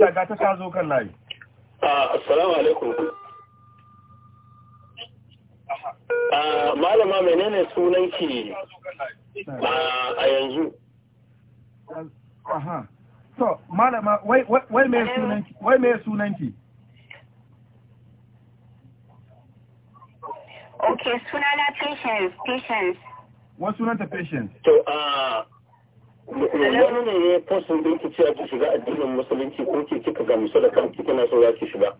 ta ga ta tazo kan layi ah, assalamu alaikum ah, malama menene sunanki ah, a yanzu aha so malama wai mai sunan sunanki wai me sunanki Okay, sunana patience, patience. What sunanta patience? To, so, I, ne ya fosin da yake cewa shiga addinin musulunci ko ke kika da so za ki shiga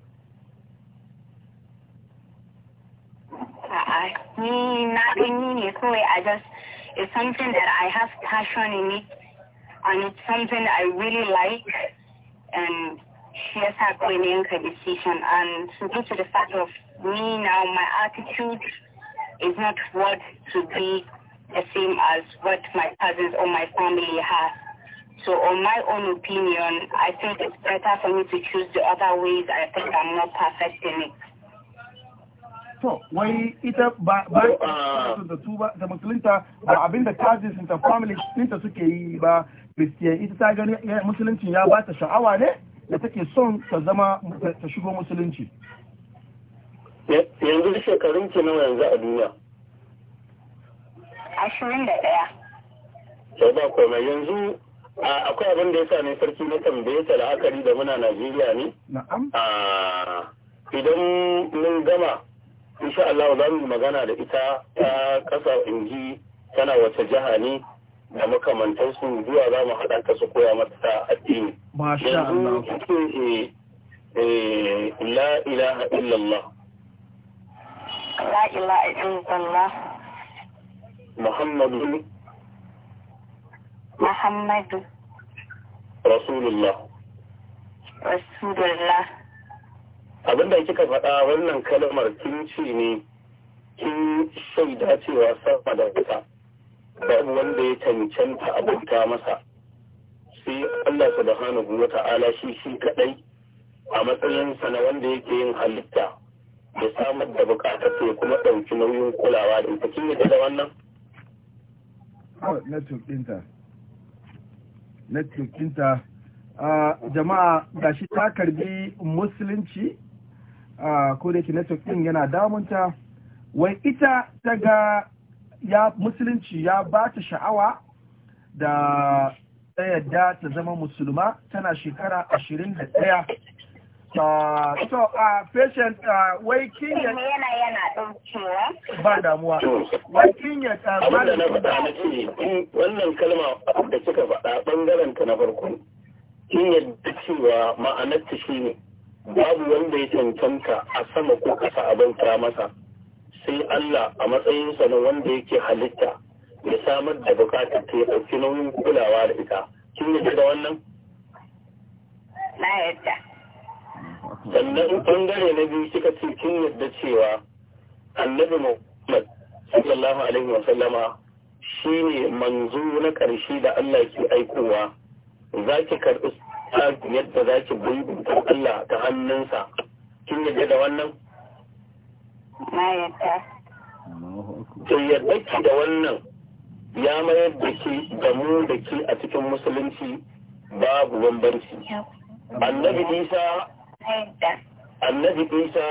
ni na ne I just it's something that I have passion in it and it's something that I really like and she has had to make decision and due to the fact of me now my attitude is not what to be the same as what my cousins or my family has. So on my own opinion, I think it's better for me to choose the other ways. I think I'm not perfect in it. So, wai ita uh, ba ba da su uh, ba the musulunta ba the cousins ta family ɗinta suke yi ba gaskiya ita ta gani musulunci ya ba ta sha'awa ne da take son ta zama ta shigo musulunci yanzu shekarun ki nawa yanzu a duniya ashirin da ɗaya. Sai ba komai yanzu akwai abin da ya sa ne sarki na tambaye ta la'akari da muna Najeriya ne. Idan mun gama insha Allah za mu magana da ita ta ƙasa inji tana wace jiha ne da makamantarsu zuwa za mu haɗa ta su koya mata addini. Masha Allah. Eh, eh, la ilaha illallah. La ilaha illallah. محمد محمد رسول الله رسول الله abin da kika faɗa wannan kalmar kin ce ne kin shaida cewa sama da ita babu wanda ya cancanta abinta masa sai Allah subhanahu wa ta'ala shi shi kadai a matsayinsa na wanda yake yin halitta ya samar da bukatar ya kuma ɗauki nauyin kulawa da ita kin yadda da wannan network ɗinta ah, jama'a ga shi ta karbi musulunci ah, ko da ke network yana damunta wai ita ta ga ya musulunci ya ba ta sha'awa da ta yadda ta zama musulma tana shekara ashirin da ɗaya so a uh, patient uh, wai kin kinya yana yana daukewa ba damuwa wai kinya ta ba da na faɗa na ce wannan kalma da kika faɗa bangaren ta na farko kinya da cewa ma'anar ta shine babu wanda ya cancanta a sama ko kasa abin ta masa sai Allah a matsayinsa na wanda yake halitta ya samar da bukatar ta ya ɗauki nauyin kulawa da ita kin yadda da wannan na yadda sannan bangare na biyu kika ce kin yadda cewa annabi muhammad sallallahu alaihi wasallama shi ne manzo na ƙarshe da Allah ke aikowa za ki karɓi yadda za ki bulbunta Allah ta hannunsa kin yadda da wannan? Na yadda. To yadda ki da wannan ya mayar da ki da mu da ki a cikin musulunci babu bambanci. Annabi Isa annabi isa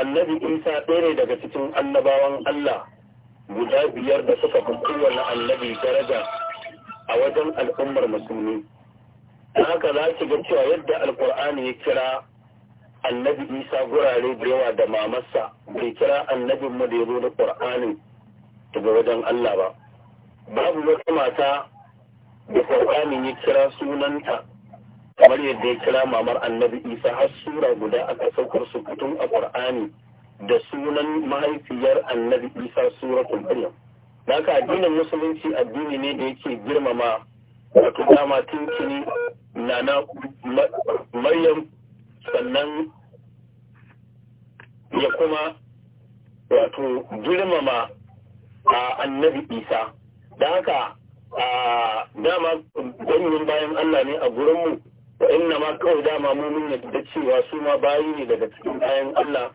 annabi isa ɗaya ne daga cikin annabawan allah guda biyar da suka fi kowane annabi daraja a wajen al'ummar musulmi haka za ki ga cewa yadda alkur'ani ya kira annabi isa gurare da yawa da mamarsa bai kira annabin mu da ya zo da ƙur'ani daga wajen allah ba babu wata mata da ƙur'ani ya kira sunanta kamar yadda ya kira mamar annabi isa har sura guda aka saukar su fitun a qur'ani da sunan mahaifiyar annabi isa kulbiya na ka addinin musulunci addini ne da yake girmama wato dama tunkini na na maryam sannan ya kuma wato girmama a annabi isa da haka dama ganyen bayan allah ne a gurinmu wa inna ma kawai dama mu mun yadda cewa su ma bayi ne daga cikin bayan Allah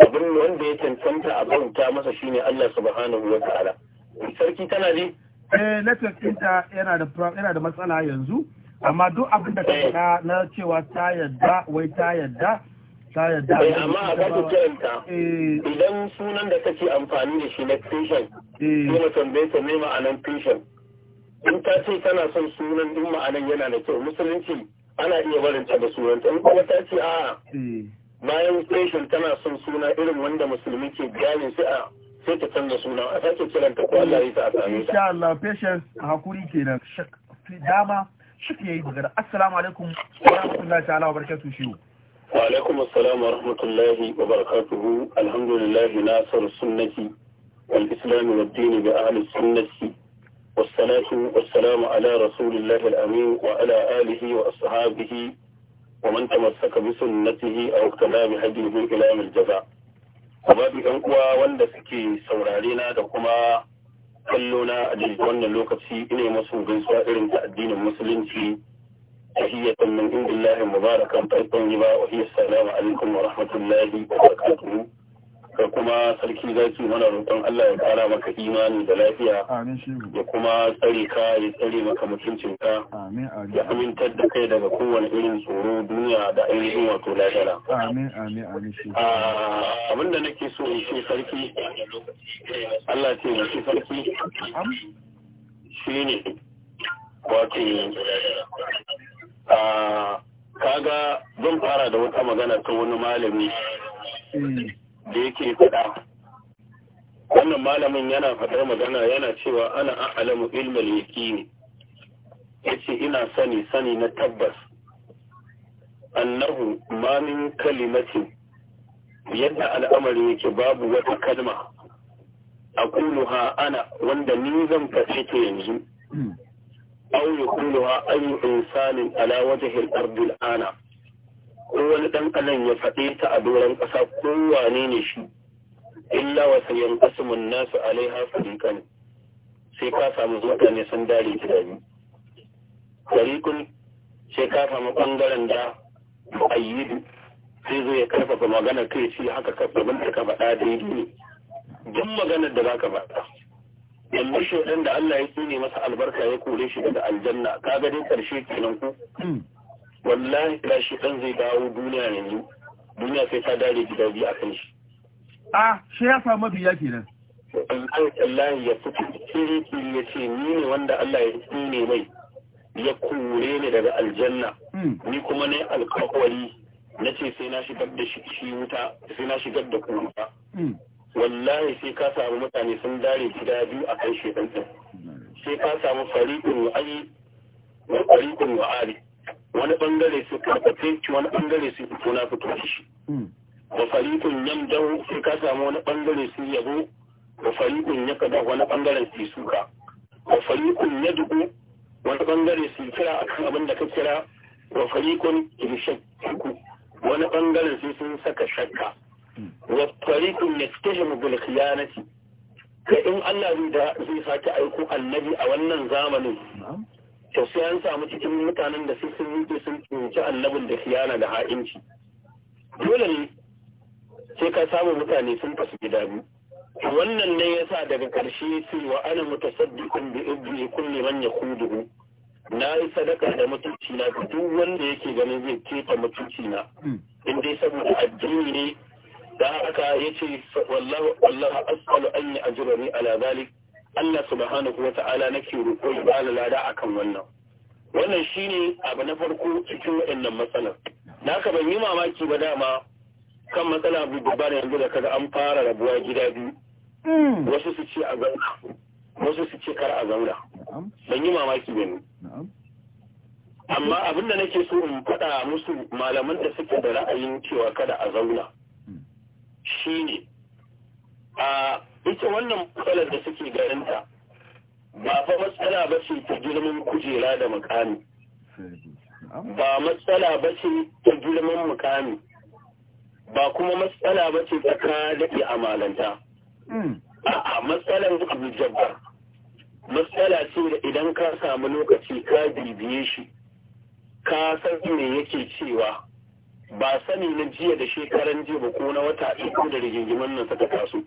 abin wanda ya cancanta a bauta masa shine Allah subhanahu wa ta'ala sarki tana ne eh network ɗinta yana da yana da matsala yanzu amma duk abin da ta eh. na cewa ta yadda wai ta yadda ta yadda eh amma a kasu kiranta eh. idan sunan da kake amfani da shi na eh kuma tambaye ta ma anan tension in ta ce tana son sunan din ma'anan yana da kyau musulunci ana iya barin ta da sunanta in kuma ta ce a eh. bayan station tana son suna irin wanda musulmi ke gane sai a sai ta canza suna a sake kiranta ko Allah ya sa a same ta insha Allah patience hakuri kenan dama shik yayi magana assalamu alaikum wa rahmatullahi ta'ala wa barakatuhu shi wa alaikum assalam wa rahmatullahi wa barakatuhu alhamdulillah nasar sunnati wal islam wa ad-din bi ahli sunnati والصلاة والسلام على رسول الله الأمين وعلى آله وأصحابه ومن تمسك بسنته أو اقتدى بهديه إلى يوم الجزاء وبعد أنقوى wanda suke saurare na da kuma kallo na a wannan lokaci ina masu gaisuwa irin ta addinin musulunci tahiyatan min indillahi mubarakan tayyibah wa hiya assalamu rahmatullahi wa da kuma sarki zaki mana roƙon Allah ya ƙara maka imani da lafiya ya kuma tsare ka ya tsare maka mutuncin ka ya amintar da kai daga kowane irin tsoro duniya da ainihin wato lahira ah, abin da nake so in ce sarki Allah ce mu ce sarki shine wato ah, kaga zan fara da wata magana ta wani malami eh. da yake faɗa wannan malamin yana faɗar magana yana cewa ana a'lamu ilmal Ya yace ina sani sani na tabbas annahu mamin min kalimatin yadda al'amari yake babu wata kalma aquluha ana wanda ni zan faɗi ta yanzu hmm. aw yaquluha ayyu insanin ala wajen al ana ko wani dan adam ya faɗe ta a doron ƙasa ko wane ne shi illa wa sayan qasmun nasu alaiha fariqan sai ka samu mutane sun dare ki da ni fariqun sai ka samu ɓangaren da ayyidu sai zo ya karfafa magana kai shi haka ka abin da ka faɗa daidai ne duk maganar da zaka faɗa yanzu shaidan da Allah ya tsine masa albarka ya kore shi daga aljanna ka ga dai karshe kenan ku wallahi da shi ɗan zai dawo duniya yanzu duniya sai ta dare gida biyu a kan shi a shi ya samu biya kenan Allah ya fito kiri kiri ya ce ni ne wanda Allah ya ne mai ya kore ni daga aljanna hmm. ni kuma ne alkawari na ce sai na shigar da shi wuta sai na shigar da kuma hmm. wallahi sai ka samu mutane sun dare gida biyu a kan shekan hmm. sai ka samu fariƙin wa'ayi wa fariƙin wa'ari wani bangare su karfafe shi wani bangare su fito na fito da shi hmm. wa fariqun yamdahu sai ka samu wani bangare su yabo wa fariqun yakda wani bangaren su suka wa fariqun yad'u wani bangare su kira akan abin da ka kira wa fariqun yashakku wani bangaren su sun saka shakka hmm. wa fariqun yastahimu bil khiyanati kai in Allah zai da zai sake aiko annabi a wannan zamanin to sai an samu cikin mutanen da sun yi sun tsinci annabin da siyana da ha'inci dole ne sai ka samu mutane sun fasu gida biyu wannan ne yasa daga karshe sai wa ana mutasaddiqun bi ibni kulli man yakuduhu na yi sadaka da mutunci na duk wanda yake ganin zai keta mutunci na hmm. in dai saboda addini ne da haka yace wallahi wallahi as'alu an ya'jurani ala zalik Allah subhanahu wa ta'ala nake roƙo ya ba lada akan wannan wannan shine abu na farko cikin waɗannan matsalar na ka ban yi mamaki ba dama kan matsala abu da yanzu da kaga an fara rabuwa gida biyu hmm. wasu su ce a zaura wasu su ce kar a zauna ban yi mamaki ba ne amma abin da nake so in faɗa musu malaman da suke da ra'ayin cewa kada a zauna hmm. shine a ita wannan matsalar da suke garinta ba fa matsala ba ce ta girman kujera da mukami ba matsala ba ce ta girman mukami ba kuma matsala ba ce ta a daɗe amalanta hmm. a'a matsalar abu jabbar matsala ce da idan ka samu lokaci ka bibiye shi ka san me yake cewa ba sani na jiya da shekaran jiya ba ko na wata iko da rigingimin nan ta taso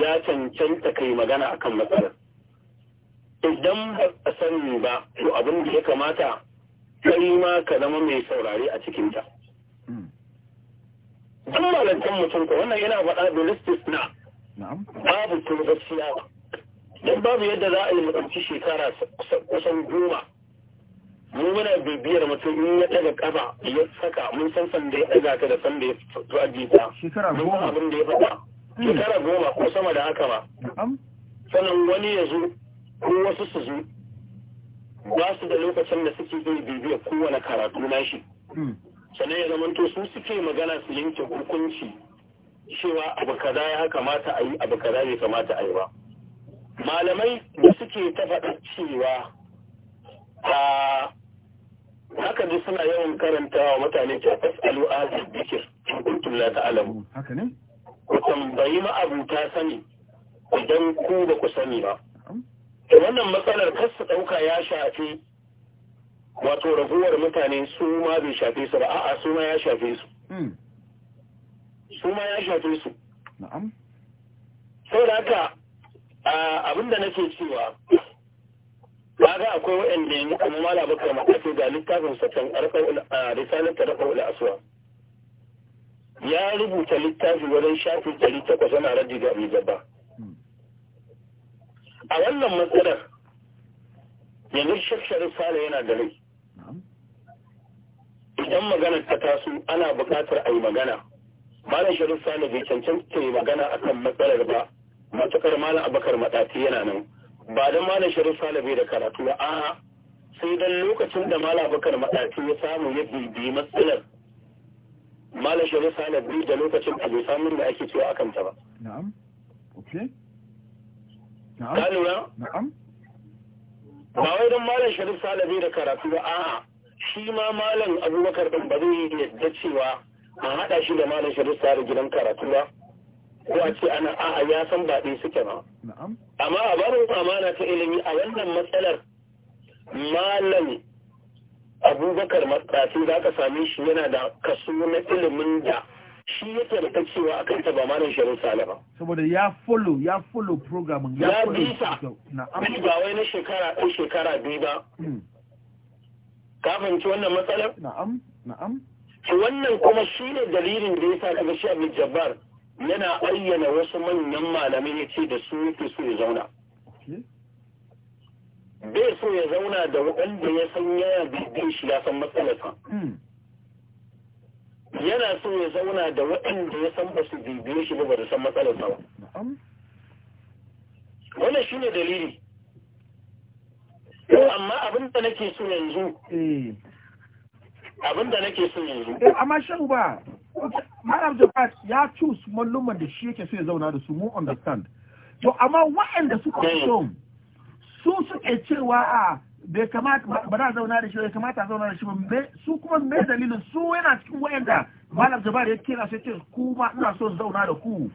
ya cancanta kai magana akan matsalar idan ba a sani ba to abin da ya kamata kai ma ka zama mai saurari a cikinta don malantan mutum ko wannan yana faɗa da listis na babu tun siyawa. don babu yadda za a yi mutunci shekara kusan goma mu muna bibiyar mutum in ya ɗaga kafa ya saka mun san sanda ya ɗaga ta da sanda ya tuwa jita shekara goma abin da ya faɗa shekara goma ko sama da haka ba sannan wani ya zo ko wasu su zo ba su da lokacin da suke zai bibiyar kowane karatu na shi hmm. sannan ya to su suke magana su yanke hukunci cewa abu kaza ya kamata a yi abu kaza bai kamata a yi ba malamai da suke ta faɗa cewa a haka dai suna yawan karanta wa mutane ta fasalu a zikir in kuntun la alamu. ku tambayi ma'abuta sani idan ku ba ku sani ba da wannan matsalar kar su ɗauka ya shafi wato raguwar mutane su ma bai shafe su ba a'a su ma ya shafe su hmm. su ma ya shafe su sau da haka abinda nake cewa kaga akwai waɗanda yanzu kuma malabaka makafi ga littafin sa can a risalar ta rafa aswa ya rubuta littafi wajen shafin ɗari takwas ana raji ga mai gaba a wannan matsalar yanzu shafshari fara yana da rai idan maganar ta taso ana buƙatar a yi magana malam sharif sani bai cancanta yi magana a kan matsalar ba matukar malam abakar matati yana nan ba don malam sharif sani bai da karatu ba a'a sai don lokacin da malam abakar matati ya samu ya bibi matsalar malam shari'a sana biyu da lokacin a samun da ake cewa akan ta ba na'am ok. na'am ka na'am ba wai don malam sharif salabi da karatu ba a'a shi ma malam abubakar ɗin ba zai yadda cewa a haɗa shi da malam sharif da gidan karatu ba ko a ce ana a'a ya san ba ɗaya suke ba amma a barin amana ta ilimi a wannan matsalar malam abubakar matsafi za ka same shi yana da kaso na ilimin da shi yake da cewa a kanta ba malam shirin sale ba saboda ya follow ya follow programming ya bisa ba wai na shekara ko shekara biyu ba hmm. kafin ci wannan matsalar na'am na'am wannan kuma shi ne dalilin da ya sa kaga shi abu Jabbar yana ayyana wasu manyan malamai ya ce da su yake so ya zauna bai so ya zauna da wanda ya san yana bibin shi ya san matsalarsa hmm. yana so ya zauna da waɗanda ya san ba su bibiye shi ba da san matsalarsa ba wannan shi ne dalili Ko eh. amma abin da nake so yanzu eh. abin da nake so yanzu eh, amma shan ba Malam Jabat ya choose malluman da shi yake so ya zauna da su mu understand. To amma waɗanda suka so su suke cewa a bai kamata ba na zauna da shi ba kamata zauna da shi ba su kuma me dalilin su yana cikin wayanda malam jabar ya kira sai ce ku ma ina so zauna da ku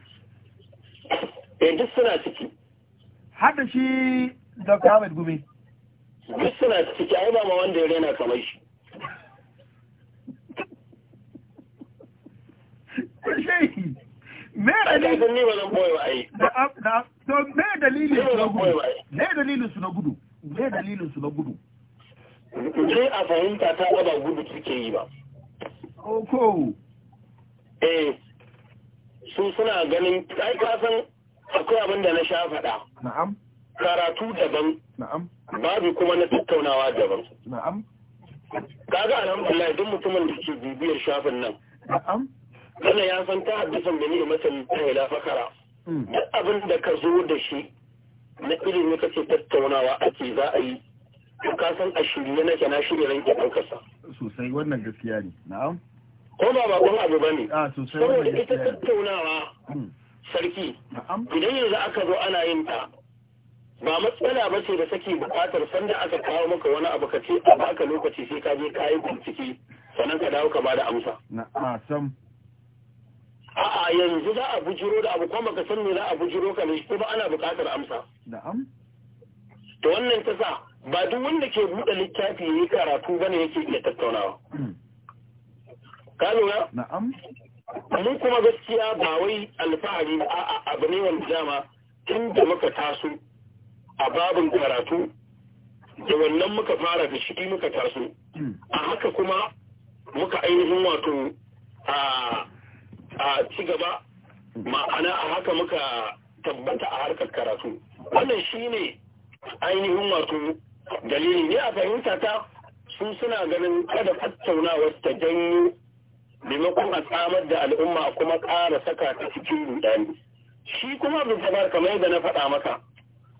eh duk suna ciki har da shi Dr. Ahmed Gumi duk suna ciki ai ba ma wanda ya rena kamar shi you. me dalilin su na gudu me dalilin su na gudu je a fahimta ta ba gudu suke yi ba ko eh su suna ganin ai ka san akwai abin da na sha faɗa na'am karatu daban na'am babu kuma na tattaunawa daban na'am kaga alhamdulillah duk mutumin da ke bibiyar shafin nan na'am Allah ya san ta haddisan da ni'matin ta la fakara hmm. duk abin da ka zo da shi na ilimi ce tattaunawa ake za a yi to ka san a shirye nake na shirye ranke ɗaukarsa. Sosai wannan gaskiya ne, na'am. Ko ba bakon abu ba ne. Ah, Saboda ita tattaunawa hmm. sarki, idan yanzu aka zo ana yin ta, ba matsala ba ce da take buƙatar sanda aka kawo maka wani abu ka ce a baka lokaci sai ka je ka yi bincike sannan ka dawo ka ba da amsa. Na'am. a'a yanzu za a bujiro da abu kuma baka san me za a bujiro ka ko kuma ana buƙatar amsa na'am to wannan ta sa ba duk wanda ke buɗe littafi yayi karatu bane yake iya tattaunawa hmm. ka lura na'am mun kuma gaskiya ba wai alfahari a'a abu ne wanda dama tun da muka taso a babin karatu da wannan muka fara da shi muka taso hmm. a haka kuma muka ainihin wato a a ci gaba ma'ana a haka muka tabbata a harkar karatu wannan shi ne ainihin wato dalili ne a fahimta ta su suna ganin kada tattaunawar ta janyo maimakon a tsamar da al'umma kuma ƙara saka ta cikin rudani shi kuma abin kamar yadda na faɗa maka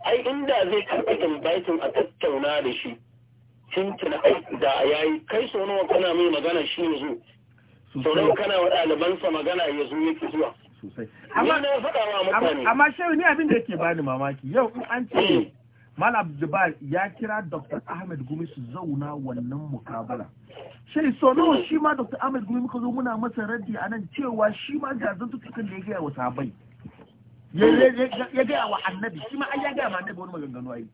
ai inda zai karɓi invitin a tattauna da shi tuntuna da yayi kai sau nawa kana mai magana shi yanzu Sauran kana wa ɗalibansa magana ya zo yake zuwa. Amma shehu ni abin da yake bani mamaki yau in an ce eh. Malam Jabal ya kira Dr. Ahmed Gumi su zauna wannan mukabala. Shai so nawa hmm. shi ma Dr. Ahmed Gumi muka zo muna masa raddi a nan cewa shi ma ga zantutukan da ya gaya wa sahabai. Ya gaya wa annabi, shi ma an ya gaya ma annabi wani maganganu ayi.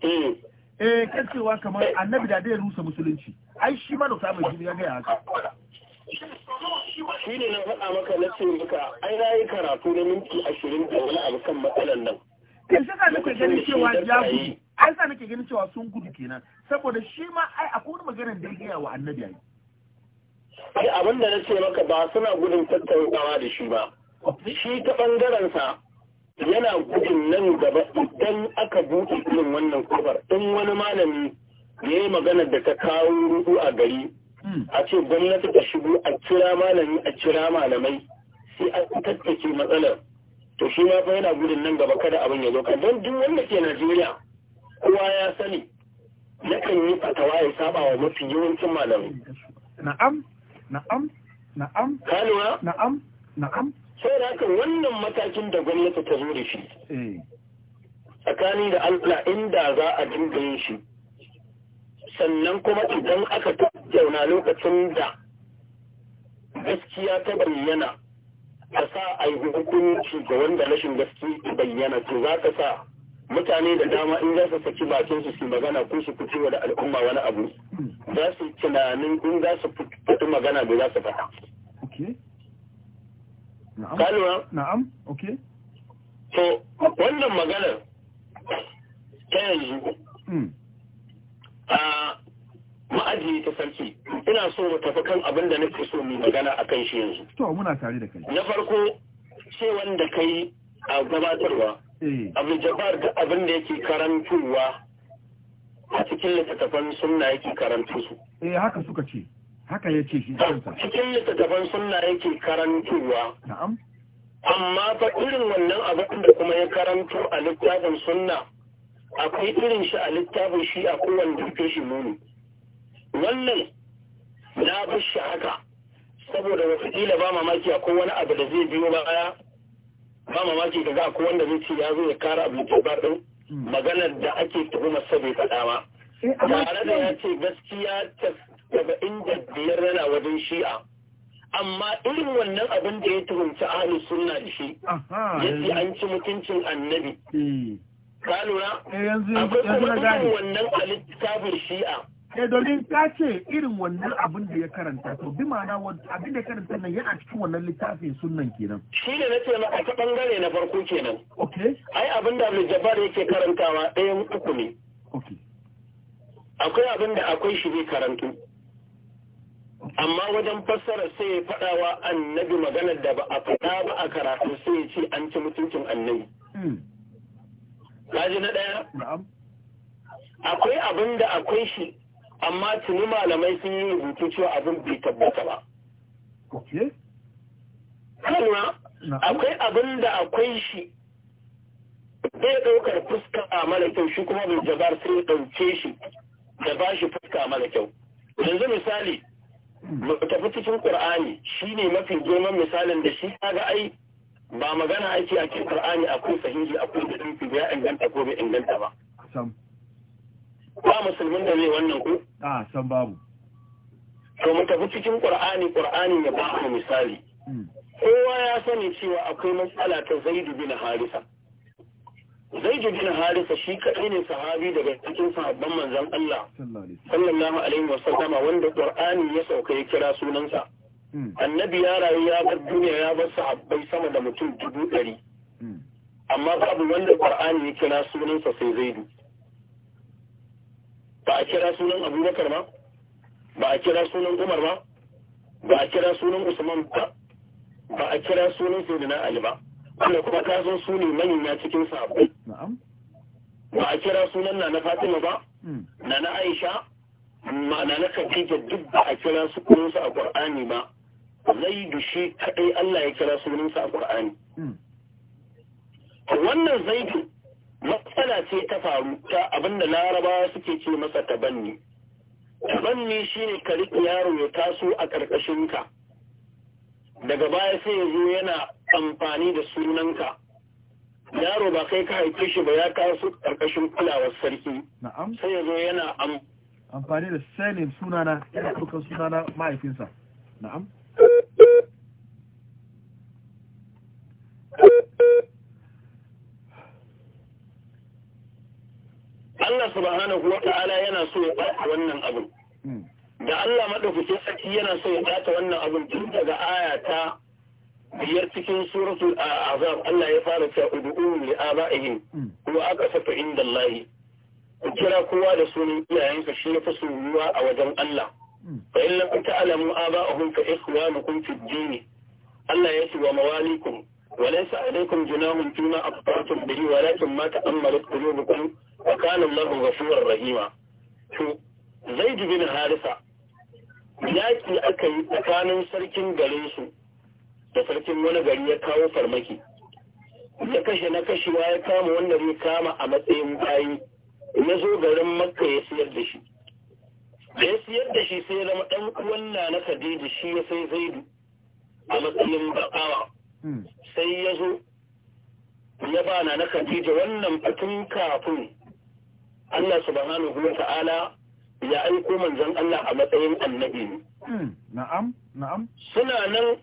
Eh. eh, kan cewa kamar annabi da dai rusa musulunci. Ai shi ma Dr. Ahmed Gumi ya gaya haka. shi ne na faɗa maka na ce maka ai na yi karatu na minti ashirin da wani abu kan matsalan nan kan saka nake ganin cewa ya gudu ai sa nake ganin cewa sun gudu kenan saboda shi ma ai akwai wani maganar da ya wa annabi ai ai abin da na ce maka ba suna gudun tattaunawa da shi ba shi ta ɓangarensa, sa yana gudun nan gaba idan aka buɗe irin wannan kofar in wani malami ya yi maganar da ta kawo rudu a gari Hmm. a ce gwamnati ta shigo a kira malami a kira malamai sai a tattake matsalar to shi ma fa yana gudun nan gaba kada abin ya zo ka don duk wanda ke Najeriya kowa ya sani kan yi fatawa ya saba wa mafi yawancin malamai na'am na'am na'am na'am na'am sai da haka wannan matakin da gwamnati ta zo da shi eh. tsakani da Allah inda za a dinga yin shi sannan kuma idan aka tattauna lokacin da gaskiya ta bayyana ka sa a yi hukunci ga wanda rashin gaskiya bayyana to za ka sa mutane da dama in za su saki bakin su su magana ko su fitowa da al'umma wani abu za su tunanin in za su fito magana da za su faɗa. Kalwa? Na'am, ok. To, wannan maganar ta yanzu hmm. a ma'aji ta sarki ina so mu tafi kan abin da nake so mu magana a kan shi yanzu to muna tare da kai na farko ce wanda kai a gabatarwa eh. abu jabar da abin da yake karantowa a cikin littattafan sunna yake karanto su eh haka suka ce haka ya ce shi kansa cikin littattafan sunna yake karantowa na'am amma fa irin wannan abin da kuma ya karanto a littafin sunna akwai irin shi a littafin shi a kowane da shi muni wannan na fi shi haka saboda wasu ba mamaki akwai wani abu da zai biyo baya ba mamaki ga ko wanda zai ce ya zo ya kara abu da ba din maganar da ake tuhuma sa bai eh, tare da ya ce gaskiya daga inda biyar yana wajen shi'a amma irin wannan abin da ya tuhumci ahli sunna da shi yace an ci mutuncin annabi eh. ka lura eh, akwai kuma irin wannan kafir shi'a eh domin ta ce irin wannan abin da ya karanta to bi ma'ana abin da ya karanta nan yana cikin wannan littafin sunnan kenan shi da nace maka ta bangare na farko kenan okay ai abin da mai jabar yake karantawa ɗayan uku ne okay akwai abin da akwai shi bai karantu amma wajen fassara sai ya faɗa annabi maganar da ba a faɗa ba a karatu sai ya ce an ci mutuncin annabi hmm. kaji na ɗaya akwai abin da akwai shi amma tuni malamai sun yi rubutu cewa abin bai tabbata ba kalma akwai abin da akwai shi bai ɗaukar fuska a mara kyau shi kuma bai jabar sai ya ɗauke shi da ba shi fuska mara kyau yanzu misali hmm. mu tafi cikin ƙur'ani ne mafi girman misalin da shi kaga ai ba magana ake a cikin Qur'ani akwai sahihi akwai da dinki ya inganta ko bai inganta ba sam ba musulmin da zai wannan ku. a ah, sam babu to mu tafi cikin Qur'ani Qur'ani ya ba mu misali hmm. kowa ya sani cewa akwai matsala ta Zaid bin Harisa Zaid bin Harisa shi kaɗai ne sahabi daga cikin sahabban manzon Allah sallallahu alaihi wa wanda Qur'ani ya sauka ya kira sunansa Hmm. annabi ya rayu ya bar duniya ya bar sahabbai sama da mutum dubu ɗari hmm. amma babu wanda qur'ani ya kira sunansa sai zaidu ba a kira sunan abubakar ba ba a kira sunan umar ba ba a kira sunan usman ba ba a kira sunan sayyidina ali ba wanda kuma ka zo su ne manyan cikin sahabbai ba a kira sunan na na fatima ba hmm. na na aisha ma'ana na khadija duk ba a kira su a qur'ani ba zaidu shi kaɗai Allah ya kira sunansa a Qur'ani hmm. wannan zaidu matsala ce ta faru ta abinda larabawa suke ce masa tabanni tabanni ne ka riƙe yaro ya taso a ƙarƙashin ka daga baya sai ya zo yana amfani da sunanka yaro ba kai ka haife shi ba ya taso ƙarƙashin kulawar sarki sai ya zo yana amfani da sanin sunana yana ɗaukar sunana mahaifinsa na'am Allah subhanahu wa ta'ala yana so ya ɓata wannan abin. Hmm. Da Allah maɗaukacin tsaki yana so ya ɓata wannan abin tun daga aya ta biyar cikin a azab Allah ya fara cewa a li aba'ihim aka hmm. saka inda Allah. Ku kira kowa da sunan iyayensa shi ya fi soyuwa a wajen Allah. fa in lam ta'lamu aba'ahum fa ikhwanukum fi ad-din Allah ya ce wa mawalikum وليس عليكم جناح فيما أخطأتم به ولكن ما تأملت قلوبكم وكان الله غفورا رحيما زيد بن حارثة yaki aka yi tsakanin sarkin garinsu da sarkin wani gari ya kawo farmaki ya kashe na kashewa ya kama wanda zai kama a matsayin bayi Ina zo garin makka ya siyar da shi da ya siyar da shi sai ya zama ɗan uwan na Khadija shi ya sai Zaidu a matsayin baƙawa hmm. sai ya zo ya ba na Khadija wannan fatin kafin Allah subhanahu wa ta'ala ya aiko manzon Allah a matsayin annabi ne hmm. na'am na'am suna nan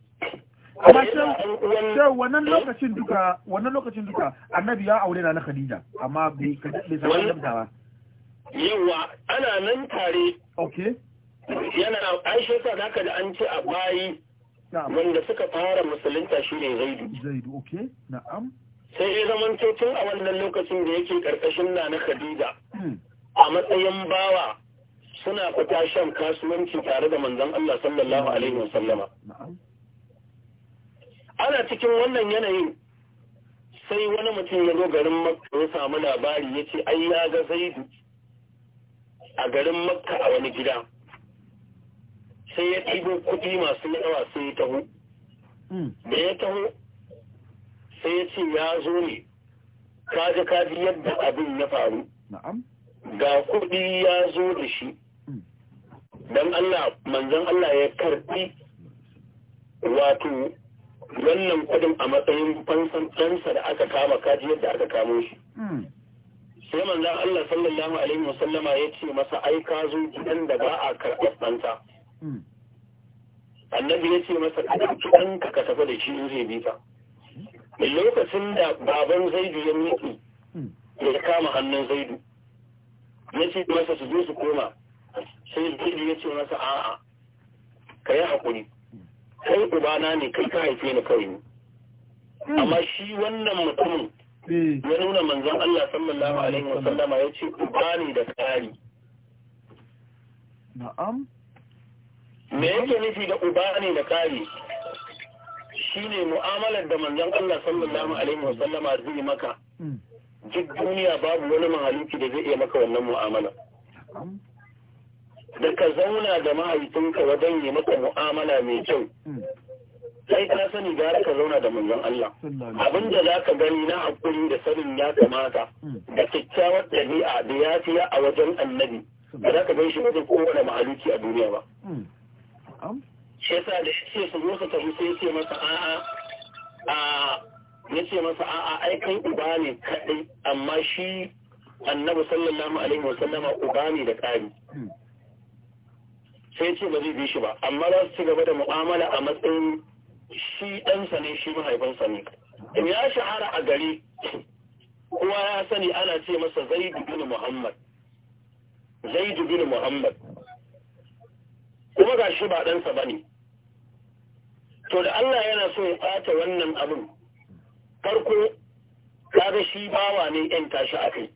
amma sai wannan eh? lokacin duka wannan lokacin duka annabi ya aure na Khadija amma bai bai samu ba yawa ana nan tare yana an da an a bayi wanda suka fara musulunta shi ne zaidu sai ya zaman tun a wannan lokacin da yake karkashin na na khadija hmm. a matsayin bawa suna fita shan kasuwanci tare da manzon Allah sallallahu alaihi wasallama ana cikin wannan yanayin sai wani mutum ya zo garin makka ya samu labari ya ce ai ya ga zaidu a garin makka a wani gida sai ya ɗibo kuɗi masu yawa sai ya taho hmm. da ya taho sai ya ce ya zo ne kaji kaji yadda abin ya faru ga kuɗi ya zo da shi hmm. don Allah manzon Allah ya karɓi wato wannan kuɗin a matsayin fansan da aka kama kaji yadda aka kamo shi hmm. sai manzan Allah sallallahu alaihi wasallama ya ce masa ai ka zo gidan da ba a karɓar ɗanta hmm. annabi ya ce masa ka ɗauki ɗanka ka tafi da shi in zai bi ta lokacin da baban zaidu ya miƙe hmm. ya kama hannun zaidu ya ce masa su zo su koma sai zaidu ya ce masa a'a ka yi haƙuri kai ubana ne kai ka haife ni kawai hmm. amma shi wannan mutumin ya nuna manzon Allah sallallahu alaihi wasallama ya ce ubani da tsari na'am me yake nufi da ubani da kari shine mu'amalar da manzon Allah sallallahu alaihi wasallama zai maka hmm. duk duniya babu wani mahalinki da zai iya maka wannan mu'amala da ka zauna da mahaifinka wajen yi maka mu'amala mai kyau hmm. sai ka sani gara ka zauna da manzon Allah abin da za ka gani na hakuri da sanin ya kamata hmm. da kyakkyawar ɗabi'a da yafiya a wajen annabi ba za ka gan shi wajen kowane mahaluki a duniya ba hmm. shi yasa da ya ce su zo su tafi sai ce masa a'a ya ce masa a'a ai kai uba ne kaɗai amma shi annabi sallallahu alaihi wa sallama uba ne da ƙari hmm. sai ce ba zai bi shi ba amma za su ci gaba da mu'amala a matsayin shi ɗansa ne shi mahaifinsa ne ya shahara a gari kowa ya sani ana ce masa zaidu bin muhammad zaidu bin muhammad kuma ga shi ba ɗansa ba ne to da allah yana so ya ɓata wannan abin farko kaga shi bawa ne yan tashi aka yi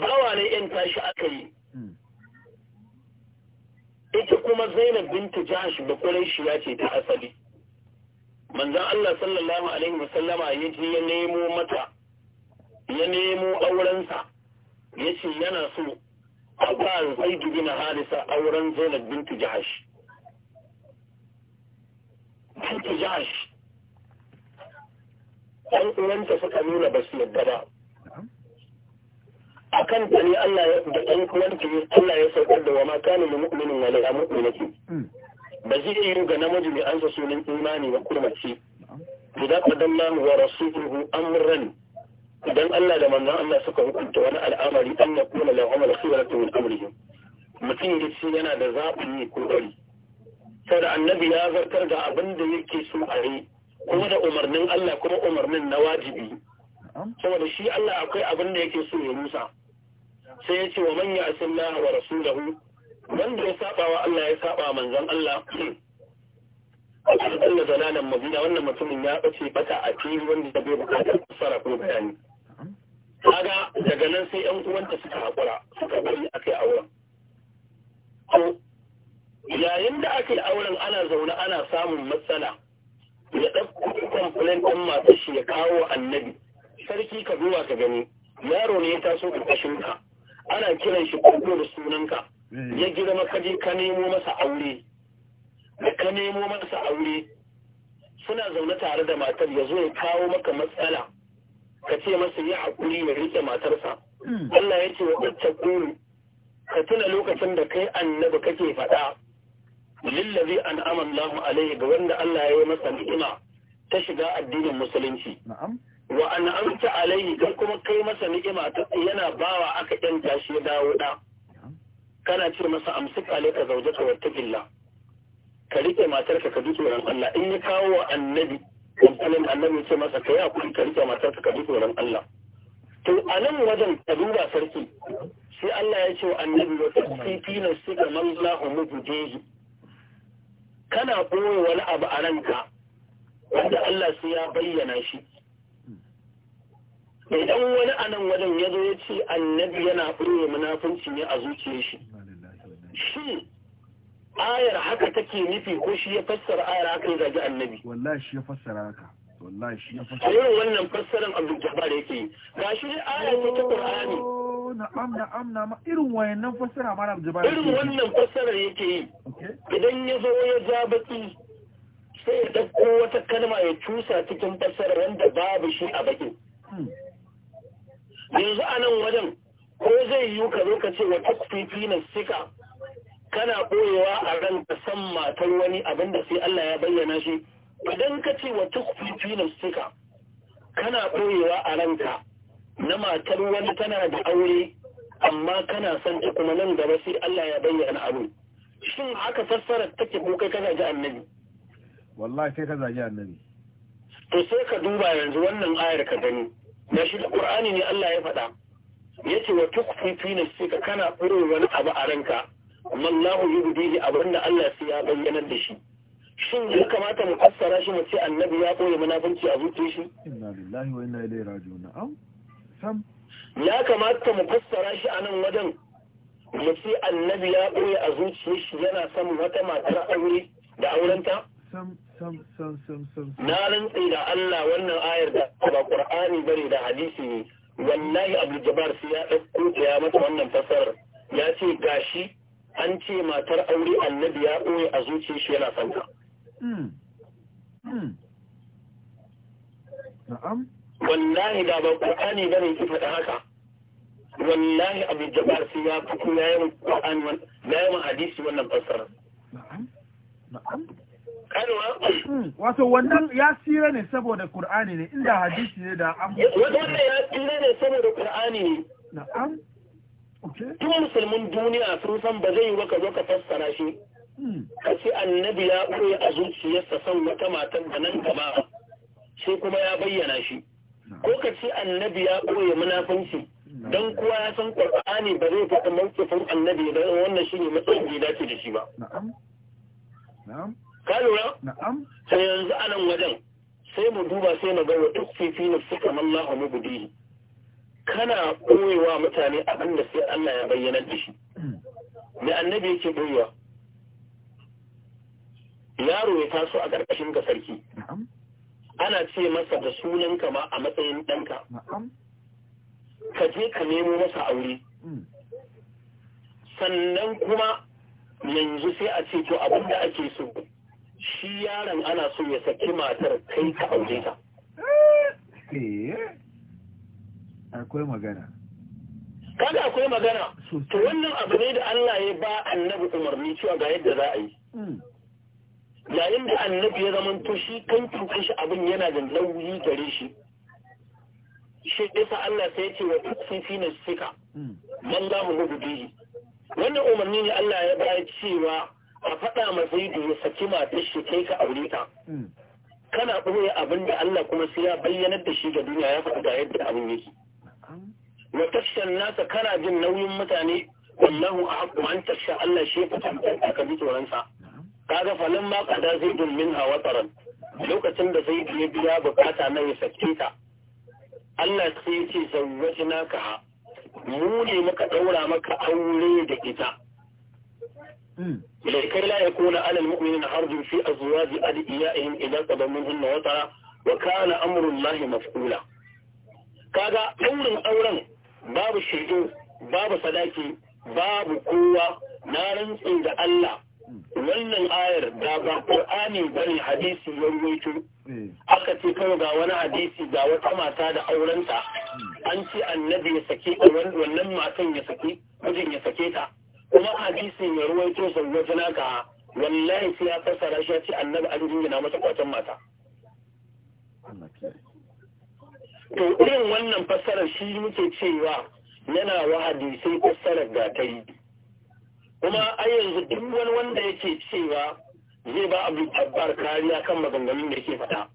bawa ne yan tashi a yi ita kuma zainab bintu jahash ba ya ce ta asali manzan Allah sallallahu alaihi wasallama ya ji ya nemo mata ya nemo aurensa ya ce yana so a ba zaidu na harisa auren zainab bintu jahash bintu jahash ɗan uwanta suka nuna ba yadda ba akan ta ne Allah ya da ɗan uwanta Allah ya saukar da wa ma kana lil mu'minin wa lil mu'minati hmm. ba zai yi ga namiji mai ansa sunan imani ba kuma mace idan qadalla wa rasuluhu amran idan Allah da manzon Allah suka hukunta wani al'amari an na yakuna lahu amal khiyaratu min amrihim mutum ya ce yana da zaɓin ne ko ɗari saboda annabi ya zartar da abin da yake so a yi kuma da umarnin Allah kuma umarnin na wajibi saboda shi Allah akwai abin da yake so ya musa sai ya ce wa manya ya asin Allah wa rasulahu wanda ya saba wa Allah ya saba manzon Allah Allah Allah zalalan mabina wannan mutumin ya ɓace bata a fili wanda da bai bukatar fassara ko bayani kaga daga nan sai yan uwanta suka hakura suka bari akai auren to yayin da aka auren ana zaune ana samun matsala ya ɗauko kwamfulin ɗan masu shi ya kawo annabi sarki ka zuwa ka gani yaro ne ya taso ƙarƙashin ka ana kiran shi kogo da sunanka hmm. ya girma ka je ka nemo masa aure da ka nemo masa aure suna zaune tare da matar ya zo ya kawo maka matsala ka ce masa ya haƙuri ya riƙe matarsa hmm. Allah ya ce wa ƙuni ka tuna lokacin da kai annabi kake faɗa lillazi an aman lahu alaihi ga wanda Allah ya yi masa ni'ima ta shiga addinin musulunci wa an amta alayhi kan kuma kai masa ni'ima ta yana bawa aka yanta shi dawo da kana ce masa amsik alayka zawjaka tabilla ka rike matarka ka ji tsoron Allah in ya kawo wa annabi kallon annabi ce masa ka yi hakuri ka rike matarka ka ji tsoron Allah to a nan wajen ka duba sarki sai Allah ya ce wa annabi wa tasifina sika man lahu mubdihi kana koyo wani abu a ranka wanda Allah sai ya bayyana shi idan wani a nan wajen ya zo ya ce annabi yana ɓoye munafunci ne a zuciyar shi shi ayar haka take nufi ko shi ya fassara ayar haka ya zagi annabi wallahi shi ya fassara haka wallahi shi ya fassara irin wannan fassaran abu jabar yake yi ga shi ne ayar ta ta Qur'ani oh, na'am na'am na'am irin wayannan fassara ma Abdul Jabbar irin wannan fassarar yake yi idan ya zo ya ja baki sai ya dauko wata kalma ya cusa cikin fassara wanda babu shi a bakin hmm. yanzu a nan wajen ko zai yiwu ka zo ka ce wa tukfifi na sika kana ɓoyewa a ran ka san matar wani abin da sai Allah ya bayyana shi idan ka ce wa tukfifi na sika kana ɓoyewa a ranka na matar wani tana da aure amma kana son ta kuma nan gaba sai Allah ya bayyana abu shin haka fassara take ko kai ka ji annabi wallahi kai ka zagi annabi to sai ka duba yanzu wannan ayar ka gani da shi Qur'ani ne Allah ya faɗa Ya ce wa tukfi fi ka kana ɓoye wani abu a ranka amma Allah yubdihi da Allah sai ya bayyana da shi shin ya kamata mu fassara shi mu ce annabi ya ɓoye munafunci a zuciyar shi inna lillahi wa inna ilaihi raji'un am sam ya kamata mu fassara shi a nan wajen mu ce annabi ya ɓoye a zuciyar shi yana son wata matar aure da aurenta sam na rantsi da Allah wannan ayar da ba Qur'ani bane da hadisi ne wallahi Abdul Jabbar sai ya dauko ya mata wannan fasar. ya ce gashi an ce matar aure annabi ya ɓoye a zuciyar shi yana son ka hmm. hmm. na'am wallahi da ba Qur'ani bane ki faɗa haka wallahi Abdul Jabbar sai ya fito ya yi Qur'ani hadisi wannan fasar. na'am na'am Hmm, wato wannan ya tsira ne saboda Kur'ani ne inda hadisi ne da an Wannan ya tsira ne saboda Kur'ani ne. Na'am. Okay. Tun musulmin duniya sun san ba zai yi waka zo ka fassara shi. Hmm. Ka ce annabi ya koyi a zuciyarsa son wata matan da nan gaba sai kuma ya bayyana shi. Ko ka ce annabi ya koyi munafunci don kuwa ya san Kur'ani ba zai faɗi mawkifin annabi don wannan ne matsayin da ya dace da shi ba. Na'am. Na'am. ka lura na'am sai yanzu anan wajen sai mu duba sai mu ga wa na su kamar Allah mu gudi kana koyewa mutane abin da sai Allah ya bayyana da shi me annabi yake koyewa yaro ya taso a ƙarƙashin ka sarki ana ce masa da sunan ka ma a matsayin ɗanka ka je ka nemo masa aure mm. sannan kuma yanzu sai a ce to abin da ake so shi yaron ana so ya saki matar kai ka aure ta eh, akwai magana kaga akwai magana to wannan abu ne da Allah ya ba annabi umarni cewa ga yadda za a yi hmm. yayin da annabi ya zama to shi kan tukan shi abin yana da lauyi gare shi shi yasa Allah sai ya ce wa tusifi na sika hmm. man la mu wannan umarni ne Allah ya ba cewa a faɗa ma zaidu ya saki matar shi kai ka aure ta mm. kana ɓoye abin da Allah kuma sai ya bayyanar da shi ga duniya ya faɗi da yadda abin yake wa tashan nasa kana jin nauyin mutane wallahu a haƙu an tasha Allah shi ya fata ka bi tsoronsa kaga falan ma kada zai domin hawa tsaron lokacin da zaidu ya biya bukata na ya saki ta Allah sai ya ce zawwajnaka mu ne muka ɗaura maka aure da ita لكي لا يكون على المؤمنين حرج في أزواج أدئيائهم إذا قضوا منهن وطرا وكان أمر الله مفعولا كذا أورا أورا باب الشهدو باب صداكي باب قوة نارن عند الله wannan ayar da ba ƙur'ani bane hadisi ya aka ce kawai ga wani hadisi ga wata mata da aurenta an ce annabi ya sake wannan matan ya ya sake ta kuma hadisin mai ruwaito sauwata naka wallahi sai ya fassara shi ya ce annabi an jingina masa kwatan mata to irin wannan fassarar shi muke cewa yana wa hadisai fassarar yi. kuma a yanzu duk wani wanda yake cewa zai ba abu tabbar kariya kan maganganun da yake faɗa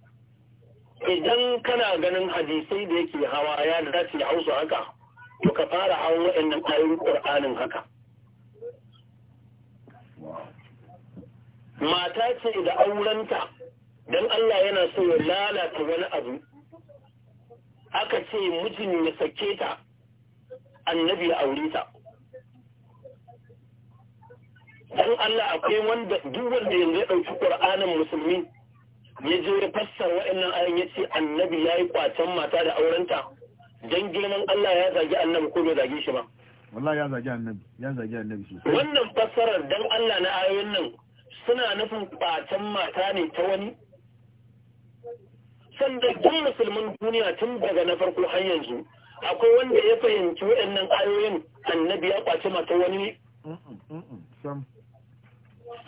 idan kana ganin hadisai da yake hawa ya yi hausa haka to ka fara hawan waɗannan ayoyin ƙur'anin haka mata ce da aurenta don Allah yana so ya lalata wani abu aka ce mijin ya sake ta annabi ya aure ta don Allah akwai wanda duk wanda yanzu ya ɗauki ƙur'anin musulmi ya je ya fassar wa'annan ayin ya ce annabi ya yi ƙwacen mata da aurenta don girman Allah ya zagi annabi ko bai zagi shi ba. Wallahi ya zagi annabi, ya zagi annabi sosai. Wannan fassarar don Allah na ayoyin nan suna nufin ƙwacen mata ne ta wani sannan duk musulmin duniya tun daga na farko har yanzu akwai wanda ya fahimci waɗannan ayoyin annabi ya ƙwace mata wani ne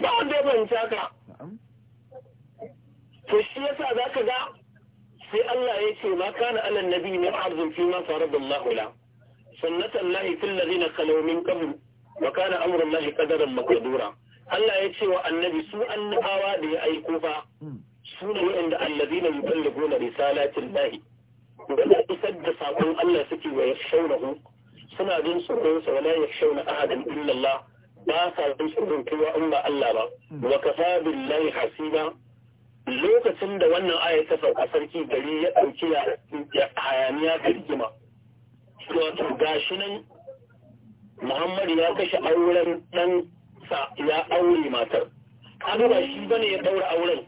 ba wanda ya fahimci haka to shi yasa za ka ga sai Allah ya ce ma kana alan nabi ne arzun fi ma faru da Allah la sunnatan lahi fil ladina khalaw min wa kana amru Allah qadaran maqdura Allah ya ce wa annabi su annabawa da ya aiko fa su ne waɗanda allazina yuballiguna risalatin lahi wanda isar da sakon Allah suke wa yashaunahu suna jin tsoron sa wala yashauna ahadan illa Allah ba sa jin tsoron kowa in ba Allah ba wa kafa billahi hasiba lokacin da wannan aya ta sauka sarki gari ya ɗauki ya hayaniya da rigima wato gashi nan Muhammad ya kashe auren ɗan sa ya aure matar kaga ba shi bane ya daura auren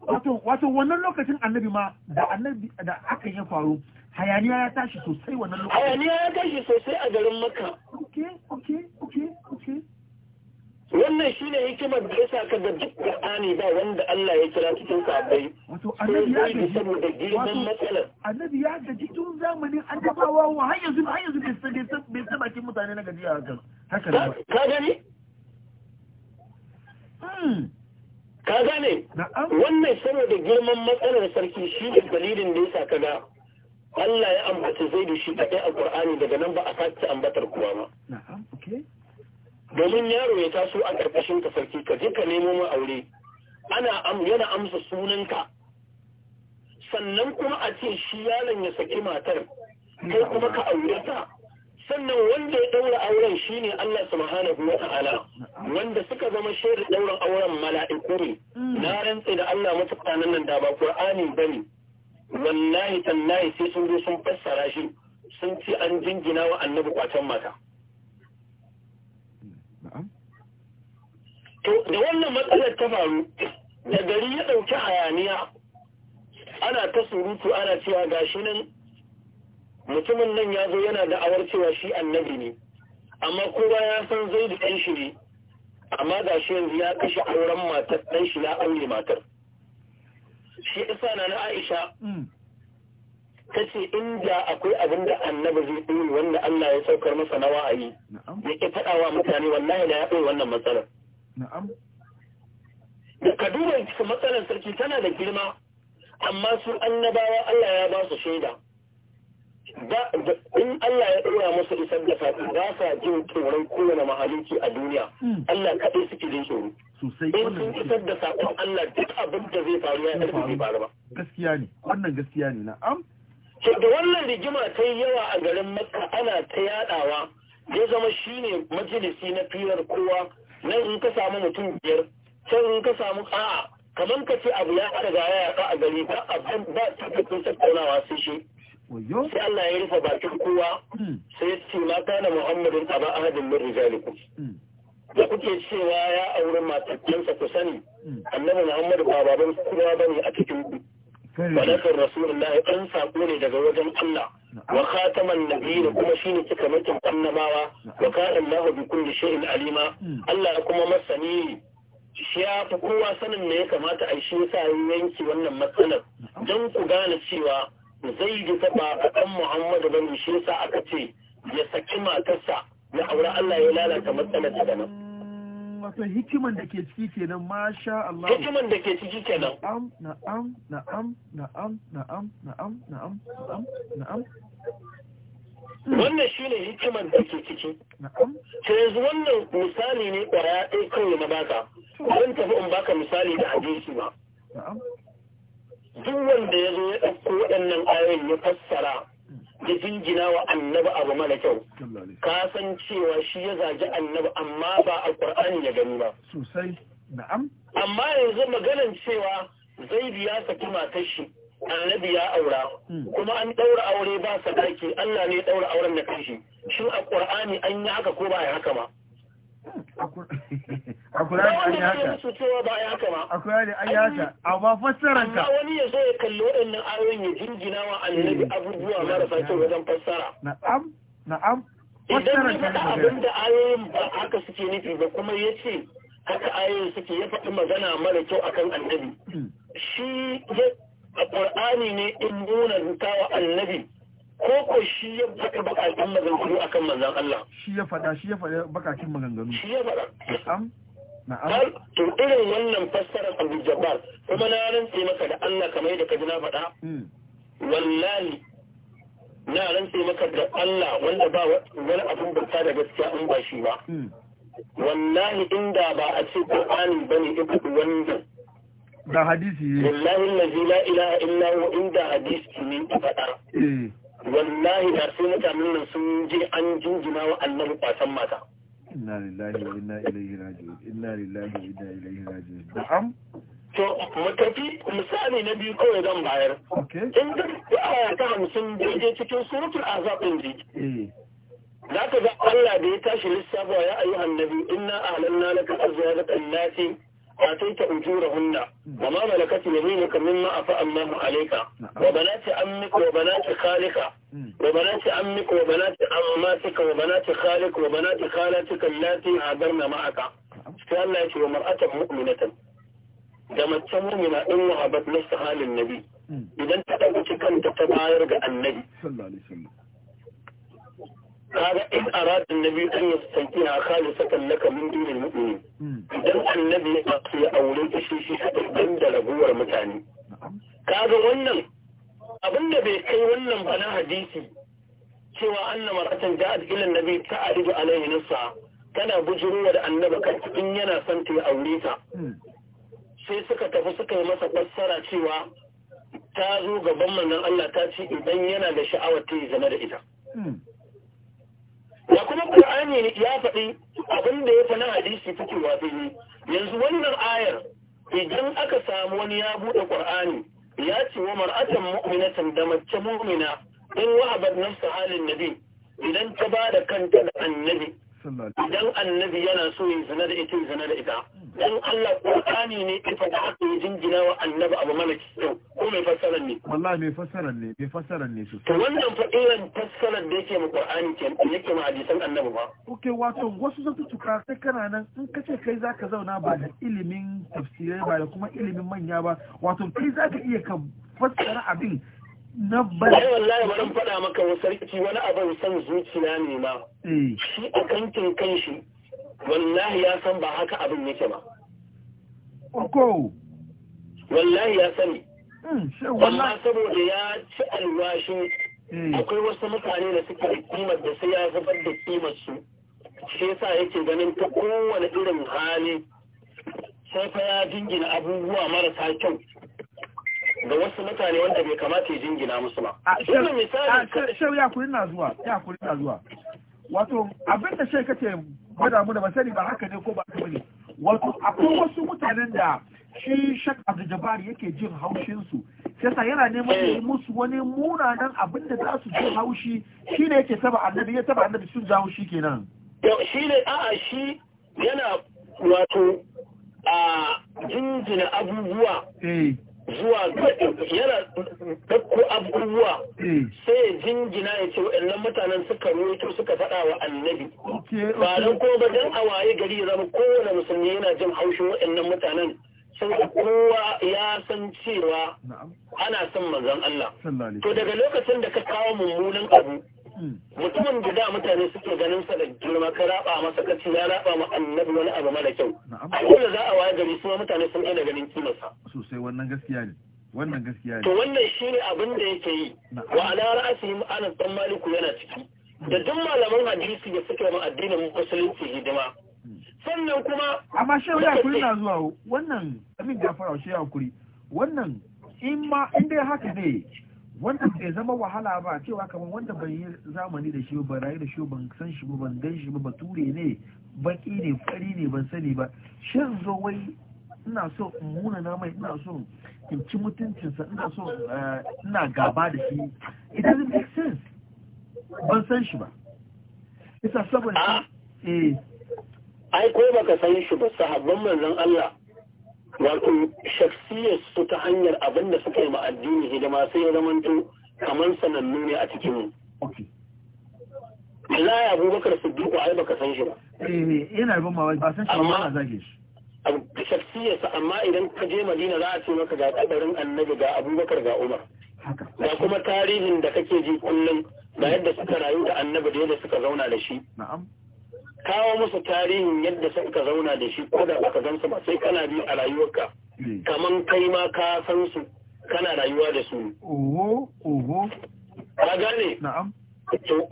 wato wato wannan lokacin annabi ma da annabi da aka yi faru hayaniya ya tashi sosai wannan lokacin hayaniya ya tashi sosai a garin makka okay okay okay okay wannan shi ne hikimar da ya sa ka ga duk Qur'ani ba wanda Allah ya kira cikin sahabbai wato annabi ya gaji saboda girman matsalar annabi ya gaji tun zamanin annabawa wa har yanzu har yanzu bai san bai san bakin mutane na gajiya haka haka ka gani hmm. ka gane wannan saboda girman matsalar sarki shi ne dalilin da ya sa ka ga Allah ya ambata zai da shi kaɗai a Qur'ani daga nan ba a sake ambatar kuwa ba na'am okay domin yaro ya taso a ƙarƙashin ka sarki ka je ka nemo mu aure ana yana amsa sunanka sannan kuma a ce shi yaron ya saki matar kai kuma ka aure ta sannan wanda ya daura auren shine Allah subhanahu wa ta'ala wanda suka zama shaida dauran auren mala'iku ne mm. na rantse da Allah mutanen nan da ba Qur'ani bane wallahi tallahi sai sun zo sun fassara shi sun ce an jingina wa annabi kwatan mata to da wannan matsalar ta faru da gari ya ɗauki hayaniya ana ta surutu ana cewa gashi nan mutumin nan ya zo yana da awar cewa shi annabi ne amma kowa ya san zai da ɗan shi ne amma gashi yanzu ya kashe auren matar ɗan shi na aure matar shi isa na na aisha hmm. ta ce inda akwai abin da annabi zai ɗoye wanda Allah ya saukar masa na wa'ayi ya ƙi faɗawa mutane wallahi na ya ɗoye wannan matsalar na'am ka matsalar sarki tana da girma amma su annabawa Allah ya ba su shaida in Allah ya ɗora musu isar da faɗi ba sa jin tsoron kowane mahalicci a duniya hmm. Allah kaɗai suke jin tsoro in sun isar da saƙon Allah duk abin da zai faru ya ɗarfi zai faru ba gaskiya ne wannan gaskiya ne na'am da wannan rigima ta yi yawa a garin Makka ana ta yaɗawa ya zama shine majalisi na firar kowa nan in ka samu mutum biyar can in ka samu a'a kamar ka ce abu ya riga ya yaka a gari ba abin ba tattakin tattaunawa sai shi sai Allah ya rufe bakin kowa hmm. sai ya ce ma kana Muhammadin aba ahadin min rijalikum hmm. da kuke cewa ya auri matattansa ku sani hmm. annabi Muhammadu ba baban kowa bane a cikin ku walakin rasulullahi dan sako ne daga wajen Allah wa khataman da kuma shine kika mutum annabawa wa kana Allahu bi kulli shay'in alima hmm. Allah kuma masani shi ya fi kowa sanin me ya kamata a shi yasa yanki wannan matsalar don ku gane cewa zai ji ta ba kan Muhammadu bane shi yasa aka ce ya saki matarsa ya aure Allah ya lalata matsalar daga nan ganin wata hikiman da ke ciki kenan masha Allah hikiman da ke ciki kenan na'am na'am na'am na'am na'am na'am na'am na'am na'am wannan shine hikiman da ke ciki Na'am. sai yanzu wannan misali ne ƙwara ɗaya kawai na baka zan tafi in baka misali da hadisi ba Na'am. duk wanda ya zo ya ɗauko waɗannan ayoyin ya fassara ya jingina wa annabi abu mara kyau ka san cewa shi ya zagi annabi amma ba a ƙur'ani ya gani ba sosai na'am amma yanzu maganan cewa zai ya saki matar shi annabi ya aura hmm. kuma an ɗaura aure ba sadaki Allah ne ya ɗaura auren da kashi. shin a ƙur'ani an yi haka ko ba ya haka ba a kurani an yi haka a kurani an yi haka amma fassarar ka wani ya zo ya kalli waɗannan ayoyin ya jingina wa annabi eh. abubuwa marasa kyau wajen fassara na'am na'am idan ya faɗa abin da ayoyin ba haka suke nufi ba kuma ya ce haka ayoyin suke ya faɗi magana mara kyau akan annabi hmm. shi a ƙur'ani ne in nuna wa annabi Koko shi ya faɗi bakakin maganganu akan manzan Allah shi ya faɗa shi ya faɗa bakakin maganganu shi ya faɗa na'am na'am to irin wannan fassara Abu Jabbar kuma na rantse maka da Allah kamar yadda ka ji na faɗa hmm. wallahi na rantse maka da Allah wanda ba wani abin bauta da gaskiya in ba shi ba hmm. wallahi inda ba a ce Qur'ani bane ya faɗi wannan da hadisi ne wallahi la ilaha illa huwa inda hadisi ne faɗa eh. wallahi da sai mutanen nan sun je an jinjina wa Allah kwasan mata inna lillahi wa inna ilaihi raji'un inna lillahi wa inna ilaihi raji'un na'am to matafi misali na biyu kawai zan bayar in ka ya aya ta hamsin daidai cikin suratul azab din ji eh. za ka ga Allah da ya tashi lissafa ya ayyuhan nabi inna ahlanna laka azwajaka allati آتيت أجورهن وما ملكت يمينك مما أفاء الله عليك وبنات أمك وبنات خالك وبنات أمك وبنات أماتك وبنات خالك وبنات خالتك اللاتي هاجرن معك كان لا يشري مرأة مؤمنة دمت مؤمنة إن وهبت نفسها للنبي إذا تدعو كنت تباير النبي صلى الله عليه وسلم kaga in arada annabi an yastanki ha khalisatan laka min dunil mu'minin idan annabi ya tafi ya aure ta shi shi dan da raguwar mutane kaga wannan abinda bai kai wannan ba na hadisi cewa anna mar'atan ja'at ila annabi ta'ridu alayhi nafsa kana bujuruwa da annaba kan in yana son ta ya aure ta sai suka tafi suka yi masa fassara cewa ta zo gaban manzon Allah ta ce idan yana da sha'awar ta yi zama da ita da kuma Qur'ani ya faɗi abin da ya fi na hadisi fitowa fili yanzu wannan ayar idan aka samu wani ya buɗe Qur'ani ya ce wa mar'atan mu'minatan da mace mu'mina in wahabar nafsa halin nabi idan ta ba da kanta da annabi dan annabi yana so ya zana da ita zana da ita dan Allah qur'ani ne ita faɗa aka yi jingina wa annabi abu malaki ko mai fassara ne wallahi mai fassara ne mai fassara ne su wannan fa irin fassarar da yake mu qur'ani ke yake mu hadisan annabi ba okay wato wasu zan tuka sai kana nan in kace kai zaka zauna ba da ilimin tafsirai ba da kuma ilimin manya ba wato kai zaka iya ka fassara abin ai wallahi bari faɗa maka sarki wani abu san zuciya ne ma eh. shi a kankin kanshi wallahi ya san ba haka abin yake ba ko wallahi ya sani hmm, amma saboda ya ci alwashi eh. akwai wasu mutane da suke da kimar da sai ya zubar da kimar su shi yasa yake ganin ta kowane irin hali sai fa ya jingina abubuwa marasa kyau ga wasu mutane wanda bai kamata ya jingina musu ba. Wannan shau ya kuri na zuwa, ya kuri na zuwa. Wato abin da shai kace gwada mu da ba sani ba haka ne ko ba haka bane. Wato akwai wasu mutanen da shi Shak Abdul yake jin haushin su. yana neman yi eh. musu wani munanan abin da za su jin haushi shine yake saba annabi ya saba annabi sun ja haushi kenan. Shi ne a'a shi yana wato a jinjina abubuwa eh. zuwa yana ɗauko abubuwa eh. sai ya jingina ya ce waɗannan mutanen suka roto suka faɗa wa annabi ba don ko ba don a waye gari ya zama kowane musulmi yana jin haushin waɗannan mutanen sun kowa ya san cewa ana son manzon Allah to daga lokacin da ka kawo mummunan abu mutumin da da mutane suke ganin sa da girma ka raba masa kaci ya raba ma annabi wani abu mara kyau a da za a waye gari su mutane sun ina ganin kimarsa sosai wannan gaskiya ne wannan gaskiya ne to wannan shine abin da yake yi wa ala ra'asihim anas dan maliku yana ciki da duk malaman hadisi da suke ma addinin musulunci hidima sannan kuma amma shehu ya kuri na zuwa wannan amin jafara shehu ya kuri wannan in ma in dai haka ne wannan bai zama wahala ba cewa kamar wanda bai yi zamani da shi ba rayu da shi ban san shi ba ban gan shi ba bature ne baki ne fari ne ban sani ba shin zo wai ina so in muna na mai ina so in ci mutuncinsa ina so eh, ina gaba da shi it doesn't make sense ban san shi ba isa saboda eh ai ko baka san shi ba sahabban manzon Allah wato su ta hanyar abin da suka yi ma addini hidima sai ya zamanto kamar sanannu ne a cikin Allah ya abubakar su duku ai baka san shi ba. Eh, eh yana ba ba san shi ba a zage shi. sa amma idan ka je Madina za a ce maka ga kadarin annabi ga abubakar ga Umar. Ga kuma tarihin da kake ji kullum ga yadda suka rayu da annabi da yadda suka zauna da shi. Na'am. kawo musu tarihin yadda sun ka zauna da shi ko da baka san su ba sai kana bi a rayuwarka hmm. kaman kai ma ka san su kana rayuwa da su oho oho ka gane na'am to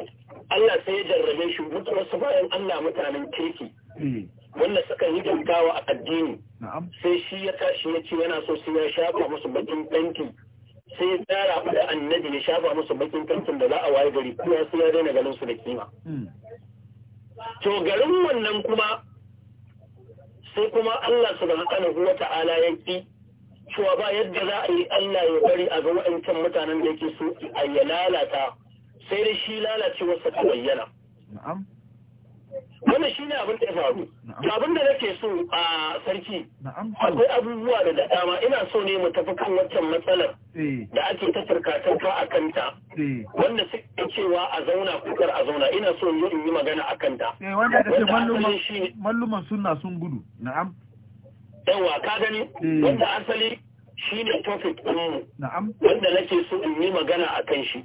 Allah sai ya jarrabe shi mutum wasu bayan Allah mutanen kirki hmm. wanda suka yi dantawa a addini sai shi ya tashi ya ce yana so sai ya shafa musu bakin ɗanki sai ya tsara da annabi ya shafa musu bakin ɗankin da za a waye gari kuma sai ya daina ganin su da kima hmm. to garin wannan kuma sai kuma Allah subhanahu wa ta'ala ya ki cewa ba yadda za a yi Allah ya bari a ga wa'ancan mutanen da yake so a ya lalata sai da shi lalacewarsa ta bayyana. wannan shi ne abin da ya faru abin da nake so a sarki akwai abubuwa da da dama ina so ne mu tafi kan wancan matsalar eh. da ake ta turkatarka a kanta eh. wanda suke cewa a zauna kukar a zauna ina so in yi magana a kanta eh, wanda malluman suna sun gudu na'am yawa ka gani wanda asali shi ne topic ɗinmu wanda nake so in yi magana a kan shi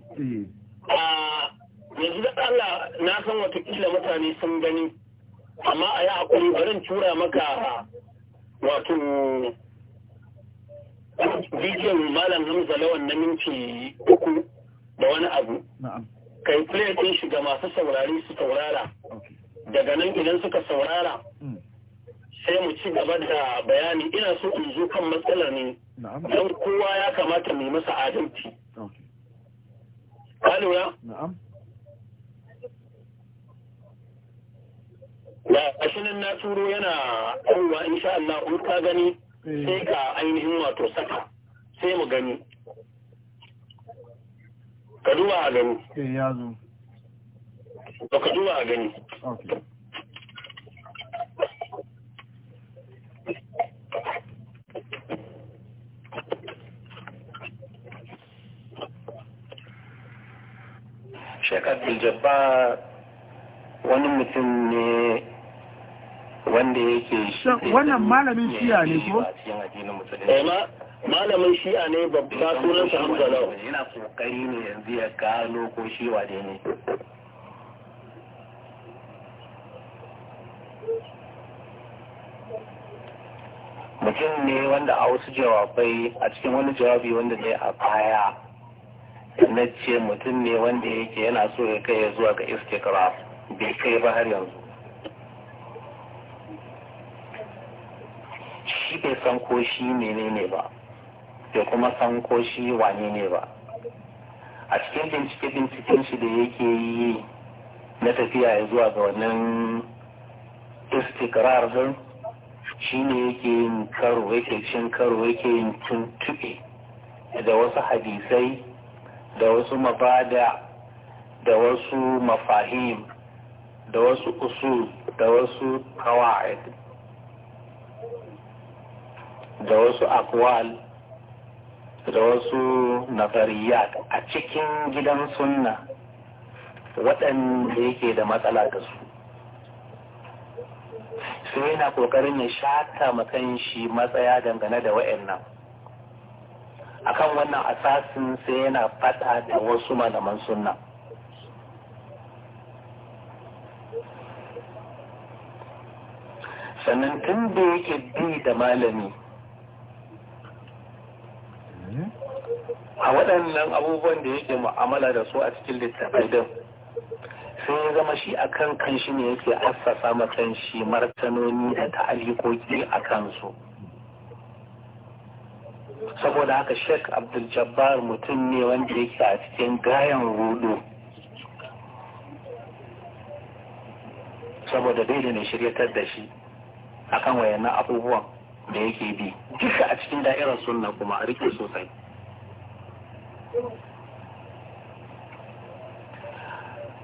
yanzu da Allah na san watakila mutane sun gani amma a yi haƙuri barin tura maka wato bidiyon malam hamza lawan na minti uku da wani abu kai play shiga shi ga masu saurari su saurara daga nan idan suka saurara hmm. sai mu ci gaba da bayani ina so in zo kan matsalar ne don kowa ya kamata mu yi masa adalci ka lura da ashinan na turo yana kowa insha Allah in ka gani eh. sai ka ainihin wato saka sai mu gani ka duba a gani eh ya zo to ka duba a gani okay Sheikh Abdul Jabbar wani mutum ne wanda yake wannan malamin shi'a ne ko eh, malamin shi'a ne babba sa hamza lau yana kokari ne yanzu ya gano ko shi dai ne mutum ne wanda a wasu jawabai a cikin wani jawabi wanda ne a baya na ce mutum ne wanda yake yana so ya kai zuwa ga istikrar bai kai ba har yanzu shi bai san ko shi menene ba bai kuma san ko shi wane ne ba a cikin bincike binciken shi da yake yi na tafiya ya zuwa ga wannan istikrar din shi ne yake yin karo yake cin karo yake yin tuntuɓe da wasu hadisai da wasu mabada da wasu mafahim da wasu usul da wasu kawa'id da wasu akwal da wasu nafariyat a cikin gidan sunna waɗanda yake da matsala da su sai yana ƙoƙarin ya shata makan shi matsaya dangane da wa'annan akan wannan asasin sai yana faɗa da wasu malaman sunna sannan tun da yake bi da malami a waɗannan abubuwan da yake mu'amala da su a cikin littafai din sai ya zama shi a kan kanshi ne yake assasa ma shi martanoni da ta'alikoki a kansu saboda haka sheik abdul jabbar mutum ne wanda yake a cikin gayan rudu saboda daidai ne shiryatar da shi akan wayannan abubuwan da yake bi duka a cikin da'irar sunna kuma a rike sosai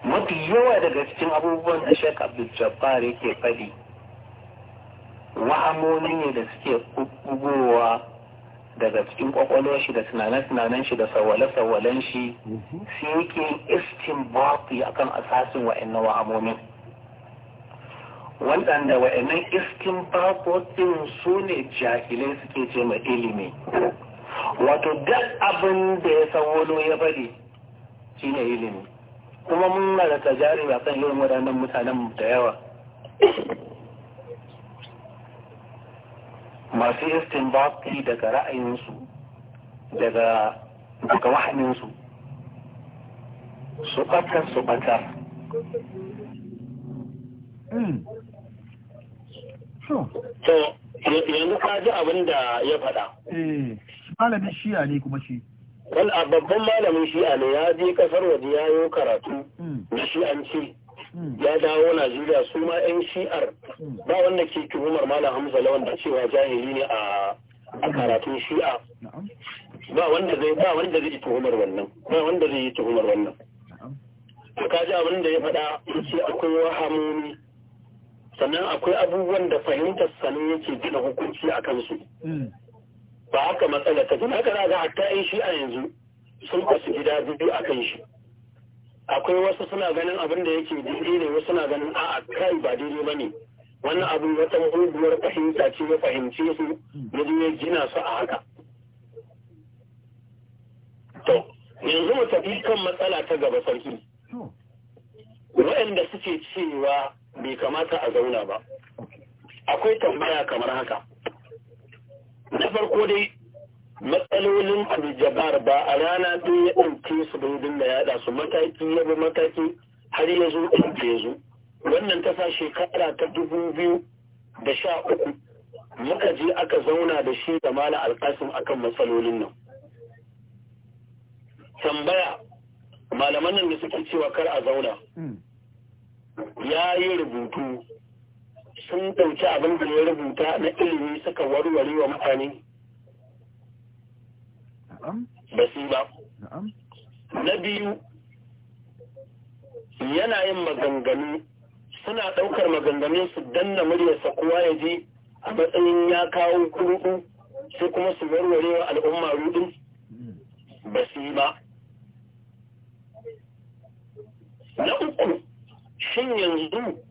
mafi yawa daga cikin abubuwan da shek abdul-jabbar yake faɗi wahamoni ne da suke bugowa daga cikin kwakwalwar shi da tunanen shi da sawale-sawalen shi sai yake istin akan asasin wa'annan wahamomin waɗanda wa'annan iskin ɗin su ne jahilai suke ce ma ilimi wato duk abin da ya sawolo ya bari shi ne ilimi kuma mun da tajari a kan yin waɗannan mutanen da yawa masu iskin baki daga ra'ayinsu daga daga wahaninsu su ɓatar su ɓatar Hmm. to yanzu ka ji abin da ya faɗa eh, malamin shi'a ne kuma shi wani babban malamin shi'a ne ya je kasar waje ya yi karatu hmm. na shi'anci hmm. ya dawo Najeriya su ma 'yan shi'ar ba wanda ke tuhumar Malam Hamza Lawan da cewa jahili ne a karatun shi'a ba wanda zai ba wanda zai tuhumar wannan ba wanda zai tuhumar wannan to kaji abin da ya faɗa ce akwai wahamomi sannan akwai abubuwan da fahimtar sanin yake gina hukunci a kansu hmm. ba haka matsala ta gina haka za hatta in shi a yanzu sun kasu gida biyu a kan shi akwai wasu suna ganin abin da yake daidai ne wasu suna ganin a'a kai ba daidai ba ne wannan abin wata muguwar fahimta ce ya fahimce su ya ya gina su a haka to yanzu mu tafi kan matsala ta gaba sarki waɗanda suke cewa bai kamata a zauna ba akwai tambaya kamar haka na farko dai matsalolin aljabar ba a rana ɗin ya ɗauke su don dinga yaɗa su mataki ya bi mataki har ya zo ɗin ya wannan ta sa shekara ta dubu biyu da sha uku muka je aka zauna da shi da mala alkasim akan matsalolin nan tambaya malaman nan da suke cewa kar a zauna hmm. ya yi rubutu sun ɗauki abin da ya rubuta na ilimi suka warware wa mutane ba su ba na biyu yana yin maganganu suna ɗaukar maganganu su danna muryarsa kowa ya je a matsayin ya kawo kurudu sai kuma su warware wa al'umma rudin hmm. ba su yi ba na uku shin yanzu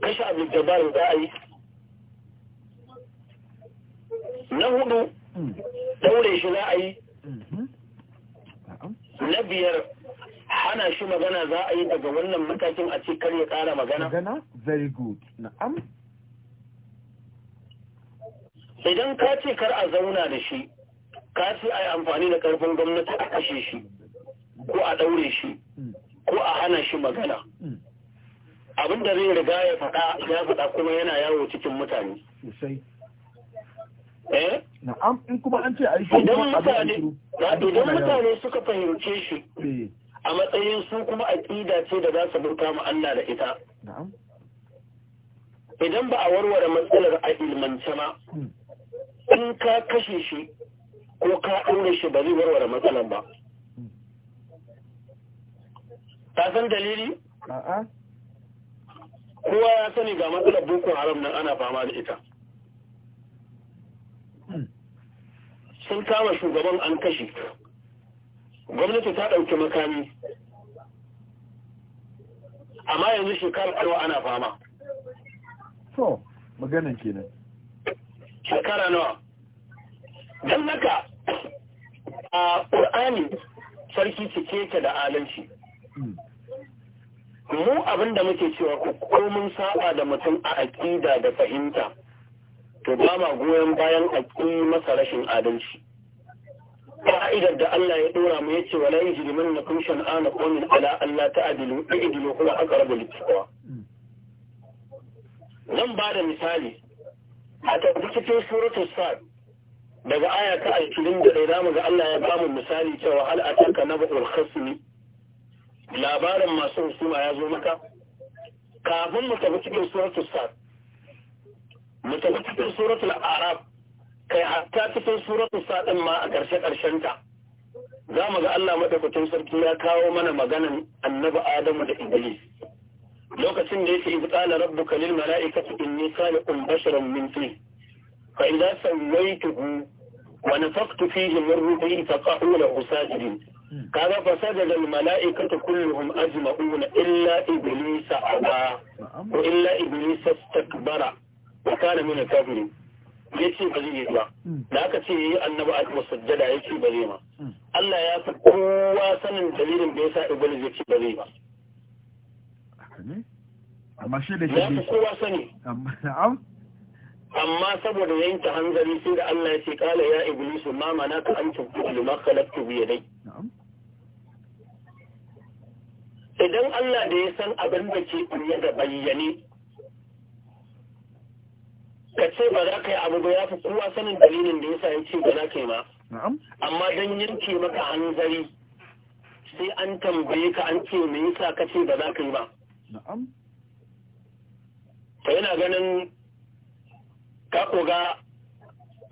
kashe abu da za a yi na hudu daure shi za a yi na biyar hana shi magana za a yi daga wannan matakin a ce kar ya kara magana magana very good na'am idan ka ce kar a zauna da shi ka ce a yi amfani da karfin gwamnati a kashe shi ko a daure shi hmm. ko a hana shi magana mm. abin da zai riga ya faɗa ya faɗa kuma yana yawo cikin mutane eh? na'am in idan mutane suka fahimce shi eh. a matsayin su kuma aƙida ce da za su bauta mu Allah da ita idan ba a warware matsalar a ilmance ma mm. in ka kashe shi ko ka ɗaure shi ba zai warware matsalar ba ta san dalili a'a kowa ya sani ga matsalar boko haram nan ana fama da ita sun kama shugaban an kashe gwamnati ta ɗauki makami amma yanzu shekarar nawa ana fama so maganin kenan shekara nawa don naka a ƙur'ani sarki cike ta da adalci. mu abin da muke cewa ko mun saba da mutum a aƙida da fahimta to ba ma goyon bayan aƙi masa rashin adalci ka'idar da Allah ya dora mu yace wala na nakum shan'ana qawmin ala Allah ta'dilu i'dilu huwa aqrabu da taqwa zan ba da misali a cikin suratul sad daga aya ta 21 mu ga Allah ya mu misali cewa hal ataka nabul khasmi labarin masu husuma ya zo maka kafin mu tafi cikin suratul sa'ad mu tafi cikin suratul arab kai hatta cikin suratul sa'ad ma a ƙarshe ƙarshen ta za mu ga Allah madaukakin sarki ya kawo mana maganan annabi Adamu da Iblis lokacin da yake ibtala rabbuka lil mala'ikati inni khaliqun basharan min tin fa idza samaytuhu wa nafaqtu fihi min ruhi faqa'u lahu sajidin kaga fasada da mala'ikatu kulluhum ajma'un illa iblis aba ko illa iblis istakbara wa kana min al ya ce ba zai ba da aka ce yayi annabi Adam sajjada ce ba zai ma Allah ya fi kowa sanin dalilin da sa iblis ce ba zai ba amma shi da shi ne kowa sani amma saboda yanke hanzari sai da Allah ya ce kala ya iblis ma mana ka an tubu ma khalaqtu bi yadai idan Allah da ya san abin da ke kunya da bayyane ka ce ba za ka yi abu ba ya fi kowa sanin dalilin da yasa ya ce ba za ka yi ba amma don yanke maka hanzari sai an tambaye ka an ce me yasa ka ce ba za ka yi ba to yana ganin ka koga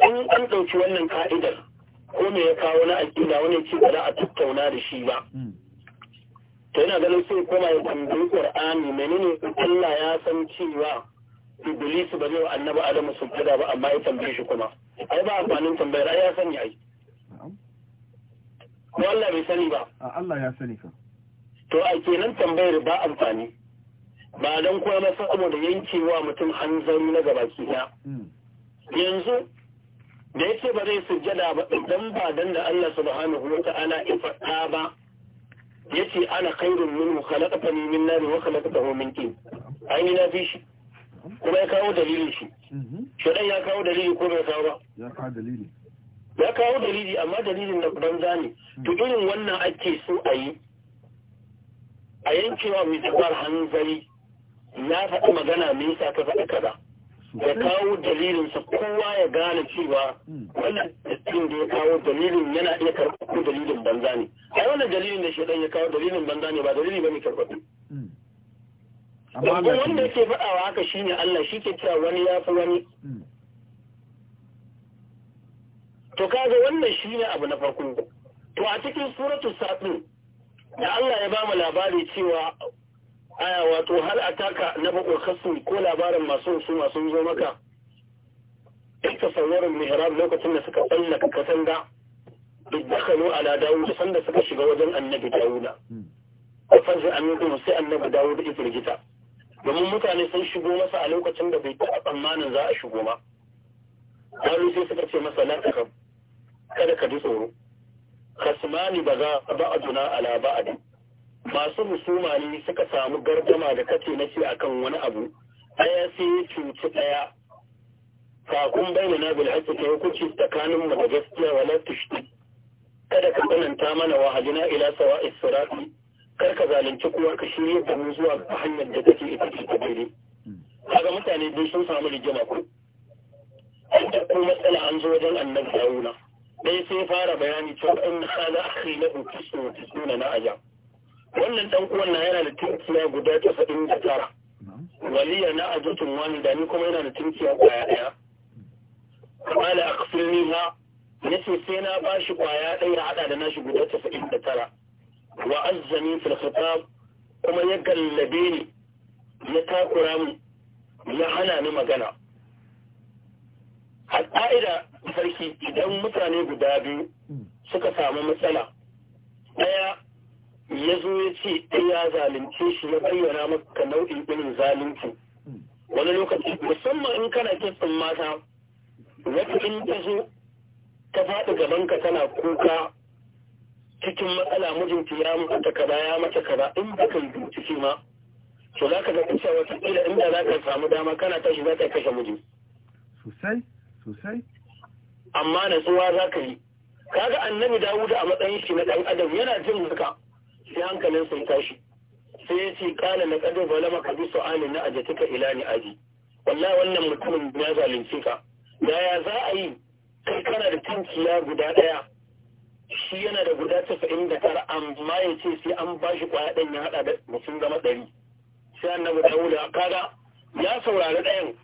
in an ɗauki wannan ka'idar ko me ya kawo na aƙida wani ce ba za a tattauna da shi ba hmm. to yana ganin sai koma ya tambayi qur'ani menene Allah ya san cewa iblis ba zai annabi adamu fada ba amma ya tambaye shi kuma ai ba amfanin tambayar ai ya sani ai ko Allah bai sani ba Allah ya sani ka to a kenan tambayar ba amfani ba dan kuma da saboda yankewa mutum hanzari na gabaki ɗaya hmm. yanzu da yake ba zai sujjada ba dan ba dan da Allah subhanahu wa ta'ala ya faɗa ba yace ana khairun minhu khalaqtani min nar wa khalaqtahu min tin ai ni na fi shi kuma ya kawo dalili shi shedan ya kawo dalili ko bai kawo ba ya kawo dalili ya kawo dalili amma dalilin na banza ne to irin wannan ake so a yi a yankewa mai tsabar hanzari na faɗi magana me yasa ka faɗi kaza da kawo dalilinsa kowa ya gane cewa hmm. wannan dalilin da ya kawo dalilin yana iya karɓar dalilin banza ne a wannan dalilin da shi ya kawo dalilin banza ne ba dalili hmm. ne karɓar amma wanda yake faɗawa haka shine Allah shi ke cewa wani ya fi wani hmm. to kaga wannan shine abu na farko to a cikin suratul sa'd da Allah ya ba mu labari cewa aya wato hal ataka na bakwai kasu ko labarin masu su masu zo maka in tasawwarin mihrab lokacin da suka tsallaka katanga duk dakhalu ala dawud sanda suka shiga wajen annabi dawuda a farji aminku sai annabi dawud ya firgita domin mutane sun shigo masa a lokacin da bai taɓa tsammanin za a shigo ma Wani sai suka ce masa la kada ka ji tsoro kasmani ba za ba a ba'aduna ala ba'adin masu husuma ne suka samu gardama da kace na ce akan wani abu ɗaya sai ya cuci ɗaya kakun bayyana na bil haƙƙi ta hukunci tsakanin mu da gaskiya wala tushti kada ka tsananta mana wa hajina ila sawa israfi kar ka zalunci kowa ka shirya da mu zuwa ga hanyar da kake ita ce ta daidai kaga mutane dai sun samu rigima ko an da ko matsala an zo wajen annabi dauna. dai sai fara bayani cewa in hada akhi lahu tisuna tisuna na ajab wannan dan uwan na yana da tunkiya guda casa'in da tara waliya na ajutun wani da ni kuma yana da tunkiya kwaya daya. kamala a kafin niha na ce sai na ba shi kwaya daya hada da nashi guda casa'in da tara wa azzami fil kuma ya gallabe ni ya takura mu ya hana ni magana a ƙa'ida sarki idan mutane guda biyu hmm. suka samu matsala ɗaya ya zo ya ce ɗaya ya zalunce shi ya bayyana maka nau'in irin zalunci wani lokaci musamman in kana kitsin mata wata in ta zo ta faɗi gabanka tana kuka cikin matsala mijinta ya mata kaza ya mata kaza in ba kan bincike ma to za ka zaɓi cewa wataƙila inda za ka samu dama kana tashi za ka kashe mijin sosai sosai amma natsuwa za ka yi kaga annabi dawuda a matsayin shi na ɗan adam yana jin haka sai hankalin sun tashi sai ya ce kana na kadar balama ka bi su'ani na ajatika ila ni aji wallahi wannan mutumin ya zalunce ka yaya za a yi kai kana da tankiya guda daya. shi yana da guda casa'in da tara amma ya ce sai an ba shi kwaya ɗan ya haɗa da mutum zama ɗari sai annabi dawuda kaga ya saurari ɗayan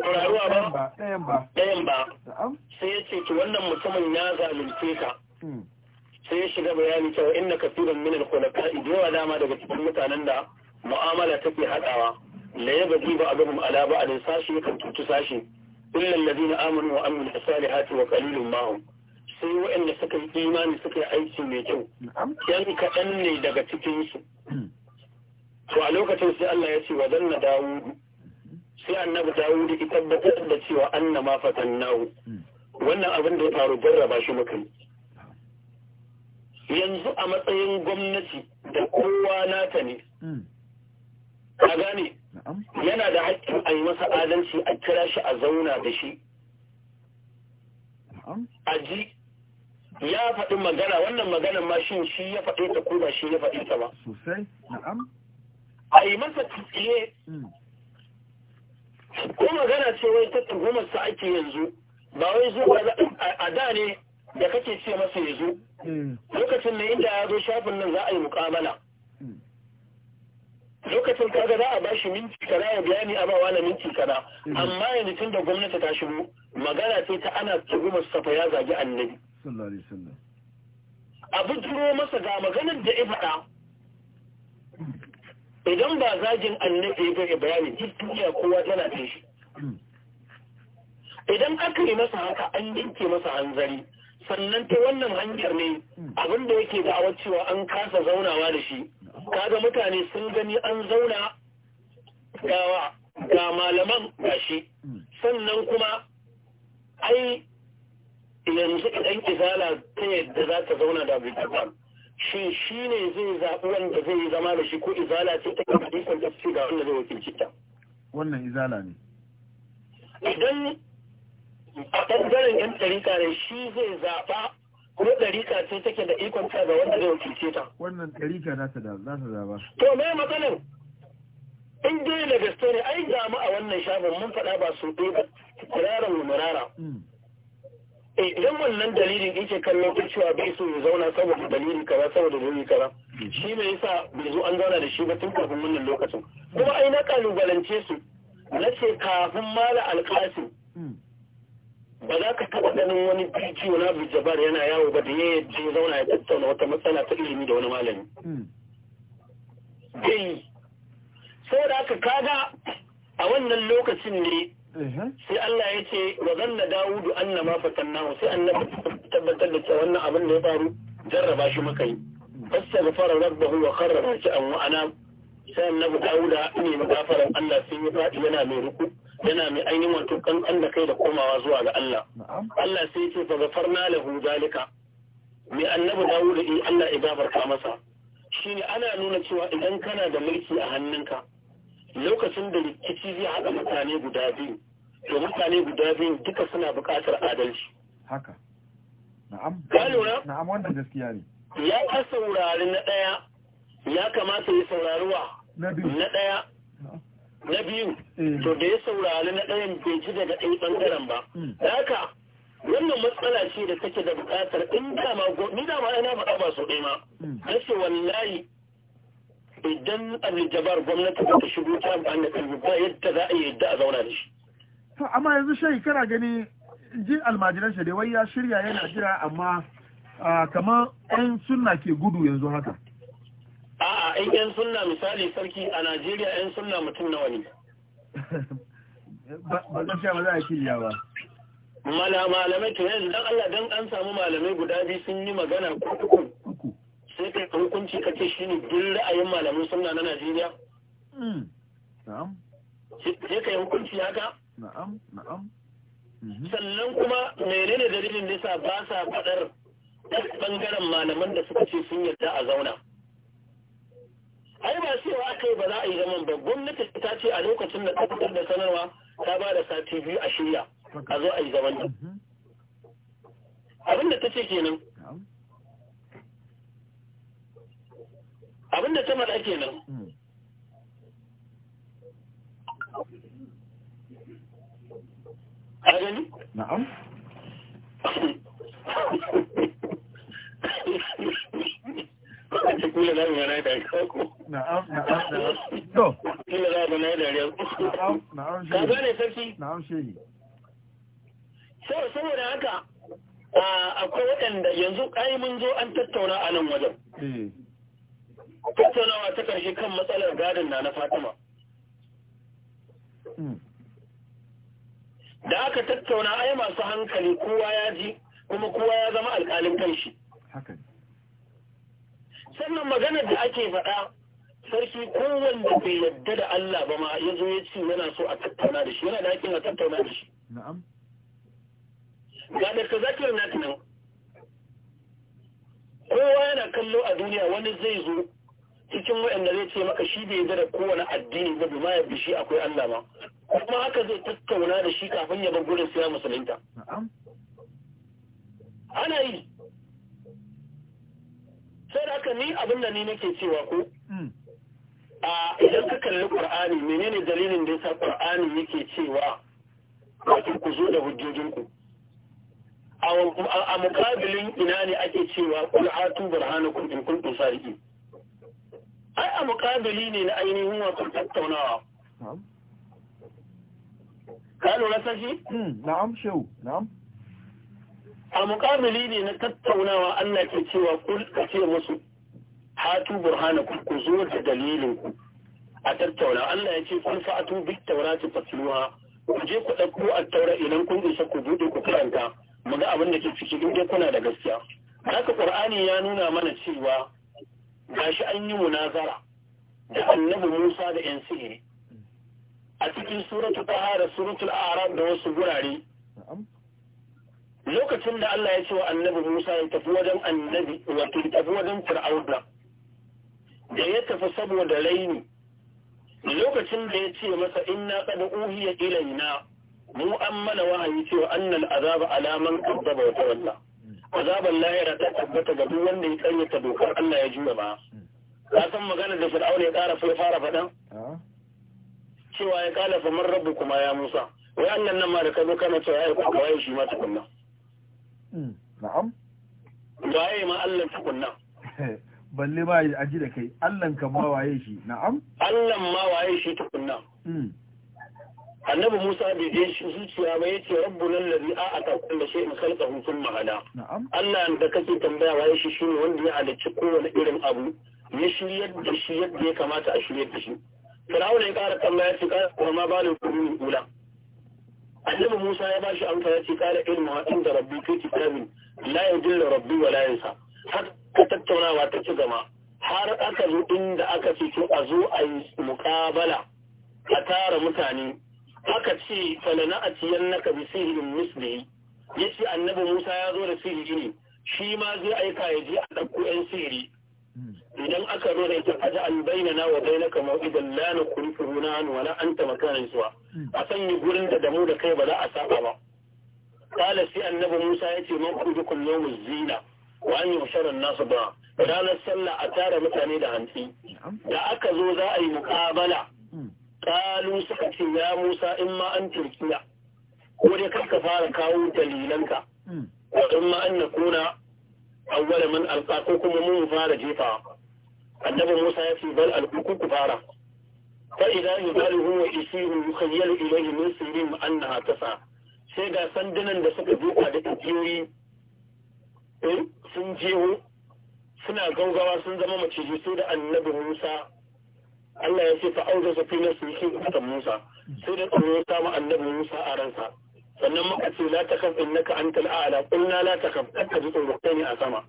sauraruwa ba ɗayan ba sai ya ce ki wannan mutumin ya zalunce ka hmm. sai ya shiga bayani cewa inna kasiran min al-khulafa'i yawa dama daga cikin mutanen da mu'amala take hadawa la yabghi ba'dhum ala ba'd sashi kan tutu sashi illa alladhina amanu wa amilu as-salihati wa qalilun ma hum sai waɗanda suka yi imani suka yi aiki mai kyau yan kaɗan ne daga cikin su to a lokacin sai Allah ya ce wa zanna dawudu sai annabi dawudu ya tabbatar da cewa annama ma fatannahu wannan abin da ya faru jarraba shi mukai yanzu a matsayin gwamnati da kowa nata ne hmm. ka gane yana da haƙƙin a yi masa adalci a kira shi a zauna da shi a ji ya faɗi magana wannan maganan ma shi ya faɗe ta ko ba shi ya faɗe ta ba a yi masa tsaye hmm. ko magana ce wai ta tuhumar sa ake yanzu ba wai zo a da ne da kake ce masa ya zo Hmm. lokacin da inda ya zo shafin nan za a yi mukamala hmm. lokacin kaga za a bashi minti kana ya bayani a bawa na minti kana hmm. amma yanzu tun da gwamnati ta shigo magana ce ta ana tuguma safa ya zagi annabi abu turo masa ga maganar da ya faɗa idan ba zagin annabi ya bayani duk duniya kowa tana ta shi idan aka yi masa haka an yanke masa hanzari sannan ta wannan hanyar ne abin da yake da'awar cewa an kasa zaunawa da shi kaga mutane sun gani an zauna gawa ga malaman ga shi sannan kuma ai yanzu ɗan izala ta yadda za ta zauna da abu shi shi ne zai zaɓi wanda zai zama da shi ko izala ce ta kan hadisan da ga wanda zai wakilci ta wannan izala ne idan a ɓangaren yan ɗarika ne shi zai zaɓa kuma ɗarika ce take da ikon ta ga wanda zai wakilce ta. Wannan ɗarika za ta zaɓa. To me matsalar? In dai da gaske ne ai ga mu a wannan shafin mun faɗa ba su ɗaya ba kuraran mu murara. Hmm. Eh, idan wannan dalilin yake kallo ko cewa bai so ya zauna saboda dalili kaza saboda dalili kaza shi me yasa bai zo an zauna da shi ba tun kafin wannan lokacin. Kuma ai na kalubalance su na ce kafin mala alƙasim hmm. ba za ka taɓa ganin wani bidiyo na Abdul yana yawo ba da ya je zauna ya tattauna wata matsala ta ilimi da wani malami. Bai hmm. saboda haka kaga a wannan lokacin ne sai Allah ya ce wa zanna Dawudu anna ma fatannahu sai annabi tabbatar da cewa wannan abin da ya faru jarraba shi muka yi. Fastaghfara rabbahu wa kharra raki'an an wa'ana sai annabi Dawuda ne magafaran Allah sai ya faɗi yana mai ruku. yana mai ainihin wato kankan da kai da komawa zuwa ga Allah Allah sai ya ce fa na lahu zalika mai annabi Dawud eh Allah ya gafarta masa shine ana nuna cewa idan kana da mulki a hannunka lokacin da rikici zai haɗa mutane guda biyu to mutane guda biyu duka suna buƙatar adalci haka na'am na'am wannan gaskiya ne ya ka saurari na ɗaya ya kamata ya saurari wa na ɗaya na biyu mm. to da ya saurari na ɗayan bai ji daga ɗaya ɓangaren ba mm. haka wannan matsala ce da take da buƙatar in dama ni dama ina faɗa ba sau ɗaya ma mm. na ce wallahi idan aljabar gwamnati ta shigo ta amfani da ƙarfi ba yadda za a yi yadda a zauna da shi. to amma yanzu shai kana gani jin almajiran shi da wai ya shirya yana jira amma ah, kamar 'yan sunna ke gudu yanzu haka. A'a, in ‘yan sunna misali sarki a Najeriya ‘yan sunna mutum nawa ne. Ba zan sha ba za a kiliya ba. Mala malamai to yanzu dan Allah dan an samu malamai guda biyu sun yi magana ko uku. Sai kai hukunci kake shi shine duk ra'ayin malamin sunna na Najeriya. Hmm. Na'am. Sai kai hukunci haka? Na'am, na'am. Mhm. sannan kuma menene dalilin da yasa ba sa faɗar ɗan ɓangaren malaman da suka ce sun yarda a zauna ai ba cewa aka yi ba za a yi zaman ba gwamnati ta ce a lokacin da ta da sanarwa ta ba da sati biyu a shirya a zo a yi zaman nan mhm. abinda ta ce kenan abinda ta mada kenan hmm. a gani? na'am kila za mu yana da ko na'am na'am na'am to kila za mu yana da na'am na'am shi ka gane sarki na'am shi so saboda haka akwai waɗanda yanzu ai mun zo an tattauna a nan wajen eh. tattaunawa ta ƙarshe kan matsalar gadon na na fatima hmm. da aka tattauna ai masu hankali kowa ya ji kuma kowa ya zama alƙalin shi. sannan maganar da ake faɗa sarki kowanne bai yadda da Allah ba ma ya zo ya ce yana so a tattauna da shi yana da hakin a tattauna da shi na'am ga da zakir na tunan kowa yana kallo a duniya wani zai zo cikin waɗanda zai ce maka shi bai yadda da kowane addini ba bi ma yadda shi akwai Allah ma kuma haka zai tattauna da shi kafin ya bar gurin siya musulunta ana yi sai da haka ni abin da ni nake cewa ko hmm. a idan ka kalli qur'ani menene dalilin da yasa qur'ani yake cewa wato ku zo da hujjojinku a mukabilin ina ne ake cewa kul hatu burhanakum in kuntum sadiqin ai a mukabili ne na ainihin wato tattaunawa ka lura sashi hmm, na'am shehu na'am a muƙabili ne na tattaunawa Allah ke cewa ka ce musu hatu burhana ku zo da dalilin ku a tattauna Allah ya ce kun fa'atu bit tawrati fasluha. ku je ku ɗauko a taura idan kun isa ku buɗe ku karanta mu ga abin da ke ciki in dai kuna da gaskiya haka qur'ani ya nuna mana cewa gashi an yi munazara da annabi Musa da yan sihiri a cikin suratul tahara suratul a'raf da wasu gurare lokacin da Allah ya ce wa annabi Musa ya tafi wajen annabi wato ya tafi wajen Fir'auna da ya tafi saboda raini lokacin da ya ce masa inna qad uhiya ilaina mu an mana wahayi cewa annal azaba alaman kadaba wa tawalla azaban lahira ta tabbata ga duk wanda ya ta dokar Allah ya jura ba ka san magana da Fir'auna ya ƙara fara fadan cewa ya kala fa man rabbukuma ya Musa wai annan nan ma da kazo kana cewa ai ko kawai shi ma tukunna na'am waye ma Allah tukunna balle ba a aji da kai Allah ka ma waye shi na'am Allah ma waye shi tukunna hmm. annabi Musa bai je shi zuciya ba yace rabbul ladzi a'ata kulli shay'in khalqahu thumma hada Allah da kake tambaya waye shi shine wanda ya halicci kowane irin abu ya shiryar da shi yadda ya kamata a shiryar da shi Fir'auna ya ƙara tambaya shi ƙara kuma ma balin kurmi ula annabi Musa ya bashi amsa ya ce kala ilmu wa inda rabbi fi kitabin la yajilla rabbi wa la yansa haka tattaunawa ta ci gama har aka zo inda aka ce to a zo a yi a tara mutane aka ce falana a ciyan naka bi sihirin misli ya ce annabi Musa ya zo da sihiri ne shi ma zai aika ya je a ɗauko 'yan sihiri idan aka zo da ita albaina an bayyana wa bayyana kamar idan la na kuri furuna an wala an ta suwa a sanya gurin da damu da kai ba za a saba ba kala sai annabi musa ya ce man kudu kullum zina wa an yi sharar nasu ba ranar sallah a tara mutane da hantsi da aka zo za a yi muƙabala kalu suka ce ya musa in ma an turkiya ko dai ka fara kawo dalilanka wa in ma an na kuna awwala man alqa ko kuma mun fara jefa annabi Musa ya ce bal alqu ku fara fa idza yudaluhu wa isiru yukhayyalu ilayhi min sirrin annaha tasa sai ga sandunan da suka duka da igiyoyi eh, sun jeho suna gaugawa sun zama maciji sai da annabi Musa Allah ya ce fa auza fi nafsihi kan Musa sai da tsoro ya kama annabi Musa a ransa sannan muka ce la takaf innaka antal a'la qulna la takaf ka ji tsoro kai ne a sama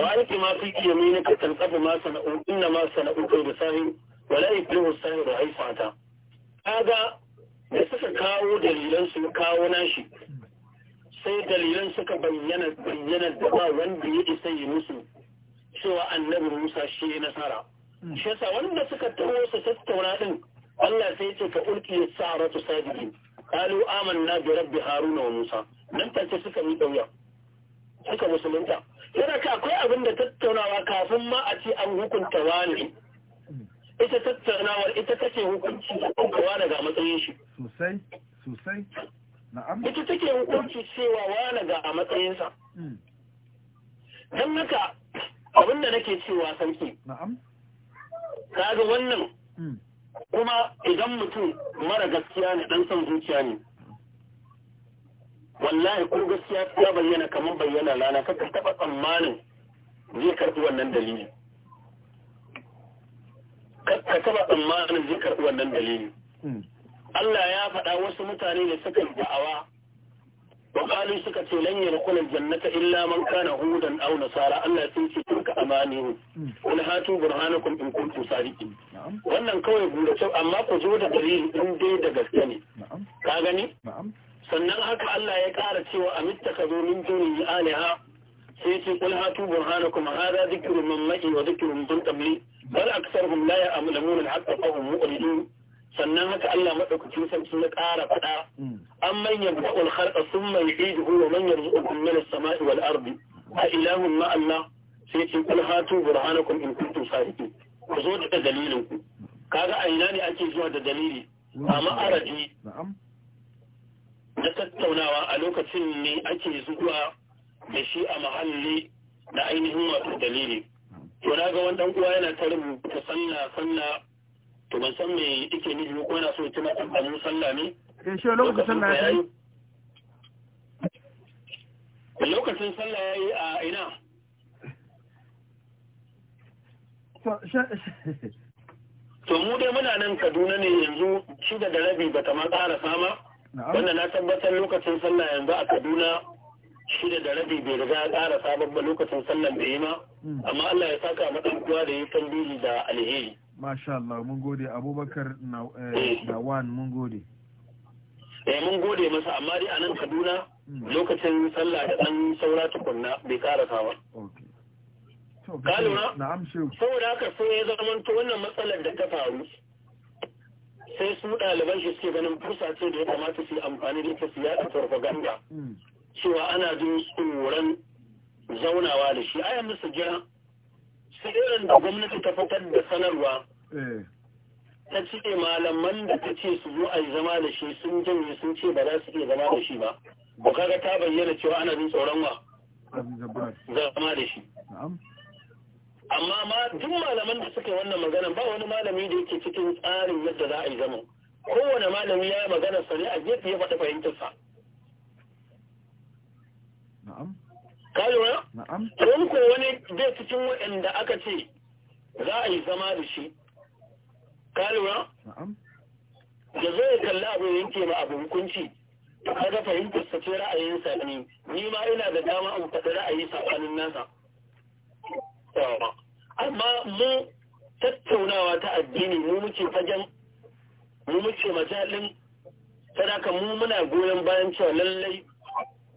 wa alki ma fi yaminika tanqabu ma sana'u inna ma sana'u kaydu sahin wa la yuflihu sahin wa haifata kaga da suka kawo dalilan su kawo nashi sai dalilan suka bayyana bayyana da ba wanda ya isa yi musu cewa annabi Musa shi nasara hmm. shi yasa wanda suka taho su tattauna din Allah sai ya ce ka ulki sa'aratu sajidin qalu amanna bi rabbi haruna wa musa nan take suka yi dauya suka musulunta yana ka akwai abin da tattaunawa kafin ma a ce an hukunta wani ita tattaunawar ita take hukunci wani daga matsayin shi sosai sosai na'am ita take hukunci cewa wani ga matsayin sa. Hmm. dan haka abin da nake cewa sarki na'am kaga wannan hmm. kuma idan mutum mara gaskiya ne dan son zuciya ne wallahi ko gaskiya ta bayyana kamar bayyana rana kaka taba tsammanin zai karbi wannan dalili ka taba tsammanin zai karbi wannan dalili hmm. Allah ya faɗa wasu mutane da suka da'awa وقالوا سكت لن يدخل الجنة إلا من كان هودا أو نصارى ألا تنسي تلك أمانهم قل هاتوا برهانكم إن كنتم صادقين wannan kawai gurace amma ku zo da dalili in dai da gaske ne ka gani sannan haka Allah ya kara cewa amittakazu min duni alaha sai ce kul hatu burhanakum hada dhikrun min ma'i wa dhikrun min qabli bal aktharuhum sannan haka Allah madaukakin sarki ya ƙara faɗa hmm. an manyan da'ul sun thumma yu'iduhu wa man yarzuqukum min as-sama'i wal ardi a ilahun ma Allah sai ce kul hatu burhanakum in kuntum sadiqin ku zo da dalilin ku kaga a ina ne ake zuwa da dalili A ma'araji na tattaunawa a lokacin ne ake zuwa da shi a mahalli da ainihin wato dalili to na ga wani uwa yana ta rubuta sanna sanna to ban san me yake nufi ko yana so ya tuna amfanin sallah ne eh shi lokacin sallah ya yi lokacin sallah ya yi a ina to mu dai muna nan kaduna ne yanzu shi da rabi ba ta ma ƙara sama wanda na tabbatar lokacin sallah yanzu a kaduna shida da rabi bai riga ya tsara sabon lokacin sallah da yi ma hmm. amma Allah ya saka dan kuwa da yi tambihi da alheri masha Allah mun gode abubakar eh, wan mun gode eh mun gode masa amma dai a nan kaduna hmm. lokacin sallah da ɗan saura tukunna bai karasa ba Kaluna, saboda haka sai ya zama to wannan matsalar da ta faru sai su ɗaliban shi suke ganin fursa ce da ya kamata su yi amfani da ita su yaɗa farfaganda hmm. cewa ana jin tsoron zaunawa da shi a yanzu su jira sirrin da gwamnati ta fitar da sanarwa eh. ta ce malaman da ta ce su zo a zama da shi sun janye sun ce ba za su iya zama da shi ba ba kaga ta bayyana cewa ana jin tsoron wa zama da shi amma ma duk malaman da suka wannan magana ba wani malami da yake cikin tsarin yadda za a yi zama kowane malami ya yi magana ne a gefe ya faɗi fahimtarsa na'am kayuwa ko wani zai cikin waɗanda aka ce za a yi zama da shi kayuwa da zai kalli abu yanke ma abu hukunci kaga fahimtar sa ce ra'ayinsa ne ni ma ina da dama in faɗi ra'ayi sabanin nasa amma mu tattaunawa ta addini mu muke fagen mu muke majalin sadaka mu muna goyon bayan cewa lallai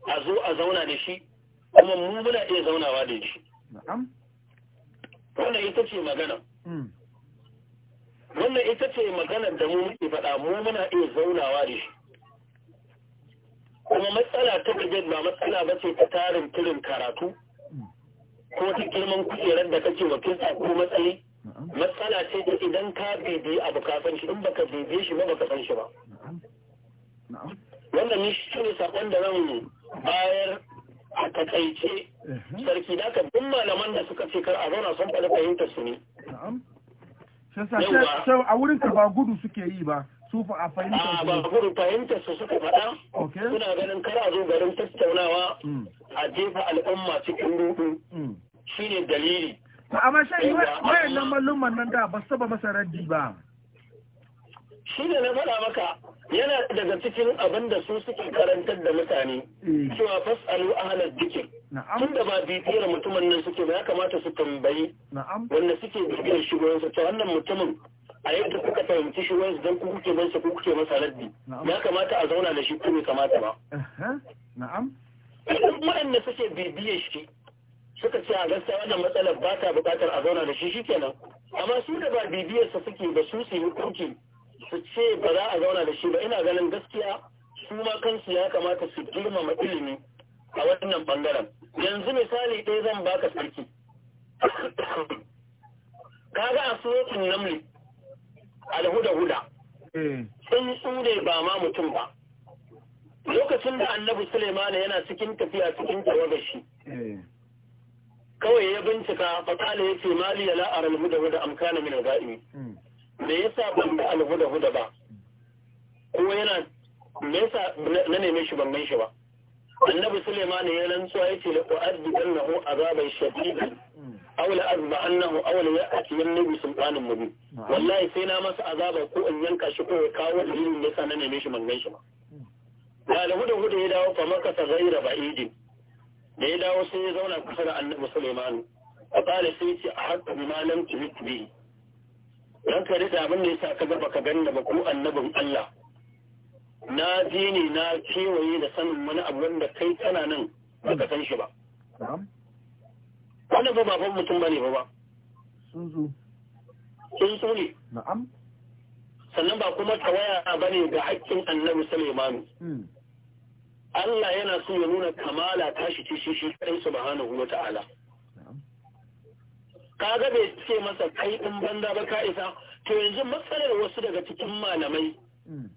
a zo a zauna da shi kuma mu muna iya zaunawa da shi wannan ita ce magana hmm. wannan ita ce magana da mu muke faɗa mu muna iya zaunawa da shi kuma matsala ta brigade ba matsala ba ce ta tarin turin karatu ko ta girman kujerar da kake a ko matsayi matsala ce da idan ka bibi abu bukatan shi in baka bebe shi ba baka san shi ba wannan ni shi ne saƙon da zan bayar a takaice sarki da ka duk malaman da suka ce kar a zauna sun faɗi fahimtar su ne Shasa a wurin ka ba gudu suke yi ba su fa a fahimtar su. Ba gudu fahimtar su suka faɗa. Suna ganin kar a zo garin tattaunawa mm. a jefa al'umma cikin rudu. Mm. ne dalili. Amma shan wayan nan malluman nan da ba su taba masa raddi ba. shi da na faɗa maka yana daga cikin abin da su suke karantar da mutane mm. cewa fasalu ahalar jikin tun da ba bibiyar mutumin nan suke ba ya kamata su tambayi wanda suke bibiyar shigoyinsa ta wannan mutumin a yadda kuka fahimci su don kuke ban ku kuke masa raddi ya kamata a zauna da shi ko bai kamata ba na'am waɗanda suke bibiyar shi suka ce a gaskiya wannan matsalar ba ta buƙatar a zauna da shi shikenan amma su da ba bibiyarsa suke ba su su yi hukunci su ce ba za a zauna da shi ba ina ganin gaskiya su ma kansu ya kamata su girmama ilimi a wannan bangaren yanzu misali ɗaya zan baka sarki kaga a suratun namli alhuda huda hmm. sun tsure ba ma mutum ba lokacin da annabi suleimana yana cikin tafiya cikin tawagar shi hmm. kawai ya bincika fatala ya ce mali ya la'ar alhuda huda amkana min ga'imi hmm. me yasa ban bi alhuda huda ba ko yana me yasa na neme shi ban gan shi ba annabi suleiman ya ya ce la u'addi annahu azaban shadidan aw la azba annahu aw la ya'ti min nabi sultanin mubin wallahi sai na masa azaba ko in yanka shi ko ya kawo dalilin yasa na neme shi ban gan shi ba da alhuda huda ya dawo fa maka sa ghaira ba'idin da ya dawo sai ya zauna kusa da annabi suleiman فقال ce a بما لم تهت به dan ka rida abin da sa ka gaba ka ganna da baku annabin Allah na ji ne na kewaye da sanin wani abu wanda kai tana nan baka san shi ba wannan ba babban mutum ba ne, ba ba Sun zo. ne na'am sannan ba kuma tawaya ba ne ga haƙƙin annabi Sulaimanu hmm. Allah yana so ya nuna kamala tashi cikin shi shi kadai subhanahu wa ta'ala kaga bai ce masa kai ɗin banza ba ka isa to yanzu matsalar wasu daga cikin malamai hmm.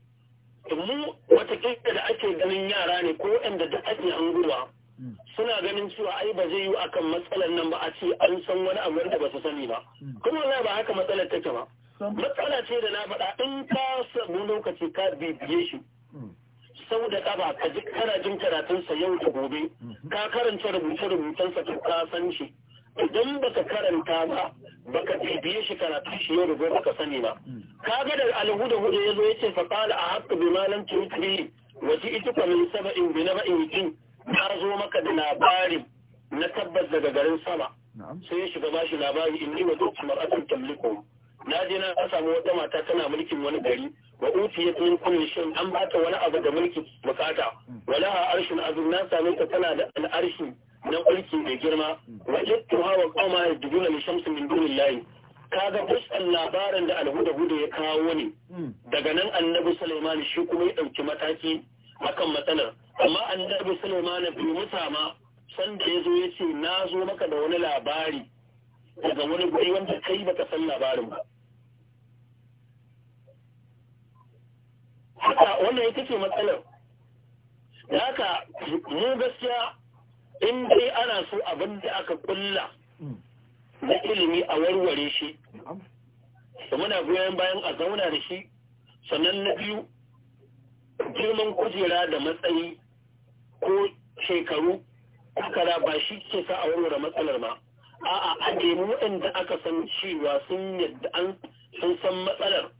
mu watakila da ake ganin yara ne ko wanda da ake anguwa hmm. suna ganin cewa ai ba zai yi akan matsalar nan ba a ce an san wani abu da ba su sani ba hmm. kuma wallahi ba haka matsalar take ba matsala ce da na faɗa in ka samu lokaci ka bibiye shi sau da ƙaba ka ji kana jin karatunsa yau da gobe ka karanta rubuce-rubucensa ka san shi idan baka karanta ba baka bibiye shi karatu shi yau da gobe baka sani ba kaga da alhuda zo yazo yace fa qala a haqqu bima lam tutri wa ji'tuka min sab'in bi nab'in jin na zo maka da labari na tabbas daga garin sama sai ya shiga bashi labari inni wa tu'ti mar'atun tamliku na je na samu wata mata tana mulkin wani gari wa utiyat min kulli shay'in an bata wani abu da mulki bukata hmm. walaha arshin azim na same ta tana da al'arshi na kulki mai girma wa hawa kama ya dubu na mishamsu min ka kaga buskan labarin da alhuda huda ya kawo ne hmm. daga nan annabi Sulaiman shi kuma ya dauki mataki akan matsalar amma annabi Sulaiman bai musa ma san da ya ce na zo maka da wani labari daga wani guri wanda kai baka san labarin ba haka wannan ita ce matsalar da haka mu gaskiya in dai ana so abin da aka kulla hmm. na ilimi a warware shi da muna goyon bayan a zauna da shi sannan na biyu girman kujera da matsayi ko shekaru kakara ba shi ke sa a warware matsalar ma a'a a nemi waɗanda aka san cewa sun yadda an sun san matsalar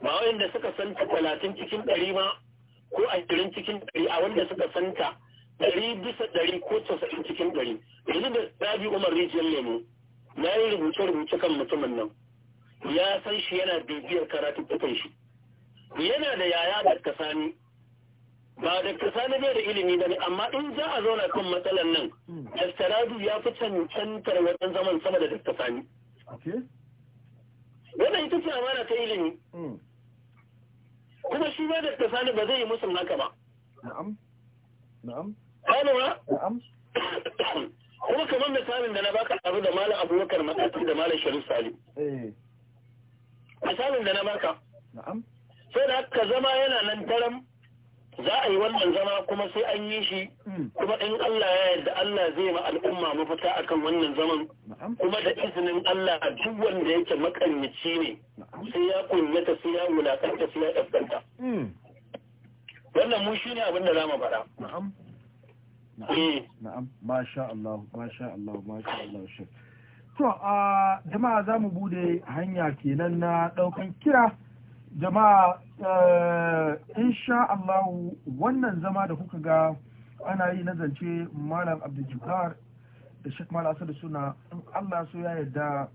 ba waɗanda suka santa talatin cikin ɗari ma ko ashirin cikin ɗari a wanda suka santa ɗari bisa ɗari ko casa'in cikin ɗari yanzu da Rabi umar rijiyar lemu na yi rubuce-rubuce kan mutumin nan ya san shi yana bibiyar karatuttukan shi yana da yaya da kasani ba da kasani bai da ilimi ba ne amma in za a zauna kan matsalar nan astaradu ya fi cancantar wajen zaman sama da Sani. wannan ita ce amana ta ilimi hmm. kuma shi ba da kasani ba zai yi musu haka ba na'am na'am Alura? Na'am. Kuma kamar misalin da na baka abu da Malam Abubakar Matatu da Malam Sharif Salim. Eh. Misalin da na baka. Na'am. Sai da haka zama yana nan daram za a yi wannan zama kuma sai an yi shi hmm. kuma in Allah ya yarda Allah zai ma al'umma mafita akan wannan zaman kuma da izinin Allah a duk wanda yake makanyaci ne sai ya kunyata sai ya wulakanta sai ya ɗabbanta hmm. wannan mu shine abin da za mu fara. Eh. na'am masha Allah masha Allah masha Allah shi to a jama'a za mu bude hanya kenan na Ɗaukan kira jama'a eh, insha Allah wannan zama da kuka ga ana yi na zance malam Abdul da Sheikh Malam Asad suna Allah so ya yarda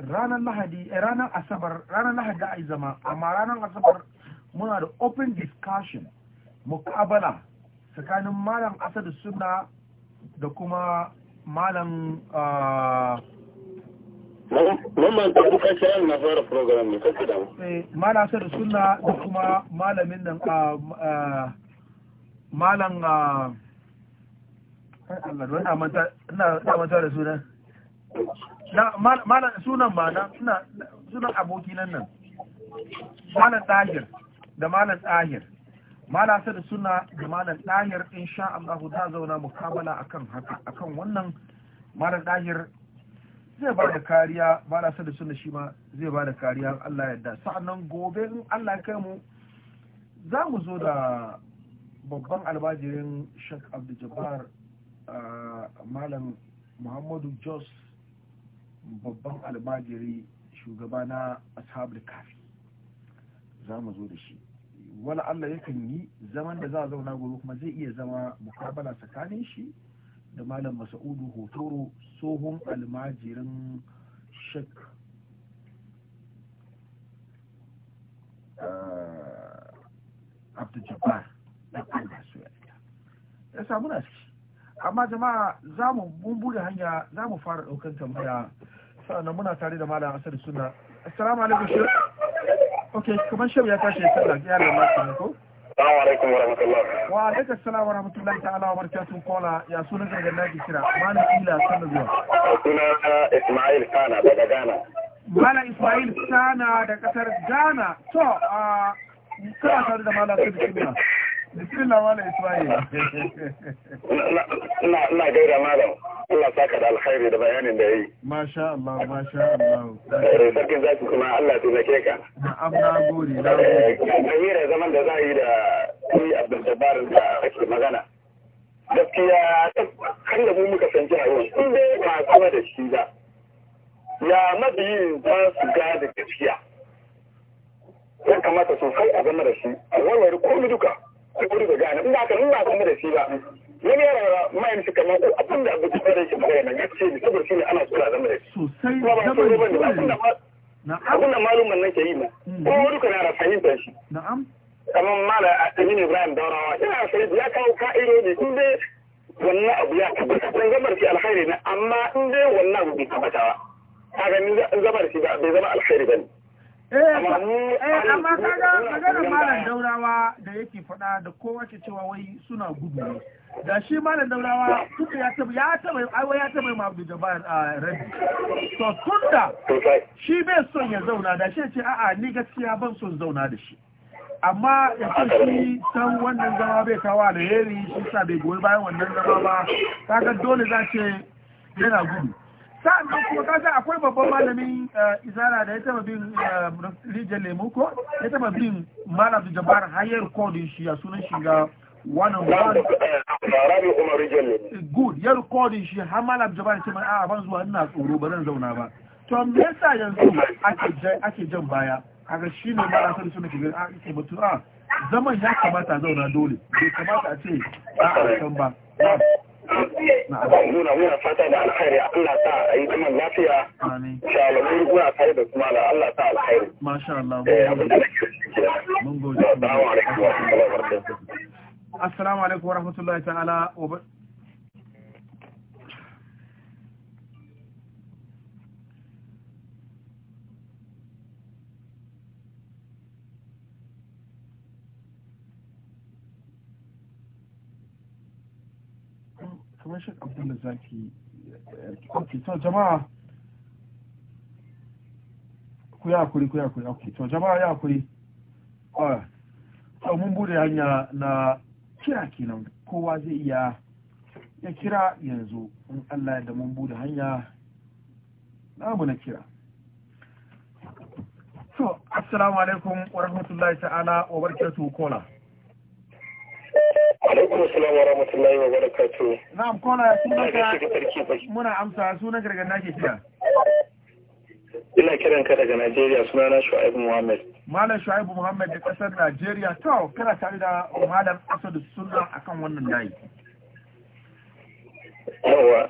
ranar Lahadi eh, ranar Asabar ranar Lahadi a yi zama amma ranar Asabar muna da open discussion mukabala tsakanin malam Asad suna da kuma malam ah, Mamman eh, Malam asadu suna da kuma malamin nan ah, ah, malam eh, manta da sunan na malam sunan sunan aboki nan nan malam tahir da malam ɗahir mala da suna da malam dahir insha Allah za zauna mukabala akan haka akan wannan malam dahir zai ba da kariya mala da suna shi ma zai ba da kariya Allah ya da sa'annan gobe in Allah ya kai mu za mu zo da babban albajirin Sheikh Abdul Jabbar malam Muhammadu Jos babban albajiri shugaba na ashabul kafi za mu zo da shi wala Allah yakan yi zaman da za a zauna gobe kuma zai iya zama mukabala tsakanin shi da malam masa'udu hotoro tsohon almajirin shek eh, abdu jabbar na Allah su ya samu na ciki amma jama'a za mu mun bude hanya za mu fara daukan tambaya sannan muna tare da malam asar suna assalamu alaikum ok kuma shehu ya tashi ya sallah ya da masu ko Assalamu alaikum warahmatullah. Wa alaikum assalam wa rahmatullahi ta'ala wa barakatuh kola ya sunan gargar naki kira mana ila sanu zuwa. Suna Ismail Kana daga Ghana. Mana Ismail Kana da kasar Ghana. To a kana tare da mala Sadiq Suna. bismillah malam isma'il ina gaida malam Allah saka da alkhairi da bayanin da yayi masha Allah masha Allah eh, sarkin zaki kuma Allah ya taimake ka na'am na gode na gode kamar eh, zaman da za yi da ni Abdul Jabbar da ake magana gaskiya kan da mu muka sanci a yau in dai ba kuma da shi da. ya mabiyin za su ga da gaskiya ya kamata sosai a zama da shi a warware komai duka kuri da gane in ba ka nuna kuma da shi ba wani yara kamar ko abin da abin da shi magana na gaske ne saboda shi ne ana kula da mai sosai kuma ba shi bane abin da malumin nan ke yi ba mm. ko wani da fahimtar shi na'am kamar mala Amin Ibrahim Daurawa yana fahimta ya kawo ka'idodi in dai wannan abu ya tabbata dan gamar shi alkhairi ne amma in dai wannan abu bai tabbata ba kaga ni shi ba bai zama alkhairi bane Eh, amma eh, kaga maganar malam daurawa da yake faɗa da kowa ke cewa wai suna gudu ne. Da shi malam daurawa ya taba ya taba aiwa ya taba ma Abdul Jabbar a ah, Rabbi. To tunda shi bai son ya zauna da shi ya ce a'a ni gaskiya ban son zauna da shi. amma ya ce shi san wannan zama bai kawo alheri shi sa bai goyi bayan wannan zama ba kaga dole za ce yana gudu sa'annan kuma kasa akwai babban malamin eh, izara da ya taba bin eh, rijiyar lemu ko ya taba bin malam da jabar hayar kodin shi a sunan shi ga wannan wani eh, good ya rikodin shi har malam jabar ce mai a ban zuwa ina tsoro ba zan zauna ba to me yasa yanzu ake jan baya kaga shi ne malam sarki suna kiga a ke batu a zaman ya kamata zauna dole bai kamata a ce a ba muna muna fata da alkhairi Allah sa a yi zaman lafiya insha Allah mun tare da kuma da Allah sa alkhairi masha Allah mun eh, gode assalamu alaikum warahmatullahi ta'ala kamar shi abdullu zaki ok to jama'a ku ya kuri ku ya kuri ok to jama'a ya kuri to mun bude hanya na kira kenan kowa zai iya ya kira yanzu in Allah ya da mun bude hanya namu na kira to assalamu alaikum wa rahmatullahi ta'ala wa barakatuhu kola alaikum salam wa rahmatullahi wa barakatu na'am kola sunanka muna amsa sunan daga nake kira ina kiran ka daga Najeriya sunana Shu'aibu Muhammad Malam Shu'aibu Muhammad da kasar Najeriya to kana tare da Malam Asadu Sunna akan wannan layi yawa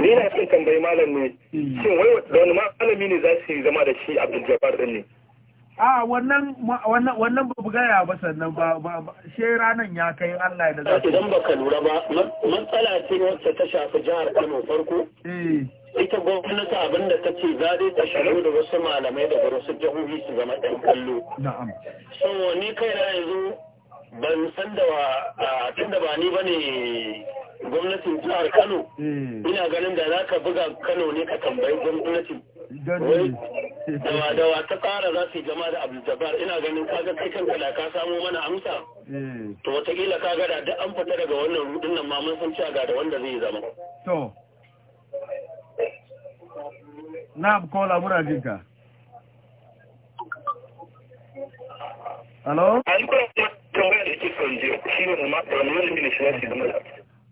ni na son tambayi malam ne hmm. shin wai da wani malami ne za su zama da shi Abdul Jabbar din ne a wannan wannan ba gaya ba sannan ba she ranan ya kai Allah ya dace idan baka lura ba matsala ce wacce ta shafi jihar Kano farko eh. ita gwamnati abin da ta ce za dai ta shiru da wasu malamai da wasu jihohi su zama ɗan kallo na'am so ni kai na yanzu ban san da tunda ba ni bane gwamnatin jihar Kano eh. ina ganin da za ka buga Kano ne ka tambayi gwamnati? dawa dawa ta kara za su yi jama da abu jabbar ina ganin kaga kai kanka da ka samo mana amsa hmm. to wataƙila ka gada duk an fita daga wannan rudin nan ma mun san cewa ga da wanda zai zama to na kola mura jinka Hello?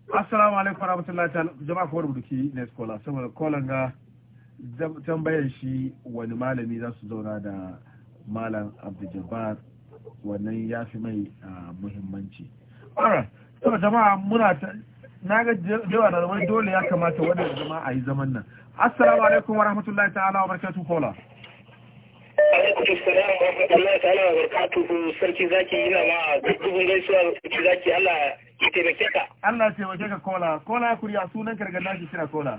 Assalamu alaikum warahmatullahi ta'ala jama'a ko rubuki ne kola saboda kolan ga tambayar shi wani malami za su zauna da malam abdujabbar wannan ya fi mai muhimmanci to jama'a muna ta na ga jawa da wani dole ya kamata wannan zama a yi zaman nan assalamu alaikum wa rahmatullahi ta'ala wa barakatuhu kola zaki ma gaisuwa zaki Allah ya taimake ka Allah ya taimake ka kola kola ya a sunan karga nashi kira kola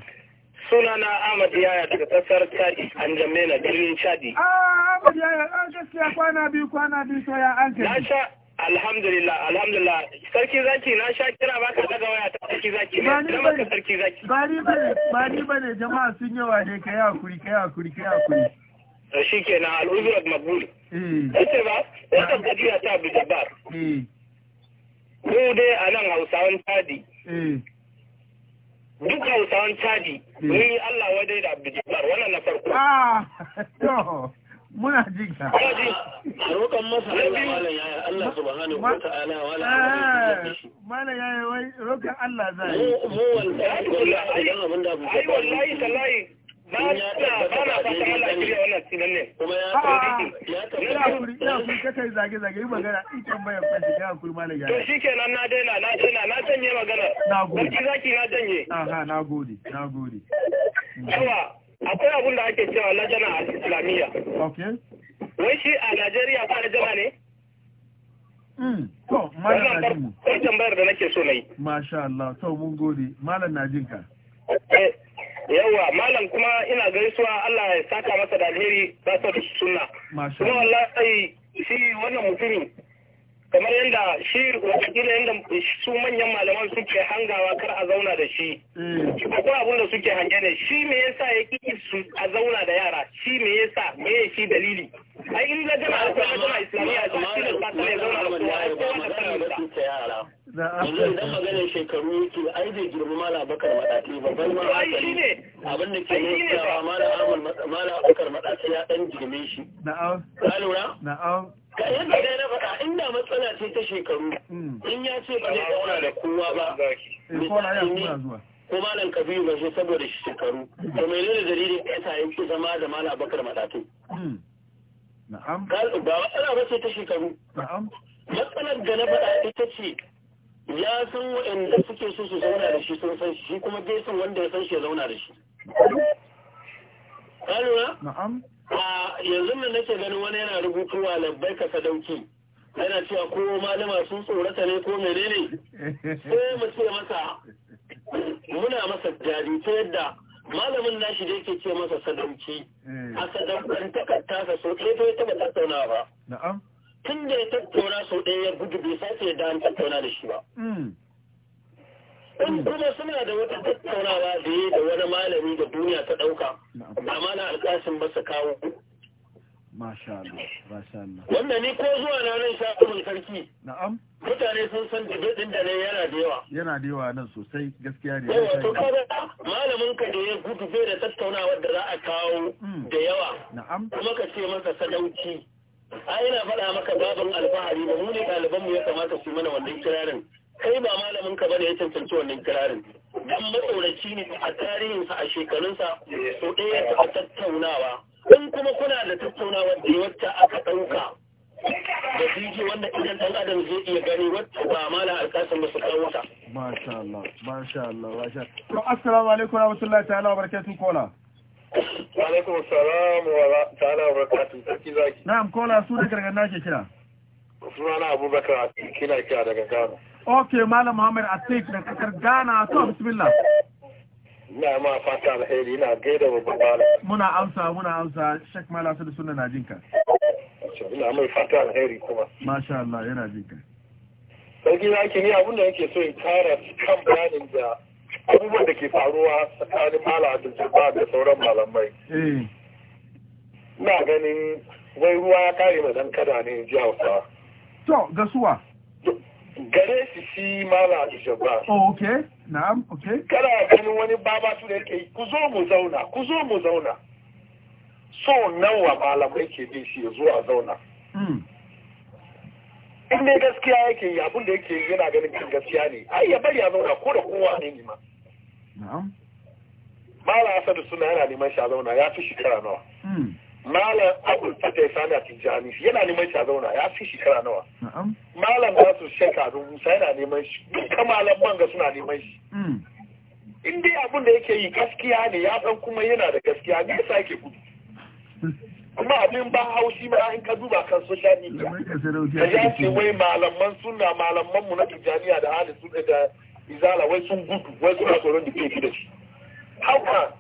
suna na Ahmad Yaya daga kasar Chadi an jamme na birnin Chadi. Ah, Ahmad Yaya, ah gaskiya kwana biyu kwana biyu to ya an Na sha alhamdulillah alhamdulillah sarki zaki na sha kira baka daga waya ta sarki zaki ne na ka sarki zaki. Bari bane bari bane jama'a sun yawa ne kai hakuri kai hakuri kai hakuri. To shikenan al'uzurat maqbul. Eh. Kace ba wata gajiya ta bi jabbar. Eh. Ku dai a nan Hausawan Chadi. Eh. duk hausawan caji mun hmm. yi Allah wadai da Abdul wannan na farko. Ah, muna jin ka. Rokan masa Allah wala yaya Allah subhanahu wa ta'ala ala, Mala yaya wai rokan Allah zai. Mu wallahi wallahi abin da Ai wallahi tallahi kai ah, zage-zage yi magana in tambayar kwanci ta hankuri ma ya. To shi kenan na daina na daina na janye magana. Na gode. zaki na janye. Aha na gode na gode. Yawa akwai abun da ake cewa lajana a Islamiyya. Okay. Wai shi a Najeriya ba lajana ne? Hmm, to, malam na jin mu. Wannan tambayar da nake so na yi. Masha Allah, to mun gode. Malam na jin ka. Eh, yawa malam kuma ina gaisuwa Allah ya saka masa da alheri ba da sunna kuma wallahi shi wannan mutumin kamar yadda shi watakila yadda su manyan malaman suke hangawa kar a zauna da shi mm. akwai abin da suke hange ne shi me yasa ya ki su a zauna da yara shi me yasa me ya shi dalili ai in ga jama'a ko jama'a islamiyya a shi ne sa ne zauna da kowa ya kowa da kansa yanzu idan shekaru yake ai bai girma mala bakar maɗaci ba bai ma hakali abin da ke nuna mala abakar maɗaci ya ɗan girme shi na'am ka lura na'am Ka yadda dai na faɗa inda matsala ce ta shekaru hmm. in ya ce ba zai zauna da kowa ba misali ko malam kabiru ba shi saboda shekaru to mai nuna dalilin ya sa zama da malam bakar matatu hmm. na'am ba matsala ba ce ta shekaru matsalar da na faɗa ita ce ya san waɗanda suke so su zauna da shi sun san shi kuma dai sun wanda ya san shi ya zauna da shi. Ka lura? Na'am. a yanzu nan nake ganin wani yana rubutuwa labbai ka sadauki yana cewa ko malama sun tsorata ne ko menene sai mu ce masa muna masa jari ta yadda malamin nashi da yake ce masa sadauki hmm. a sadaukan ka so ɗaya ta taɓa tattauna ba tun da ya tattauna sau ɗaya ya gudu bai sace da an tattauna da shi ba hmm. in kuma suna da wata tattaunawa da yi da wani malami da duniya ta ɗauka ba ma na alƙashin ba su kawo wanda ni ko zuwa na nan shafin sarki. Mutane sun san dibidin da nan yana da yawa. Yana da yawa nan sosai gaskiya ne. Yawa to kaga malamin ka da ya gudu bai da tattaunawa da za a kawo hmm. da yawa. Na'am. Kuma ka ce masa sadauki. A yana faɗa maka babin alfahari ba mu ne ɗaliban mu ya kamata su mana wannan kirarin. kai ba malamin ka bane ya cancanci wannan kirarin dan matsoraci ne a tarihin sa a sa so ɗaya ya taɓa tattaunawa in kuma kuna da tattaunawa da wacce aka ɗauka da bidiyo wanda idan ɗan adam zai iya gani wacce ba mala alƙasin ba su ta Masha Allah, masha Allah, masha Allah. Assalamu alaikum wa rahmatullahi ta'ala wa barakatuh kola. Wa alaikum salam wa ta'ala wa barakatuh sarki zaki. Na'am kola su da gargana ke kira. Sunana Abubakar kina kira daga Kano. ok malam muhammad atik da kasar ghana to bismillah ina ma fata alheri ina gaida babban malam muna amsa muna amsa shek malam sadu sunna na jinka ina mai fata alheri kuma masha Allah yana jinka sarki na ke ni abin da yake so in tara kan bayanin da abubuwan da ke faruwa tsakanin malam abdul jabbar da sauran malamai eh. ina ganin wai ruwa ya kare ma dan kada ne in ji hausa to gasuwa gare shi shi mala jabbar oh, ok. na'am ok? kada ganin wani babatu da yake ku zo mu zauna ku zo mu zauna so nawa malamai ke bi shi ya zo a zauna hmm. in dai gaskiya yake yi abin da yake yana ganin kin gaskiya ne ai ya bari zauna ko da kowa ne nima. ma mala asadu suna yana neman shi a zauna ya fi shekara nawa hmm. malam abul fata ya sami a tijjani yana neman shi a zauna ya fi shekara nawa malam ba su sheka musa yana neman shi duka malam manga suna neman shi mm. in dai abin da yake yi gaskiya ne ya san kuma yana da gaskiya ne yasa yake gudu kuma abin ba haushi ma in ka duba kan social media da ya ce wai malaman suna malaman mu na tijjaniya da hali su da izala wai sun gudu wai suna tsoron da ke fi da shi hauka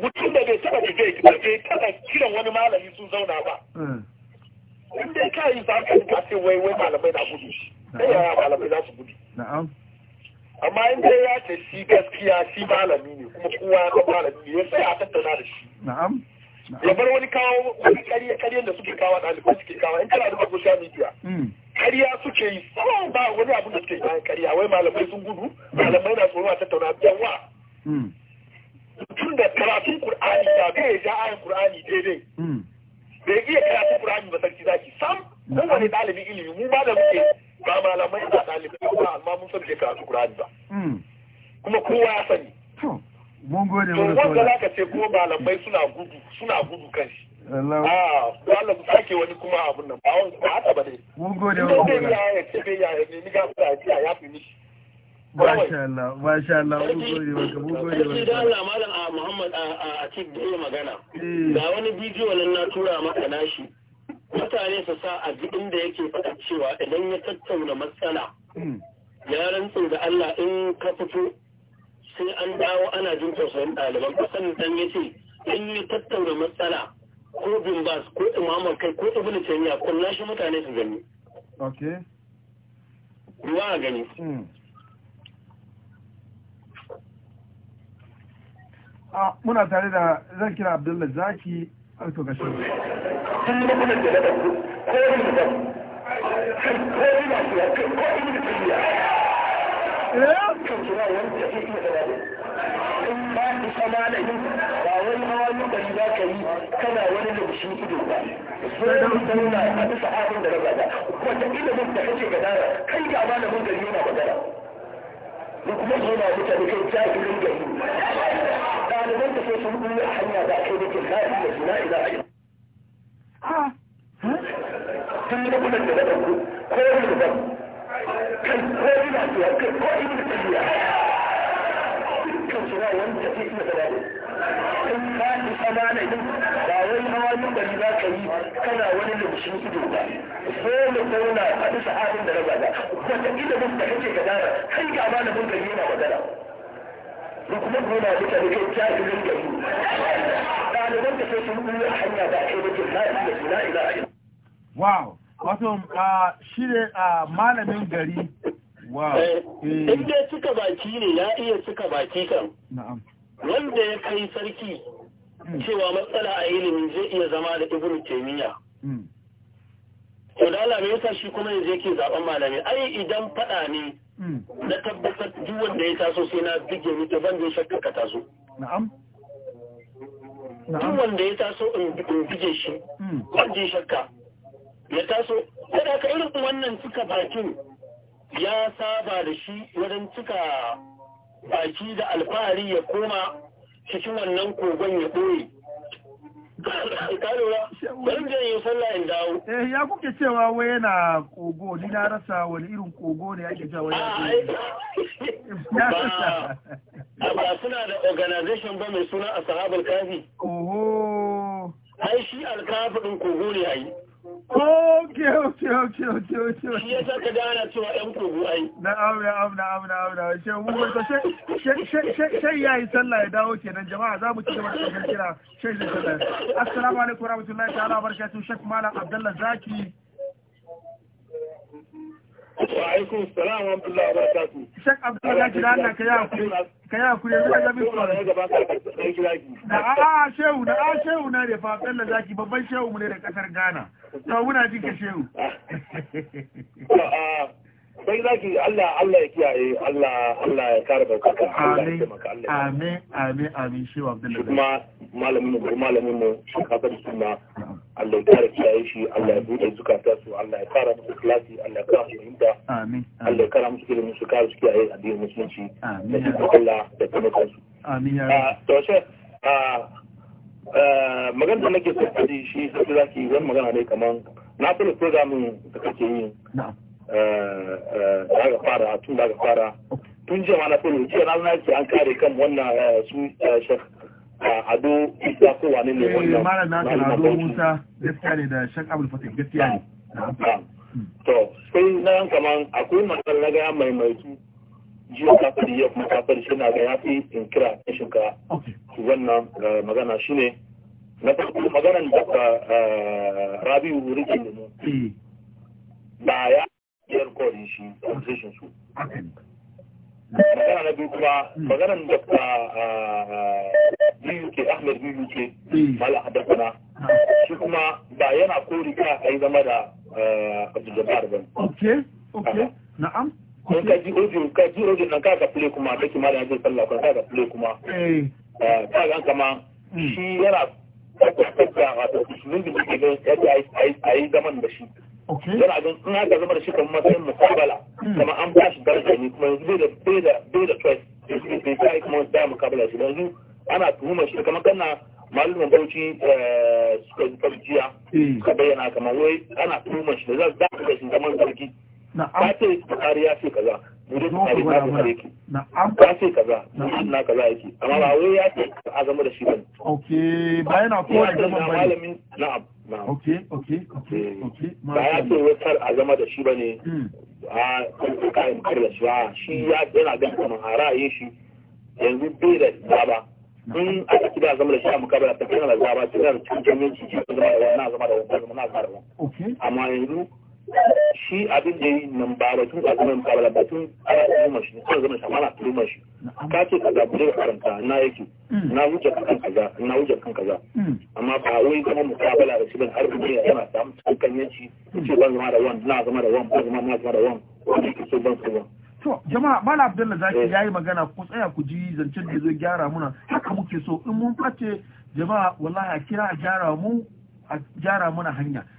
mutum da bai taba da zai ba bai taba kiran wani malami sun zauna ba hmm. in dai ka yi za ka ka ce wai wai malamai na gudu sai ya malamai za su gudu amma in dai ya ce shi gaskiya shi malami ne kuma kowa ya malami ne sai a tattauna da shi ya bar wani kawo wani ƙarya ƙaryen da suke kawo ɗalibai suke kawo in kana duba social media kariya hmm. suke yi tsawon ba wani abu da suke yi kariya wai malamai sun gudu malamai na tsoro a tattauna yawa hmm. tun da karatun Kur'ani da bai ja ayin Kur'ani daidai. Hmm. Bai iya karatun Kur'ani ba sarki zaki sam mun hmm. wani ɗalibi ilimi mu ba da muke ba malamai ba ɗalibai ba amma mun san bai karatu Kur'ani ba. Hmm. Kuma kowa ya sani. Mun gode wani sauran. Wanda zaka ce malamai suna gudu suna gudu kan shi. Allah mu ah, sake wani kuma abun nan ba wani ba haka ba ne. Mun gode wani Mun gode wani sauran. Mun gode wani sauran. Mun gode wani ya fi gode Masha Allah, masha mun da a ah, Muhammad a ah, ah, Atik da magana. Eh. Ga wani bidiyo nan na tura maka nashi. Mutane su sa a jikin da yake faɗa cewa idan ya tattauna matsala. Hmm. Ya rantsu da Allah in ka fito sai an dawo ana jin tausayin ɗaliban kusan dan ya ce in ya tattauna matsala ko bin bas ko imamar kai ko ibnu taymiya kullashi mutane su gani. Okay. Ruwa gani. Hmm. muna tare da zan kira abdullahi zaki alto gashi ko wani da shi ba yi kana wani ido ba sai da mutane na a da na gada wata ilimin da kake gadara kai ga mun gari yana magana mutum yana mutane kai jahilin gari ɗaliban da sai su rubu a hanya da kai da ke la'i da suna ila a tun da kudan da na ɗauko ko wani da ban kai ko ina biyar kai ko ina biyar dukkan suna wani tafi ina da in ka isa malamin ba wai hawa mimbari za ka yi kana wani lumshin ido ba dole zauna a bisa abin da raba da wata ilimin da kake gadara kai ga malamin gari yana magana da kuma gona duka da kai jahilin gari ɗaliban da sai sun ɓuya hanya da ake nake la'i da suna ila a Wow, wato shi ne malamin gari. Wow. Eh, eh. In dai cika baki ne ya iya cika baki kan. Na'am. wanda ya kai sarki hmm. cewa matsala a ilimi zai iya zama da ibnu taimiyya hmm. to Allah me yasa shi kuma yanzu yake zaben malami ai idan fada ne hmm. na tabbatar duk wanda ya taso sai na bige ni ta ban da shakka ka taso na'am duk wanda ya taso in bige shi ban da shakka ya taso kada ka irin wannan cika bakin ya saba da shi wajen cika baki da alfahari ya koma cikin wannan kogon ya ɓoye kalura don jan yi sallah in dawo eh ya kuke cewa wai yana kogo ni na rasa wani irin kogo ne ake jawo ya ba ba suna da organization ba mai suna a sahabar kafi oho ai shi alkafi ɗin kogo ne yi. Okay, okay, okay, okay, okay. Shi ya saka dana cewa ‘yan kogo ai. Na'am, na'am, na'am, na'am, na'am. Shi mu ko shai ya yi sallah ya dawo nan jama'a za mu ci gaba da ɗaukar kira shai zai sallah. Assalamu alaikum warahmatullahi ta'ala barakatuh Sheikh Malam Abdullah Zaki. Wa'alaikun salam wa rahmatullahi wa barakatuh. Abdullahi ka kure. Da a'a shehu na da fatan da zaki babban shehu ne da kasar Ghana. To muna jinka shehu. sai zaki Allah Allah ya kiyaye Allah Allah ya kare ka Allah amin amin amin amin shi wa Abdullahi kuma malamin mu malamin mu shi kafa da sunna Allah ya kare kiyaye shi Allah ya bude zukata su Allah ya kare musu klasi Allah ya kare inda amin Allah ya kare musu ilimin su kare su kiyaye addinin musulunci amin shi Allah da kuma kansu amin ya ah, to she a ah, ah, magana da nake so a ji shi sai zaki zan magana ne kaman na fara programming da kake yi na'am daga eh, eh, fara tun daga fara tun jiya ma na fulun jiya na nake an kare kan wannan eh, su shek ado isa ko wani ne wannan ma na kan ado musa gaskiya ne da shek abul fatih gaskiya ne to sai na yan kaman akwai matsal na ga mai mai su jiya ka fadi ya kuma ka fadi shi na ga ya kira magana shine na farko maganar da wuri ke da ba ya air code shi conversation su magana na biyu kuma hmm. maganan da ka ah, ah, biyu ke ahmed biyu ke hmm. mala hadakana hmm. shi kuma ba yana kori ka a yi zama da ah, abdul ba ok ok na'am ko ka ji ojo ka ji ojo nan ka play kuma take mala ya ji sallah ka ka play kuma ka ga kama eh. shi yana zaman da yana abin in haka zama da shi kan matsayin mukabala hmm. kuma an ba shi daraja ne kuma yanzu bai da bai da bai da choice yanzu bai sai kuma da ya mukabala shi yanzu ana tuhuma shi kamar kana malumin bauchi eh, suka yi farjiya hmm. suka bayyana kama wai ana tuhuma shi da za su dafa da shi zaman sarki ba ce bukari ya ce kaza bude bukari na bukari yake ba ce kaza bude na kaza yake amma ba wai ya ce a zama da shi ba ne. ok bayan a kowane zaman bane. na'am ok ok ok hmm. ok ba ya ce wai kar a zama da shi ba ne hmm. a kan kayan kar da shi ba shi ya yana da kamar hara yin shi yanzu bai da zaba in aka kira zama da shi a mukabala ta kira da zaba ta kira da cikin jami'in shi ke zama da wani zama da wani zama da wani amma yanzu shi abin da yi nan ba batun tsakunan ba da batun ana tuhuma shi kawai zama shi ana tuhuma shi ka ce kaza ku zai karanta na yake mm. na wuce kan kaza na wuce kan kaza mm. amma ba wai zama mukabala da shi ban har duniya yana samu cikakken yanci ce ban zama da wan na zama da wan ban zama na zama da wan wani ke so ban su ban to jama'a mala abdullahi zaki eh. yayi magana ku tsaya ku ji zancen da zai gyara muna haka muke so in mun face jama'a wallahi a kira a gyara mu a gyara muna hanya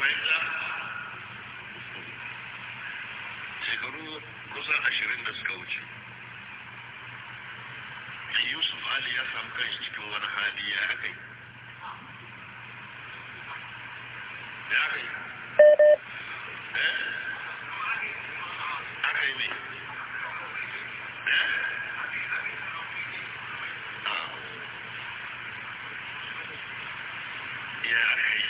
arba'in da shekaru kusan ashirin da suka wuce yusuf ali ya samu kanshi cikin wani hali ya aka yi da aka yi aka yi mai ya aka yi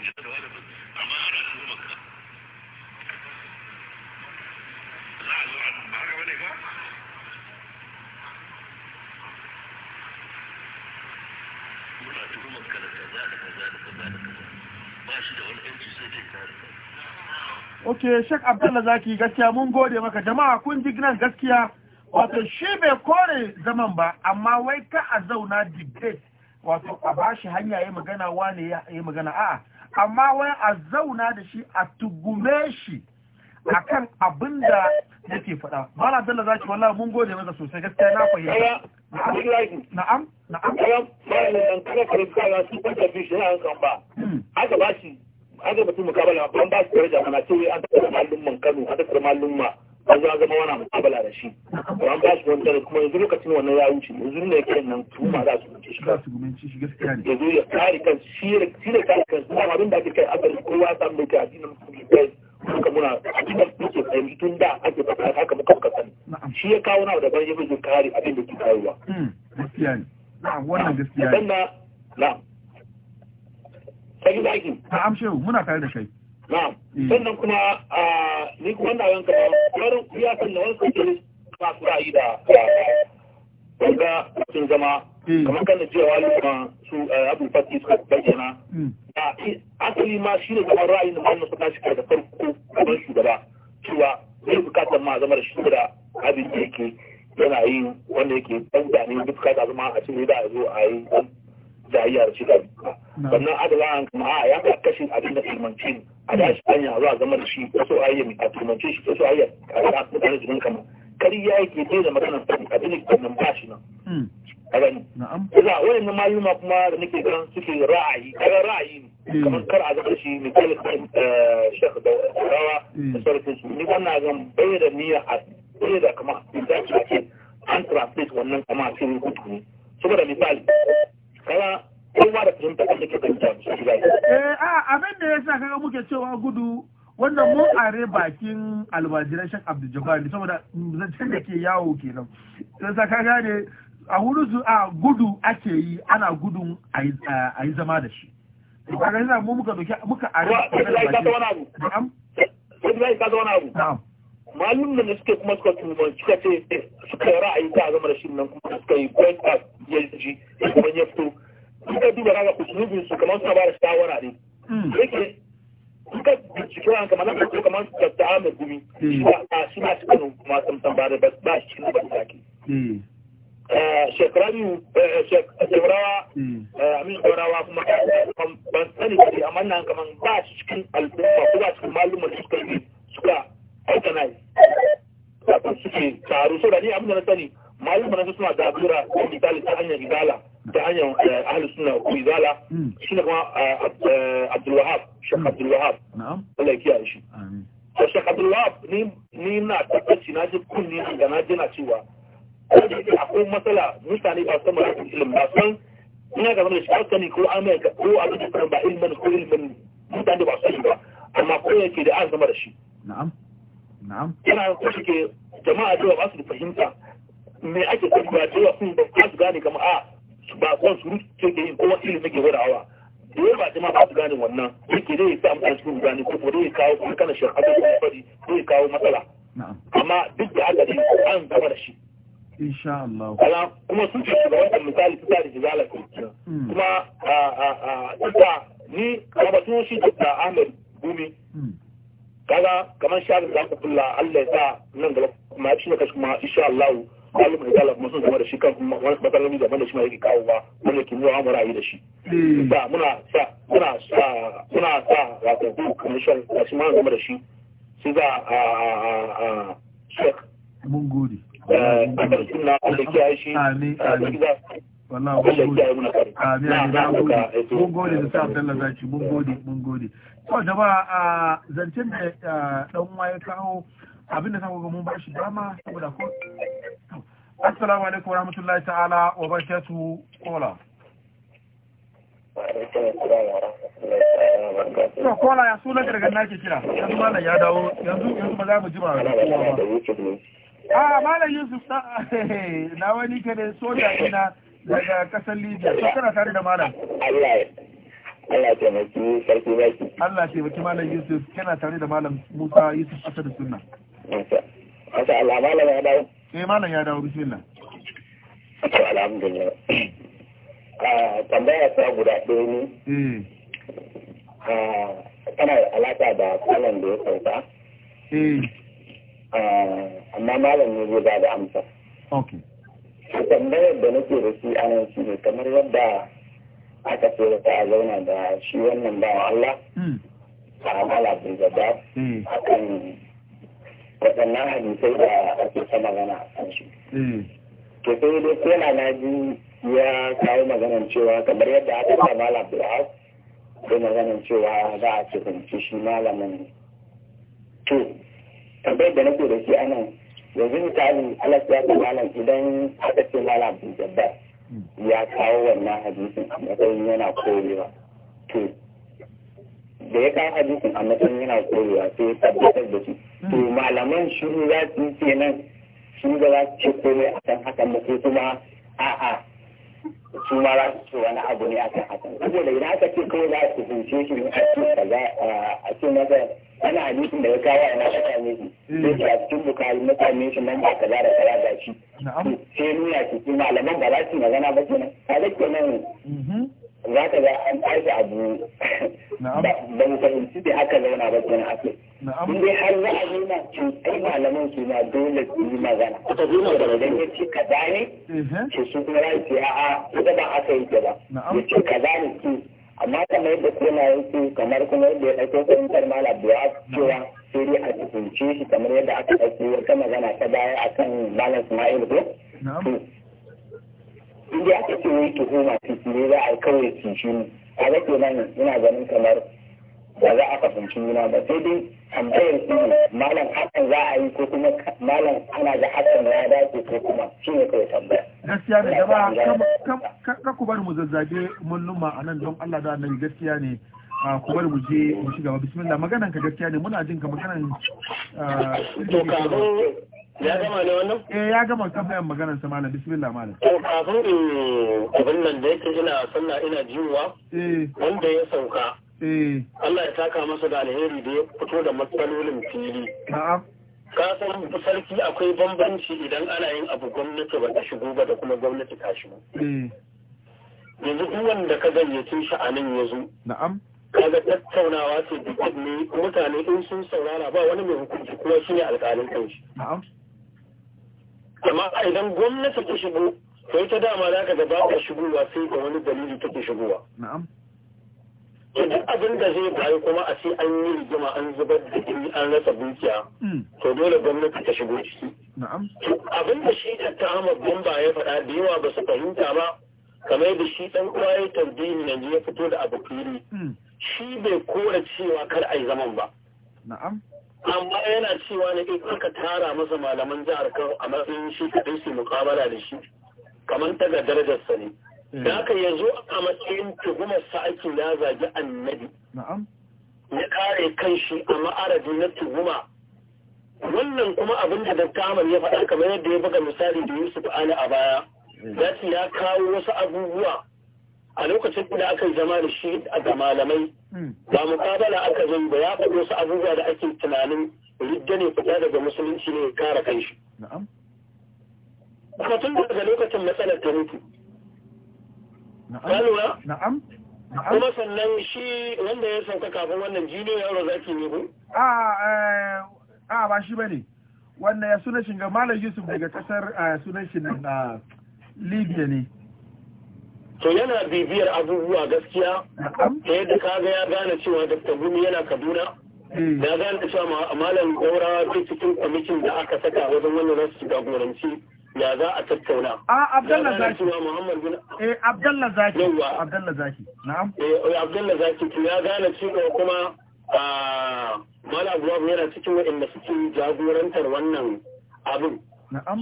ce Sheikh abdullahi Zaki gaskiya mun gode maka jama'a kun ji nan gaskiya wato shi bai kore zaman ba amma wai ka a zauna debate wato a bashi hanya yayi magana wane yayi magana a'a amma wai a zauna da shi a tugume shi akan abin da yake faɗa mala Abdullah Zaki wallahi mun gode maka sosai gaskiya na fahimta na'am na'am na'am malamin shi ba an ga mutum mukabala ba an ba su daraja ana ce an tattara malumman Kano an tattara malumma an zo an zama wani mukabala da shi to an ba su wani kuma yanzu lokacin wannan ya wuce yanzu ne yake nan ma za su wuce shi za su gumanci shi gaskiya ne yanzu ya kare kan shi da shi da kare kan abin da ake kai asali ko ya samu da addinin musulmi kai haka muna addinin muke fahimci tun da ake faɗa haka muka fuka sani shi ya kawo na ya ban yabi kare abin da ke kawowa hmm, gaskiya ne na'am wannan gaskiya ne na'am sai zaki a amshewu muna tare da kai na'am eh. sannan kuma ni kuma na yanka yaron ya san da wani sai ba su ra'ayi da wanda sun zama eh. kamar kan da cewa lokacin su eh, abu fati suka bayyana da hmm. asali ma shi ne kamar ra'ayin da wannan suka shiga da farko kuma shugaba cewa zai bukatar ma zama da shugaba abin da yake yana yi wanda yake ɗan da ne duk zama a cikin da a zo a yi jahiyar shi da shiga wannan adala kuma a ya ga kashin abin da ilmance a da shi hanya zuwa zama da shi kaso ayya a ilmance shi kaso ayya a ga mutane su ninka kari ya yake bai da magana abin da nan ba shi nan hmm. a gani kuma mayu ma kuma da nake kan suke ra'ayi kaga ra'ayi ne hmm. kamar kar a zama shi ne kala shek da rawa da sarfin su ni wannan zan da niyya a bai da kama in da ake an translate wannan kama a cikin rubutu saboda misali kaga kowa da fahimta an da ke fahimta musu ba eh a abin da sa kaga muke cewa gudu wanda mun are bakin almajiran shek abdul jabari saboda zancen da ke yawo kenan yasa ka gane a wurin su a gudu ake yi ana gudun a yi zama da shi kaga yasa mu muka doki muka are bakin almajiran na'am malum da suke kuma suka tuba suka ce suka yi ra'ayi ta zama da shirin nan kuma suka yi point at yaji kuma ya fito suka duba raga usulubin su kamar suna ba da shawara ne yake hmm. suka bincike ranka kamar na hmm. kuma kamar suka ta amma gumi a shi ma suka nun kuma sam sam ba da ba shi ne ba da ke hmm. eh, shekararu eh, shekarawa eh, amin shekarawa kuma ban sani ba amma nan kamar ba shi cikin al'umma ko ba cikin malumar suka yi suka haka na yi kafin suke taru so da ni abin da na sani malin mana suna zabura ko misali ta hanyar izala ta hanyar eh, ahli suna ko izala hmm. suna kuma eh, eh, abdulwahab shek abdulwahab Allah ya kiyaye shi to shek abdulwahab ni na tabbaci na ji kunni da na ji na cewa akwai matsala mutane ba san mara ilimin ba san ina ga da shi haka ne ko an mai ko abin da ba ilimin ko ilimin mutane ba san ba amma ko yake da an zama da shi na'am na'am ina ko shike jama'a da ba su fahimta me ake tabbata cewa sun ba su gane kama a ah, ba kon su ke da yin kowa ilimi ke wadawa da yawa jama'a ba su gane wannan yake dai sa mutane su gane ko ko dai kawo kuma kana shirka da kuma fari dai kawo matsala amma duk da haka dai an gaba da shi insha Allah kuma sun ce shugaban da misali su ta da jizala hmm. kuma a a a ni a tun shi da Ahmed Gumi hmm. kaga kamar shafin za ka fulla Allah ya nan gaba kuma ya cinye kashi kuma insha Allah malum ya zala kuma sun zama da shi kan wani matsaloli daban da shi ma yake kawo ba wanda ke nuna amura yi da shi. Ba hmm. muna sa muna sa muna sa wato ko kamar shan da shi ma zama da shi sai za a shek. Mun gode. Eh, a ƙarfin na wanda kiyaye shi. Amin amin. Eh, wallahi mun gode da eh, sa eh, eh. zaki mun gode mun gode to jama'a a zancen da dan uwa ya kawo abinda sa mun ba shi dama saboda ko assalamu alaikum warahmatullahi ta'ala wa barakatuh kola To kola ya sunan daga nake kira yanzu malam ya dawo yanzu yanzu ba za mu ba a malam Yusuf ah, na wani kare soja ina daga kasar libya to kana tare da malam allah Allah taimaki sarki zaki Allah taimaki malam yusuf kana tare da malam musa yusuf asad sunna masha Allah malam ya dawo eh malam ya dawo bismillah to alhamdulillah ah tambaya ta guda ɗaya ne eh ah kana alaka da kwanan da ya sauka eh ah, amma malam ne zai ba da amsa okay tambayar da nake da shi a nan shi ne kamar yadda aka ce da a zauna da shi wannan ba Allah hmm. a Amala bin zaba hmm. a kan waɗannan hadisai da ake ta magana a kan shi. Hmm. To sai dai kona na ji ya kawo maganar cewa kamar yadda aka ta mala bin ko maganar cewa za a cikin shi malamin. To, tambayar da nake da shi a nan yanzu misali alas ya malam idan aka ce malam abu jabbar ya kawo wannan hadisin a matsayin yana korewa to da ya kawo hadisin a matsayin yana korewa sai ya tabbatar da shi to malaman shuru za su ce nan shi ba za su ce komai a kan hakan ba ko kuma a'a su ma za su ce wani abu ne a kan hakan saboda idan aka ce kawai za su fahimce shi a ce kaza a ce masa ana abincin da ya kawo a nashi su hmm. sai a cikin bukari mutane su nan ba ka da kara ga shi sai nuna su su malaman ba za su magana ba nan a zake nan mhm. za ka ga an tashi abu ba mu fahimci da haka zauna ba kenan a kai dai har za a zauna su ai malaman su na dole su yi magana ta zauna da wajen ya ce ka zane ce mhm. su kuma ya ce a'a ita ba aka yi ta ba ya ce zane ne amma kamar yadda kuma yake kamar kuma yadda ya ɗauko fahimtar malam buwa cewa sai dai a tuhunce shi kamar yadda aka ɗauko wata magana ta baya akan malam Ismail ko in dai aka ce wai tuhuma ciki ne za a kawai kishi ne a ga nan ina ganin kamar ba za a fahimci nuna ba sai dai tambayar su ne malam hakan za a yi ko kuma malam ana da hakan ya dace ko kuma shi ne kawai tambaya gaskiya ne gaba ka ku bari mu mun numa a nan don Allah da nan gaskiya ne ku bari mu je mu shiga bismillah maganan ka gaskiya ne muna jin ka maganan ya gama ne wannan? eh ya gama tambayan maganar sa malam bismillah malam to kafin in abin nan da yake ina sallah ina jiwa eh. wanda ya sauka eh. Allah ya taka masa da alheri da ya fito da matsalolin fili na'am ka san sarki akwai bambanci idan ana yin abu gwamnati ba ta shigo ba da kuma gwamnati ta shigo eh. yanzu duk wanda ka gayyace shi a nan yazo na'am kaga tattaunawa ce duk ne mutane in sun saurara ba wani mai hukunci kuma shi ne alƙalin kanshi na'am amma idan gwamnati ta shigo to ita dama za ka ba ta shigowa sai ga wani dalili take shigowa na'am duk abin da zai bayi kuma a ce an yi rigima an zubar da jini an rasa dukiya hmm. to dole gwamnati ta shigo ciki abin da shi da ta hama gumba ya faɗa da yawa ba su fahimta ba kamar da shi ɗan kwaye biyu yanzu ya fito da abu fili hmm. shi bai kora cewa kar a yi zaman ba amma yana cewa ne in aka tara masa malaman jihar kano a matsayin shi kaɗai su mukabala da shi kamar ta ga darajarsa ne Eh. da haka yanzu a matsayin tuhumar sa ake ya zagi annabi ya kare shi a ma'arabi na tuhuma wannan kuma abin da dattamar ya faɗa kamar yadda ya buga misali da yusuf ali a baya eh. ya ya kawo wasu abubuwa a lokacin da aka yi zama da shi ga malamai hmm. ba mukabala aka zai ba ya faɗi wasu abubuwa da ake tunanin ridda ne fita daga musulunci ne ya kare kanshi. Kuma tun daga lokacin matsalar ta mutu. na'am Na'am. Kuma sannan shi wanda ya sauka kafin wannan jini ya aure zaki ne ku? Eh, a ba shi ba Wannan ya suna shiga malar Malam Yusuf daga kasar eh, suna shi na ah, Libya ne. to yana bibiyar abubuwa gaskiya ta yadda kaga ya gane cewa dr gumi yana kaduna eh. ya gane cewa malam gaurawa duk cikin kwamitin da aka saka wajen wannan za su ya za a tattauna a abdalla zaki eh abdalla zaki zaki na'am eh, eh zaki to ya gane cewa kuma Malam abuwa yana cikin waɗanda suke jagorantar wannan abin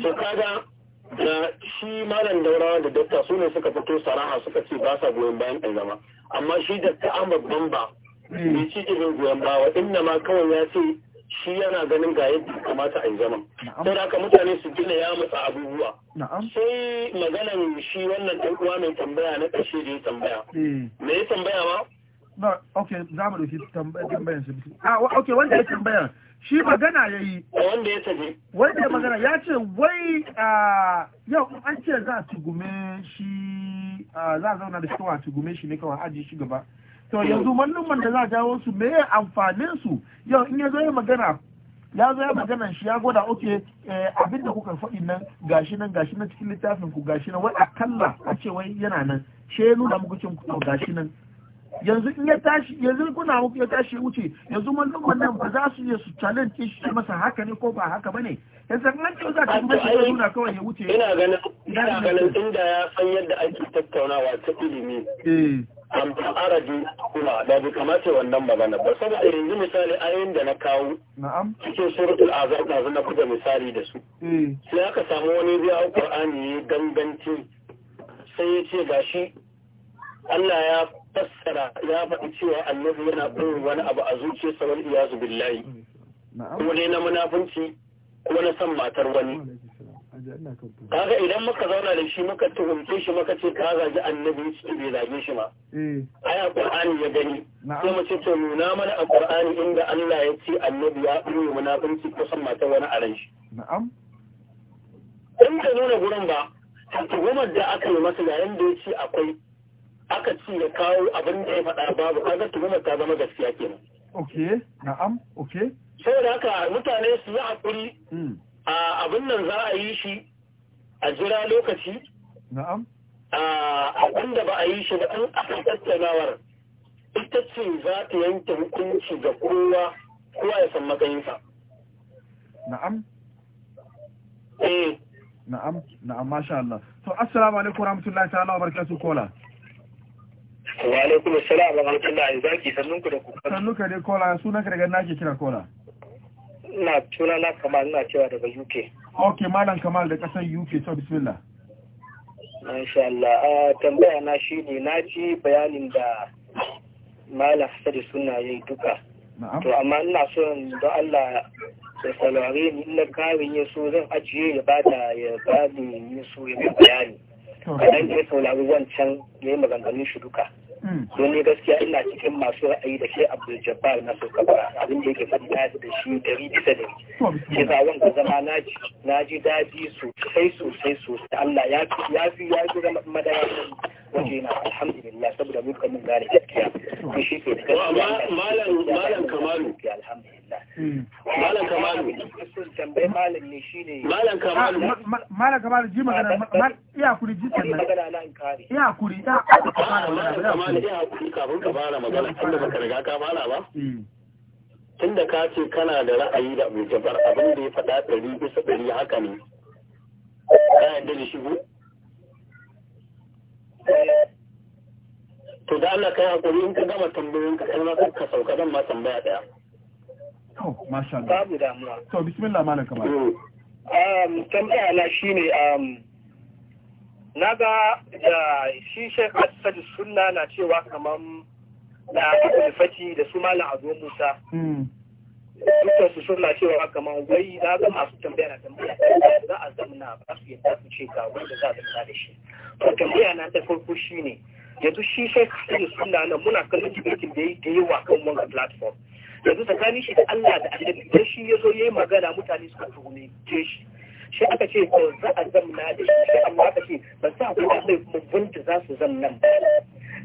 so kaga da shi malam daurawa da dokta su ne suka fito saraha suka ce ba sa goyon bayan ɗan zama. amma shi dakta ahmad bamba eh. bai ci irin goyon bawa inda ma kawai ya ce shi yana ganin ga yadda kamata a yi zaman. Sai da haka mutane su gina ya masa abubuwa. Sai maganan shi wannan ɗan uwa mai tambaya na ƙarshe da ya tambaya. Eh. Me ya tambaya ba? Ba, ok, za mu ɗauki tambayan su. Ah, ok, wanda ya tambaya. Shi magana ya yi. Wanda ya tafi. Wanda ya magana ya ce wai ah, yau an ce za a tugume shi ah, za a zauna da shi kawai a tugume shi ne kawai aji shi gaba. to yanzu malluman da za a jawo su me amfanin su yau in ya zo ya magana ya zo ya magana shi ya gwada oke eh, abin da kuka faɗi nan gashi nan gashi nan cikin littafin ku gashi nan wai akalla a ce wai yana nan she ya nuna muku cin kuɗa gashi nan yanzu in ya tashi yanzu kuna muku ya tashi ya wuce yanzu malluman nan ba za su iya su challenge shi masa haka ne ko ba haka bane yanzu nan ce za ta kuma shi ya nuna kawai ya wuce ina ganin ina ganin inda ya san yadda ake tattaunawa ta ilimi eh. amma arabi kuma da bai kamata wannan magana ba saboda yanzu misali ayoyin da na kawo cikin suratul azab na na kuka misali da su eh. sai aka samu wani zai alqur'ani qur'ani ya ganganci sai ya ce gashi Allah ya fassara ya faɗi cewa annabi yana koyin wani abu a sa wal iyazu billahi kuma ne na munafunci ko na san matar wani kaga idan muka zauna da shi muka tuhumce shi muka ce ka zagi annabi shi bai zage shi ma eh. aya qur'ani ya gani sai mu ce to nuna mana a qur'ani inda Allah ya ce annabi ya buye munafinci kusan mata wani aran shi na'am in ka nuna gurin ba tuhumar da aka yi masa yayin da ya ce akwai aka ce ya kawo abin da ya faɗa babu kaga tuhumar ta zama gaskiya kenan okay na'am okay saboda haka mutane su yi hakuri hmm. a abin nan za a yi shi a jira lokaci na'am a wanda ba a yi shi ba an aka tattaunawar ita ce za ta yanke hukunci ga kowa kowa ya san matsayinsa na'am eh na'am na'am masha Allah to assalamu alaikum warahmatullahi ta'ala wabarakatuh kola wa alaikum assalam wa rahmatullahi zaki sannunku da kuka sannuka dai kola sunan ka daga nake kira kola ina tuna na kamar ina cewa daga uk ok malam kamar da kasar uk so bismillah Masha Allah a tambaya na shi ne na ji bayanin da malam da suna yi duka to amma ina son don Allah da salware ni ina karin ya so zan ajiye ya bada ya bani ya so ya bayani kadan ya saurari wancan ya yi maganganun shi duka to ne gaskiya ina cikin masu ra'ayi da shi abdul jabbar na fara. abin da yake faɗi na da shi dari bisa dari shi za wanda zama na ji daji sosai sosai sosai allah ya fi ya fi ya zama madara waje na alhamdulillah saboda mun kan gane gaskiya to shi ke da malam malam kamalu alhamdulillah malam kamalu tambayi malam ne shine malam kamalu malam kamalu ji magana iya kuri ji sannan iya kuri iya kuri wani ya hakuri kafin ka fara magana tunda baka riga ka fara ba hmm. tunda ka ce kana da ra'ayi da mai jabar abin da ya faɗa ɗari bisa ɗari haka ne ka yarda da shigo to da Allah kai haƙuri hakuri in ka gama tambayoyin ka kai ma ka sauka zan ma tambaya ɗaya to masha Allah babu damuwa to bismillah malam kamar hmm. um tambaya na shine um na ga da shi shek asali sunna na cewa kamar da abu da su malam azuwa musa hmm. dukkan su suna cewa kamar wai na ga masu tambaya na tambaya za a zamna ba su yadda su ce ga wanda za a zamna da shi to tambaya na ta farko ne. yanzu shi shek asali sunna na muna kallon debatin da ya yi wa kan wanga platform yanzu tsakanin shi da Allah da annabi da shi ya zo ya yi magana mutane suka tuhume shi shi aka ce ba za a zamna da shi amma aka ce ba sa kuma sai mugun da za su zamna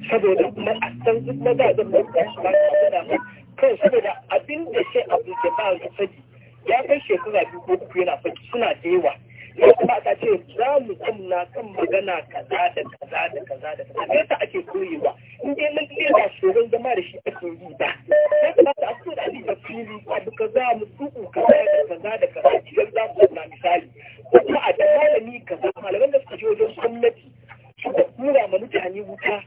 saboda kuma a san duk na da zamna da shi ba su gana ba kan saboda abin da shi abu ke ba su sadi ya kai shekara biyu ko uku yana faki suna da yawa ya kamata ce za mu kumna kan magana kaza da kaza da kaza da kaza ne ta ake koyewa in dai mun ne ba shoron zama da shi ake yi ba ya kamata a so da ni da fili abu kaza mu tuku kaza da kaza da kaza idan za mu kunna misali ko kuma a da malami kaza malaman da suka je wajen gwamnati suka kura ma mutane wuta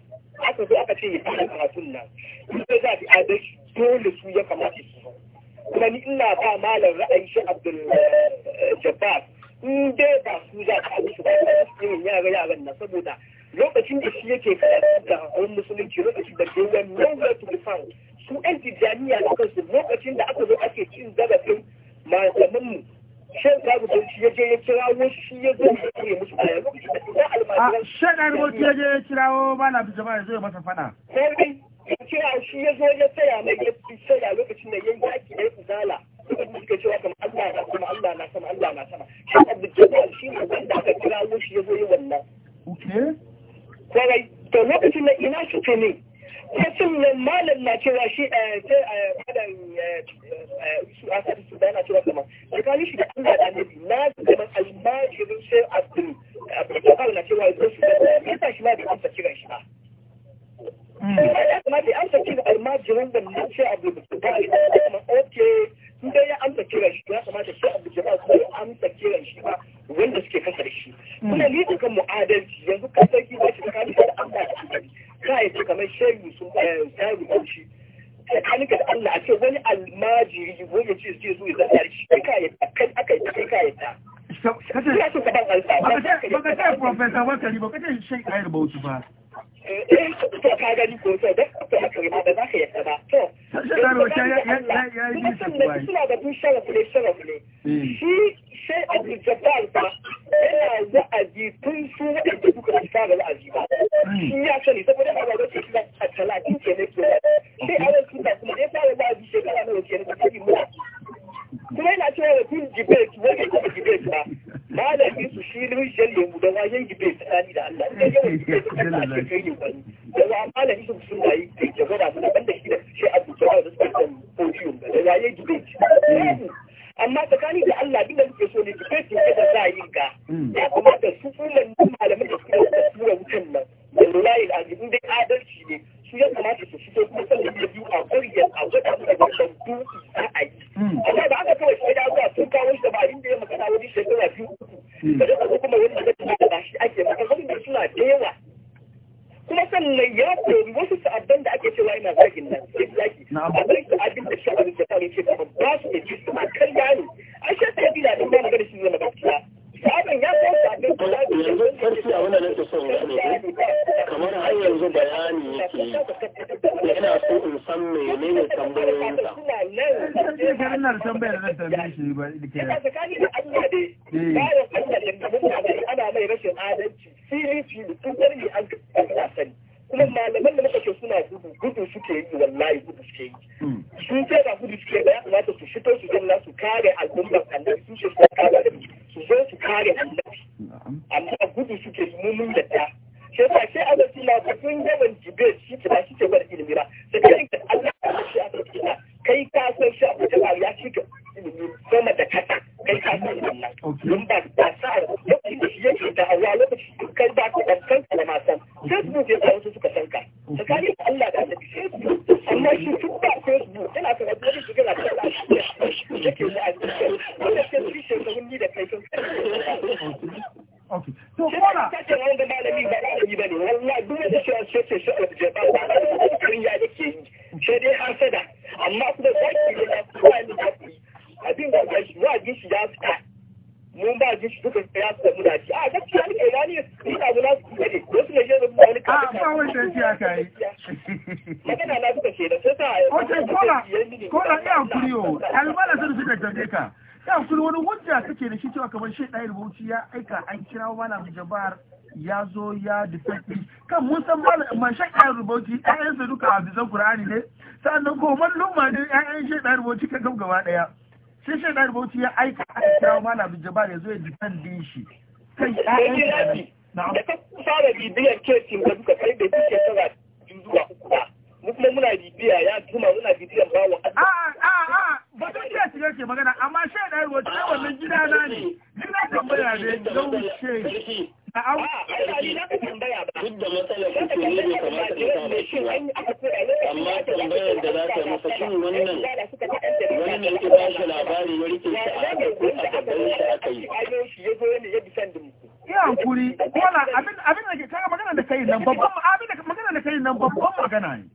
aka zo aka ce ya fara karatun nan in dai za a bi adalci dole su ya kamata su zo kuma ni ina ba malam ra'ayi shi abdul eh, jabbar in dai ba su za ka musu ba su yara yaran na saboda lokacin da shi yake karatu da wani musulunci lokacin da they wani nowhere to be found su yan tijjaniya da kansu lokacin da aka zo ake cin zarafin malamanmu shan kabu da shi yaje ya kirawo shi ya zo ya yi musu a lokacin da kuma almajiran shan arboki yaje ya kirawo malam bijama ya zo ya masa fada sai ya kira shi ya zo ya tsaya mai ya tsaya lokacin da yayi ake yi zala da suka wa kama, Allah na kuma Allah na sama Allah na sama shi Abdul Jabbar shi ne wanda aka kira shi ya zo wannan kwarai to lokacin na ina shi ce ne kasin nan malam na cewa shi a fadan su a sadi su dana cewa kamar tsakanin shi da Allah da annabi na kamar almajirin sai Abdul Abdul Jabbar na cewa zai su da ya sa shi ma bai amsa kiran shi ba Mm. ya kamata ce ya amsa kiran shi ya kamata sai abu jama'a ya amsa kiran shi ba wanda suke kasa da shi mm. ni yanzu ka sarki ba da yi eh, a ce wani kai ka yi kai aka yi kai ka yi ta Baka ce Profesa Wakari ba, ce Sheikh Ayar Bauchi ba, Eh, eh, to ka ba saboda shekara nawa kuma yana cewa da tun debate wani kuma debate ba malami su shi rijiyar lemu da wajen debate tsakani da Allah da yawan debate kan da ake kai ne wani da wa malami su sun yi da ke gwada mu daban da shi da shi a duka da su kan podium da wajen debate amma tsakani da Allah duk da suke so ne debate ne da za a yi ga ya kamata su kuma malamin da suke da tura wutan nan da lulayi da azumi dai adalci ne su ya kamata su fito kuma sannan da biyu a ƙwariyar a gwada su da wancan duki za a yi. Hmm. Amma da aka kawai sai da zuwa sun kawo shi da ba inda ya magana wani shekara biyu uku. Da hmm. duka kuma wani magana da ba shi ake maka wanda suna da yawa. Kuma sannan ya koyi wasu sa'addan da ake cewa yana zagin nan sai zaki. A bai da abin da shi a da ta ne ce ba ba su da jisu a kan yaro. An shi ta bila din ba magana shi zama gaskiya. Sa'addan ya koyi sa'addan da ya Yanzu sarki a wannan nake kamar har yanzu bayani yi yana so in san mene ne tambayoyinsa shekarun nan tambayar nan tambaye shi ba da ke yana tsakani da Allah ne ba ya sanya yadda mutane ana mai rashin adalci fili fili tun zargi an kasa sani kuma malaman da muka ce suna gudu gudu suke yi wallahi gudu suke yi sun ce ba gudu suke ba ya kamata su fito su zanna su kare al'ummar annabi su ce su kare su zo su kare annabi amma gudu suke yi mun yadda shi yasa malam jabar ya zo ya difetti kan mun san man shaƙa rubuci ƴaƴansa duka a bisan qur'ani ne sannan ko mallum ma ne ƴaƴan shaƙa rubuci ka gaba gaba ɗaya sai shaƙa rubuci ya aika a kira malam jabar ya zo ya din shi kan ƴaƴansa da ka fara bibiyar kesin da duka kai da duke tara zuwa uku ba mu kuma muna bibiya ya tuma muna bibiyan bawa a a a batun kesin yake magana amma shaɗa rubuci wannan gidana ne tambaya da yaushe na au duk da matsalar kuke ne bai kamata ka kama shi amma tambayar da za ta masa shin wannan wani ne ke ba shi labari ya rike shi a haka ko a shi ya hankuri abin abin da ke kaga magana da kai nan babban abin da magana da kai nan babban magana ne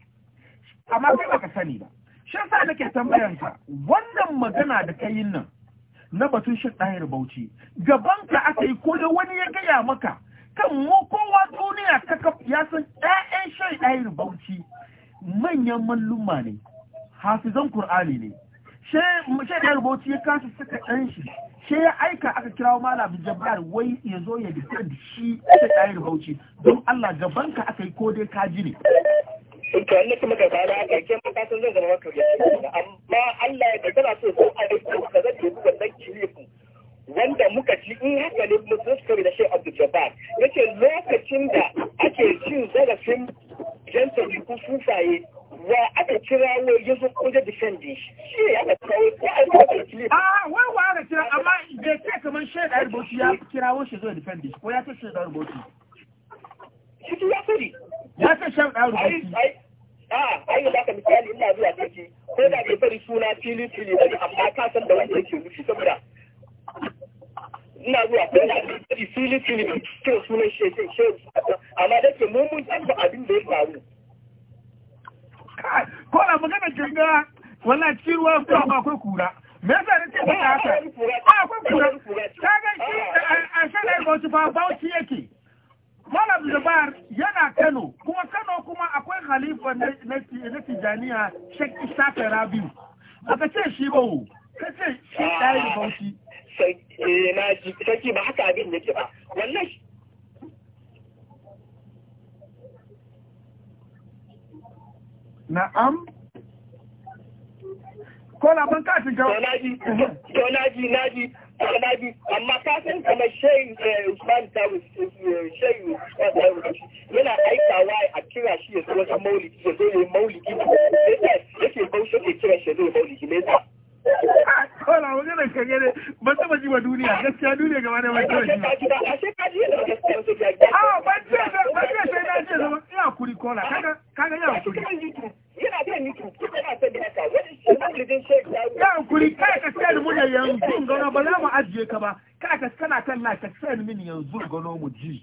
amma kai baka sani ba shi yasa nake tambayanka wannan magana da kai nan na batun shi ɗayar bauchi gaban ka aka yi ko wani ya gaya maka kan mu kowa duniya ta ya san ɗayan shi ɗayar bauchi manyan malluma ne hafizan Kur'ani ne shi ɗayar bauchi ya kasa saka ɗan shi shi ya aika aka kirawo malam jabbar wai ya zo ya dikkan shi ɗayar bauchi don Allah gaban ka aka yi ko dai kaji ne to Allah kuma da fara a ƙarshen maka sun zai zama maka rikici amma Allah ya kaddara so ko a rikici ka zai ku wannan kilifu wanda muka ci in haka ne mu tsari da shi Abdul Jabbar yace lokacin da ake cin zarafin jantar ku sufaye wa aka kira wa ya zo ko da defendi shi ya ka kawo ko a rikici kilifu ah wai wa da kira amma bai kai kamar shaidar bauchi ya kirawo shi zo defendi ko ya ce shaidar bauchi shi ya sani ya ka sharɗa rubutu ai da ka misali ina zuwa sarki ko da bai bari suna fili fili bane amma ka san da wanda yake nufi saboda ina zuwa ko da bai bari fili fili to sunan shi shi shi amma da ke mun mun san abin da ya faru ko da magana kinga wannan ciruwa ko ba akwai kura me yasa nake faɗa haka akwai kura kaga shi a shanar bauchi fa bauchi yake Malam Zubair yana Kano, kuma Kano kuma akwai khalifa na Tijaniya Sheikh Isa Rabiu. aka ce shi ba wo, ka ce shi ɗayin bauchi. Eh, na sarki ba haka abin yake ba. Wannan Na'am. Kola ban ka shiga. ko naji, to naji, naji. kama biyu amma ka kamar shehu eh, usman tawus eh, eh, shehu yana aikawa a kira shi ya zo wajen maulidi yake bauchi ke kira shi Kola maganar ka ban ba duniya gaskiya duniya gaba da ban taba ji ba. Ah, ban ce sai na ce zama ina kuri kola kaga kaga ina kuri. Yana YouTube kai ka sayar yanzu gano ba za mu ajiye ka ba kai ka kan na ka sayar mini yanzu gano mu ji.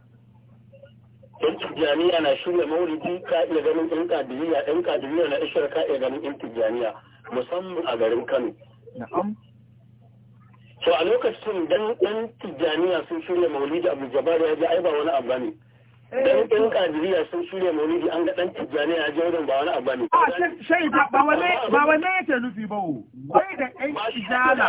yan tijjaniya na shirya maulidi ka iya ganin yan kadiriya yan kadiriya na ishar ka iya ganin yan tijjaniya musamman a garin kano to a lokacin dan yan tijjaniya sun shirya maulidi abu jabar ya ji ai ba wani abu ne dan ɗan kadiriya sun shirya maulidi an ga dan tijjani a jawadan ba wani abu ne a shai ba wane ba wane yake nufi ba wo? wai da ɗan izala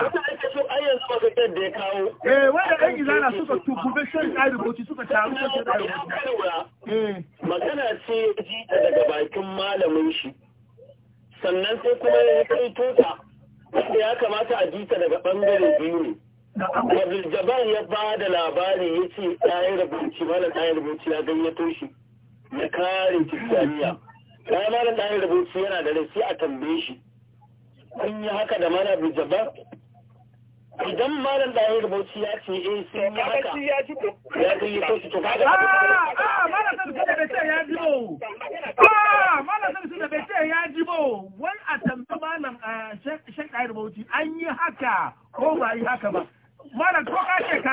ai yanzu ba ka da ya kawo eh wai da ɗan izala suka tubube shan tsari boci suka taru suka tsari boci magana ce ya ji daga bakin malamin shi sannan sai kuma ya kai tota wanda ya kamata a jita daga bangare biyu ne Abdul ya ba da labari ya ce 'Ɗayan rubuci mana ɗaya rubuci ya gayyato shi ya kare Tijjaniya. Ɗaya mana 'Ɗayan rubuci yana da rai sai a tambaye shi. Kun yi haka da mana Abdul Idan malam ɗayan rubuci ya ce eh sai yi haka ya gayyato shi to kaga. Ah, ah, ah malam sun da bai ce ya jibo. Ah malam sun da bai ce ya jibo. Wani a tambaye malam ah, Shek Ɗaya rubuci an yi haka ko ba yi haka ba.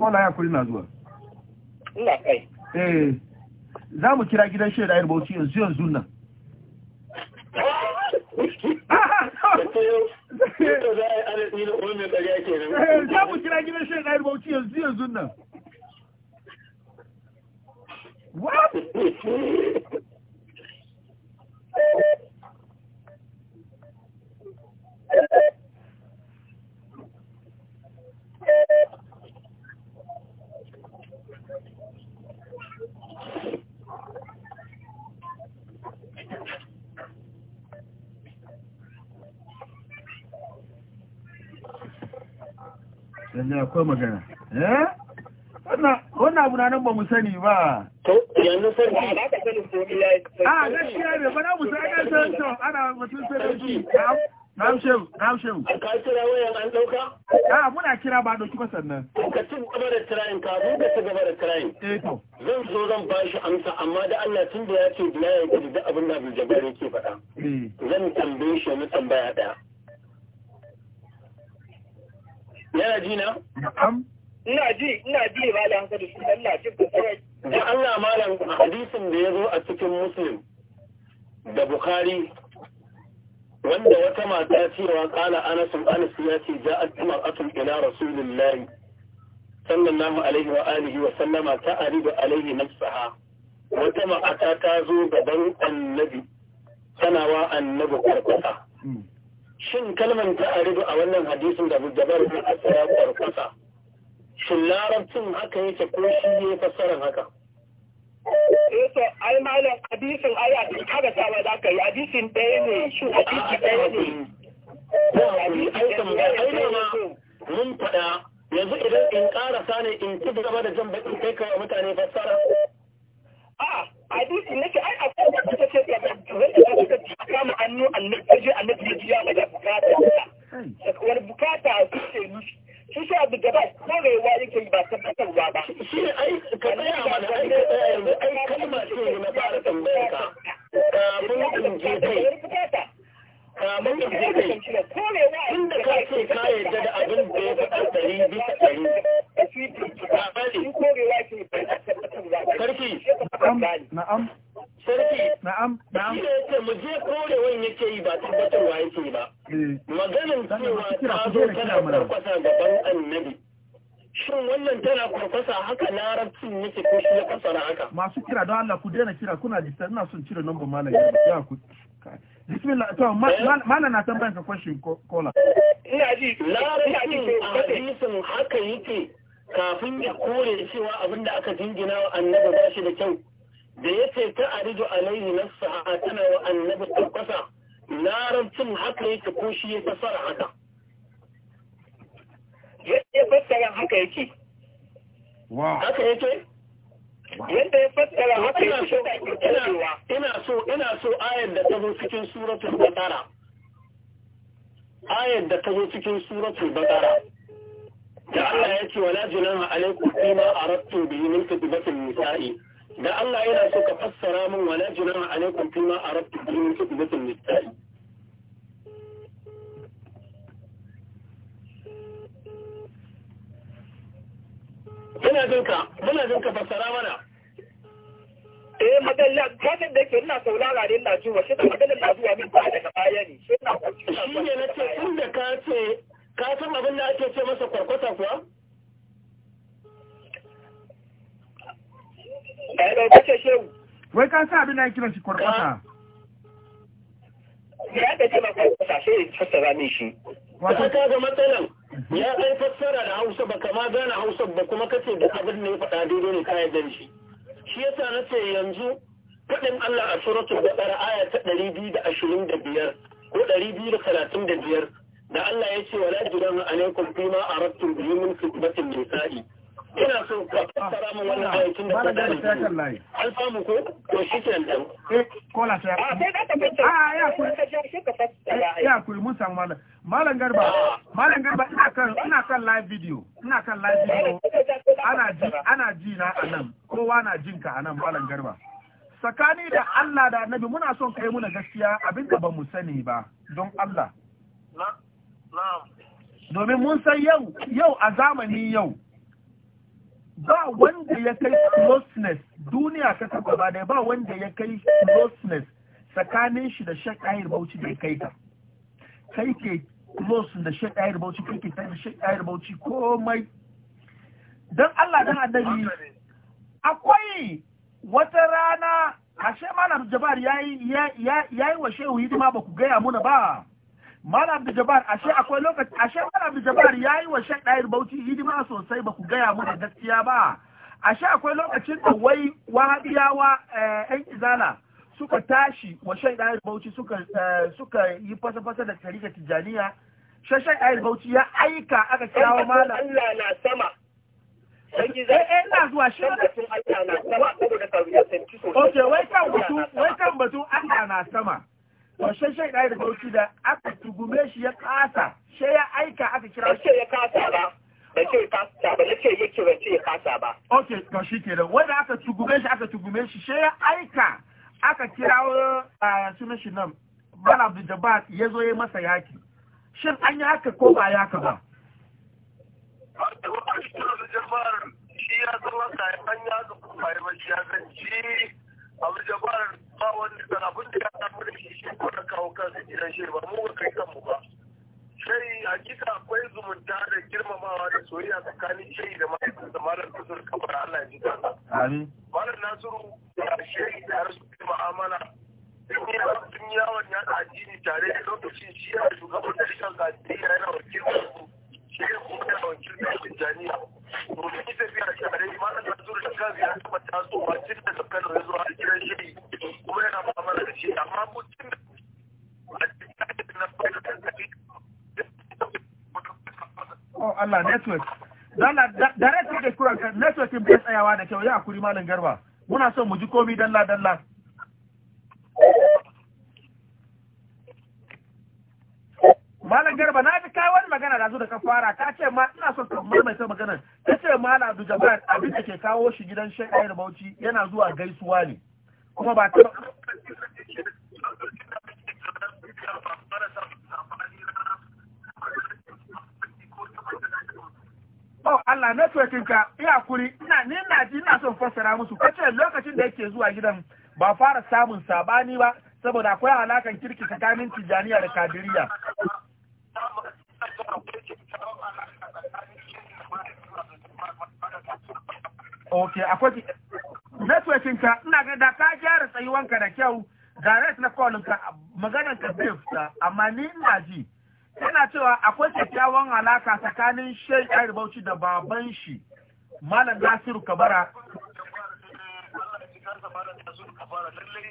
kola ya kuri na zuwa eh, za mu kira gidan shaida bauchi yanzu yanzu nan eh, za mu kira gidan shaida bauchi yanzu yanzu nan yanzu akwai magana eh wannan abu na nan ba mu sani ba to yanzu sai ba ka sani ko ya a ah, gaskiya ne ba na mu sai an san to ana mutum sai da shi Na'am shehu, na'am shehu. Ka kira wayan an dauka? A ah, muna kira ba dauki ba sannan. Ka ci gaba da tirayin ka zo ka ci gaba da tirayin. Eh to. Zan so zan ba shi amsa amma da Allah tun da ya ce bila ya gudu da abin da Abdul Jabbar yake faɗa. Eh. Zan tambaye shi na tambaya ɗaya. yana ji na ina ji ina ji ba da haka da shi Allah shi ko sai dan Allah malam hadisin da yazo a cikin muslim da bukhari wanda wata mata cewa kala anas anas ya ce ja'at mar'atun ila rasulillahi sallallahu alaihi wa alihi wa sallama ta'ridu alaihi nafsaha wata mata ta zo gaban annabi tana wa annabi karkata hmm. shin kalmar ta aridu a wannan hadisin da bujabar ne a ya kwarkwasa shin larabcin haka yake ko shi ne fassarar haka Yake eh, ai malam hadisin ai a cikin kada sawa da aka yi hadisin ɗaya ne shi hadisi ɗaya ne. Ko hadisi ɗaya ne. Mun faɗa yanzu idan in ƙarasa ne in ci gaba da jan baƙin kai kawai mutane fassara. a hadisi nake ai akwai wanda ta ce da wanda ta ce kama hannu annabi ta je annabi ya jiya daga bukata wani bukata a kusa mishi shi sai abu gaba korewa yake ba tabbatarwa ba shi ai ka tsaya mana ai ka tsaya eh, yanzu ai kalma ce na fara tambayar ka kafin in je kai kamar da zai kai inda ka ce ka yarda da abin da ya faɗa ɗari bisa ɗari ba bane sarki na'am sarki na'am na'am shi yace mu je korewan yake yi ba tabbatar tabbatarwa yake ba maganin cewa ta zo tana farkwasa gaban annabi shin wannan tana farkwasa haka larabcin yake ko shi ya fasara haka masu kira don Allah ku daina kira kuna lissa ina son cire number malam ya ku bismillah to mana eh? na tambayan ka kwashin kola eh, ina ji na rika ji hmm, hadisin haka yake kafin ya kore cewa abin da aka jingina wa annabi ba shi da kyau da ya ce ta arijo alaihi na sa'a tana wa annabi tabbata larabcin haka yake ko shi ya fasara haka ya fassara haka yake haka yake yadda ya fassara haka ya fito ina so ina so ayar da ta zo cikin suratul baqara ayar da ta zo cikin suratul baqara da Allah ya ce wala junaha alaikum fima aradtu bihi min khidmatin nisa'i da Allah yana so ka fassara min wala junaha alaikum fima aradtu bihi min khidmatin nisa'i ina jin muna jin ka fassara mana eh madalla kadan da yake ina saurara da ina juwa shi da madalla na zuwa min ba daga baya ne shi na kwanciya shi ne nace inda ka ce ka san abin da ake ce masa kwarkwata kuwa eh da kace shehu wai ka san abin da ake kira shi kwarkwata ya da ce ma kwarkwata shi fassara min shi wato ka ga matsalan ya kai fassara da hausa ba kama gane hausa ba kuma kace da abin da ya faɗa daidai ne kayan da shi shi yasa na ce yanzu faɗin Allah a suratul baqara aya ta ɗari biyu da ashirin da biyar ko ɗari biyu da talatin da biyar da Allah ya ce wala jiran alaikum fima aradtum bihi min khitbatin nisa'i ina so ka fassara mu wannan ah, ayatin da ka dani an samu ko to shi kenan dan eh, kola ah, sai a sai da ah, a ya kuri eh, ya mun samu mallam Malam Garba, Malam ina kan live video, ina kan live video. Ana ji ana ji na anan, kowa na jin ka anan Malam Garba. Sakani da Allah da Annabi muna son kai muna gaskiya abinda ba mu sani ba don Allah. Domin mun san yau, yau a zamani yau, ba wanda ya kai closeness duniya ta taba ba ba wanda ya kai closeness tsakanin shi da shakayir bauchi da ya kai ka. kai ke close da shek ɗaya bauchi kai ke kai da shek ɗaya bauchi komai don Allah don annabi akwai wata rana ashe malam jabar yayi yayi wa shehu hidima ba ku gaya muna ba malam da jabar ashe akwai lokaci ashe malam da jabar yayi wa shek ɗaya bauchi hidima sosai ba ku gaya muna gaskiya ba ashe akwai lokacin da wai wahabiyawa ɗan eh, izala suka tashi wa shai ɗayar bauchi eh, suka yi fasa-fasa da tarika tijjaniya shai ɗayar bauchi ya aika aka kirawo mana Allah na sama eh, eh, ina zuwa ok wai kan batun wai kan Allah na sama wa shai shai da bauchi da aka tugume shi ya kasa shai ya aika aka kira shi ya kasa ba da ce kasa ba ce yake ba ce kasa ba ok to shi kenan wanda aka tugume shi aka tugume shi shai ya aika aka kirawo a sunan shi nan bala ba ya zo ya masa yaki shin an yi haka ko ba ya ka ba shi ya zama ba shi ya abu jabar ba abin da ya samu da shi shi ko da kawo kansa gidan shi ba mu ga kai kanmu ba shai hakika akwai zumunta da girmamawa da soyayya tsakanin shai da da malam kusur kamar Allah ji ta amin malam nasiru da shai da rasu da ma'amala sun yawon ya da addini tare da lokacin shi ya shugaban da shan ya yana da su shi ya kuma yana wakiltar Tanzania domin ita biya tare malam nasiru da kazi ya taɓa tasowa cin da zakar da zuwa a cikin shai kuma yana ma'amala da shi amma mutum da a cikin na fahimtar oh Allah network dala direct kake kuran ka network bai tsayawa da kyau ya kuri malam garba muna son mu ji komai dalla dalla Malam Garba na ji kai wani magana da zo da ka fara ka ce ma ina son ka ta magana ka ce Malam Abdul Jabbar abin da ke kawo shi gidan Sheikh Ayar Bauchi yana zuwa gaisuwa ne kuma ba ta oh Allah networking ka ya kuri ina ni na ji ina son fassara musu kace lokacin da yake zuwa gidan ba fara samun sabani ba saboda akwai alakan kirki tsakanin tijaniya da kadiriya ok akwai networking ka ina ga da ka gyara tsayuwanka da kyau direct na call ka maganar ka zai fita amma ni ina ji yana cewa akwai kyakkyawan alaka tsakanin shai ɗari da baban shi malam nasiru kabara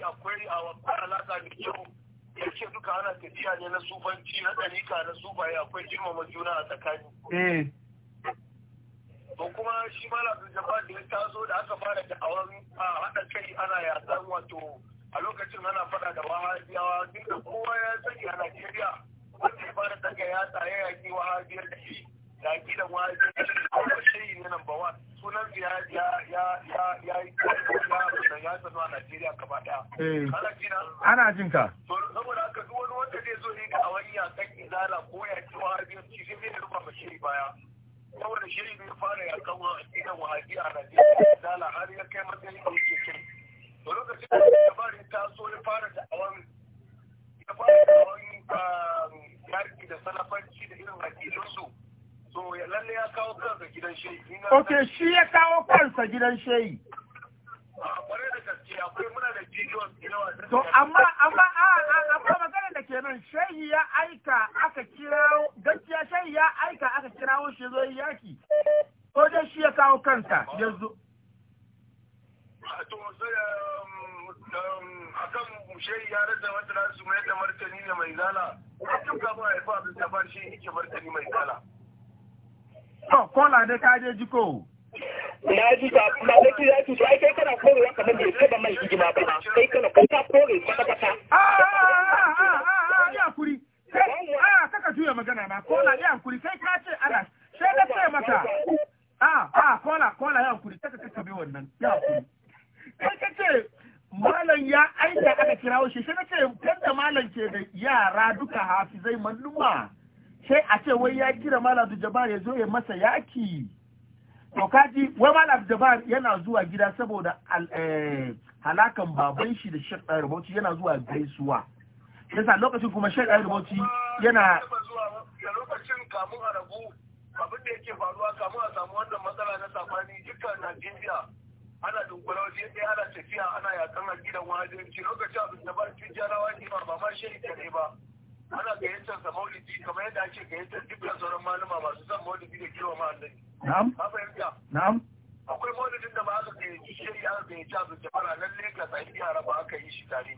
akwai alaka mai kyau ya ce eh. duka ana tafiya ne na sufanci na ɗarika na sufaye akwai girmama juna a tsakani. Ko kuma shi mala Jabbar da ya taso da aka fara da awon haɗa kai ana yasan wato a lokacin ana faɗa da wahayawa, duk da kowa ya sani a Najeriya wanda ya fara daga yatsa ya yaƙi wahabiyar da shi yaƙi da wahabiyar da shi a shi ne number one sunan ya ya ya ya ya ya ya tsano a Najeriya gaba ɗaya. Eh. Ana jina? Ana jin ka. Saboda haka duk wani wanda zai zo ne ga awani a kan izala ko ya ci wahabiyar shi zai zai rufa ma shi baya. Saboda shirin ne ya fara yaƙan wahabiyar wahabiyar a Najeriya izala har ya kai matsayin ɗauke kai. To lokacin da ya fara taso ya fara da awanni. Ok, shi ya kawo kansa gidan shehi. To, amma, amma, amma magana da kenan shehi ya aika aka kirawo, gaskiya shehi ya aika aka kira shi zo yaki. Ko dai shi ya kawo kansa yanzu. To, um, um, akan shehi ya rasa wanda na su mai da martani ne mai zala a tun kafin ya haifa abin safar shi yake martani mai zala. to kola da ka je jiko. na ji ka ba da ki zai su ai kai kana kore wa kamar bai taba mai hijima ba kai kana kai ka kore kwata kwata. Ah, ah, ah, ya kuri. a kaka juya magana na kola ya kuri kai ka ce ana sai na ce maka. a a kola kola ya kuri kaka kaka bi wannan ya kuri. kai ka ce malam ya aika aka kirawo shi sai nace kada malam ke da yara duka hafizai malluma sai a ce wai ya kira malam Abdul Jabbar ya zo ya masa yaki to kaji wai malam Abdul Jabbar yana zuwa gida saboda eh, halakan baban shi da Sheikh Dahir Bauchi yana zuwa gaisuwa yasa lokacin kuma Sheikh Dahir Bauchi yana lokacin kamun a rabu abin da yake faruwa kamun a samu wannan matsala na safani dukkan Najeriya ana dunkula waje ɗaya ana tafiya ana yakan a gidan wajenci lokacin abin da ba cikin jarawa ne ba ma shi ne ba ana gayyantar sa maulidi kamar yadda ake gayyantar dukkan sauran malama masu son maulidi da girma ma annabi na'am ka fahimta na'am akwai maulidin da ba aka gayyanci shi aka gayyanci abin da ba lalle ne ka sai yara ba aka yi shi tare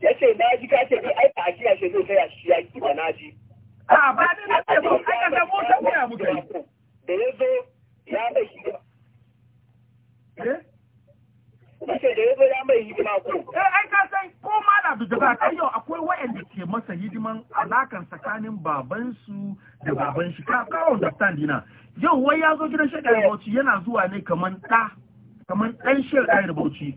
ya ce na ji kace ni ai ba a kiyashe zai kai shi ya ki ba na ji a ba da na ce ba aka da mota waya muka yi da ya zo ya mai shi ba eh? ce da ya zo ya mai hidima ko eh ai ka san ko ma na bijira kai yau akwai wa'anda ke masa hidiman alakan tsakanin baban su da baban shi ka ka understand dina yau wai ya zo gidan shekara bauchi yana zuwa ne kaman ɗa kaman ɗan shekara bauchi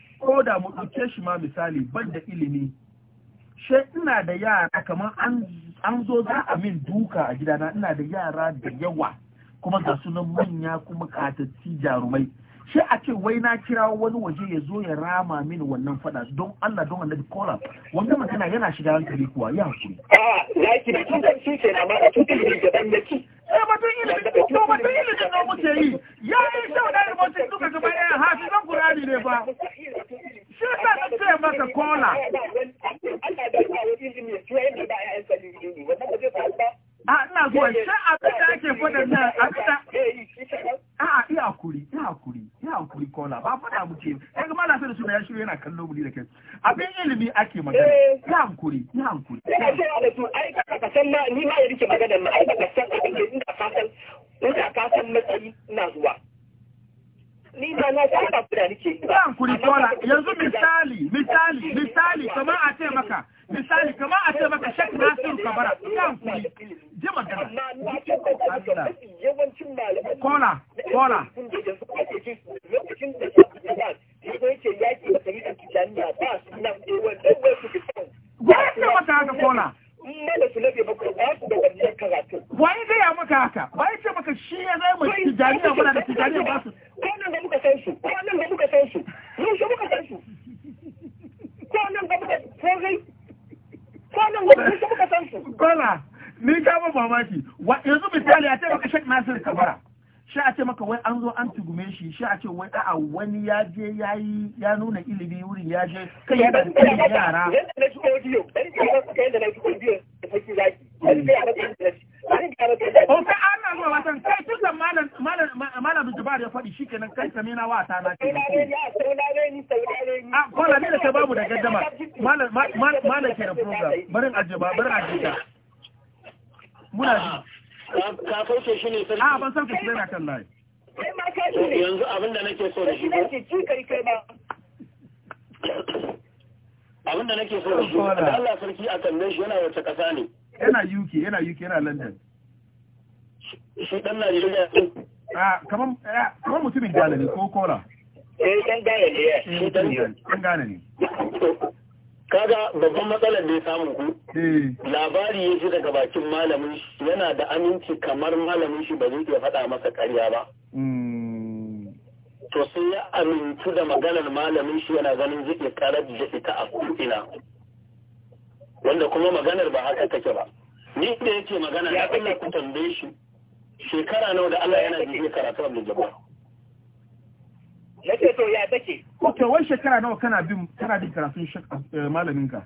ko da mu ɗauke shi ma misali ban da ilimi she ina da yara kamar an zo za a min duka a gidana ina da yara da yawa kuma ga sunan manya kuma katatti jarumai she a ce wai na kira wani waje ya zo ya rama min wannan fada don Allah don Allah kola wanda magana yana shiga hankali kuwa ya hakuri A'a, na ki da kin san shi na ma da kin da ban eh batun ilimin to batun ilimin nan muke yi ya yi shau da rubutu duka gaba ɗaya hafizan Qur'ani ne ba shi yasa na ce maka kola Allah da ya ilimi ya ba ya yan sani wannan ba zai ba a ina zuwa sai abin da ake faɗa nan abin da Aa iya hakuri iya hakuri iya hakuri kola ba faɗa muke ai ga malasa da suna ya shiru yana kallon mu da kai abin ilimi ake magana iya hakuri iya hakuri ina ce da su ai ka ka san ni ma ya rike magana ma ai ka san abin da ina fatan ina ka san matsayi ina zuwa ni ba yanzu misali misali misali kamar a ce maka misali kamar a ce maka shek nasiru kabara kan kola da ya haka kola mana su labe ba ba da wannan karatu wai gaya maka haka wai ce maka shi ya zai mu tijaniya muna da tijaniya ba su wannan da muka san su wannan da muka san su mun shi muka san su ko nan ga muka sai ko nan ga muka san su kola ni ka ba mamaki yanzu misali a ce maka Sheikh Nasir Kabara shi a ce maka wai an zo an tugume shi sai a ce wai a'a wani ya je ya yi ya nuna ilimi wurin ya je kai ya da kai yara na shi oh, zuwa watan kai tun da malam ya faɗi na wata na ke a ne da ta babu da gaddama malam ke da program barin barin muna ji ka sauke shi ne sarki a ban sauke shi ne kan layi yanzu abin da nake so da shi abin da nake so da shi da Allah sarki a kalle shi yana wata kasa ne yana UK yana UK yana London shi dan Najeriya a kaman kaman mutumin gane ne ko Kola eh dan Ghana ne shi eh, dan Ghana ne kaga babban matsalar da ya samu ku hmm. labari ya shi daga bakin malamin shi yana da aminci kamar malamin shi ba zai iya faɗa masa karya ba hmm. to sai ya amintu da maganar malamin shi yana ganin zai iya karar da ita a ko'ina wanda kuma maganar ba haka take ba ni da yake magana ya Allah ku tambaye shi shekara nawa da Allah yana jiye karatu a Jabbar na ce to ya take ok wai shekara nawa kana bin kana bin karatun malamin ka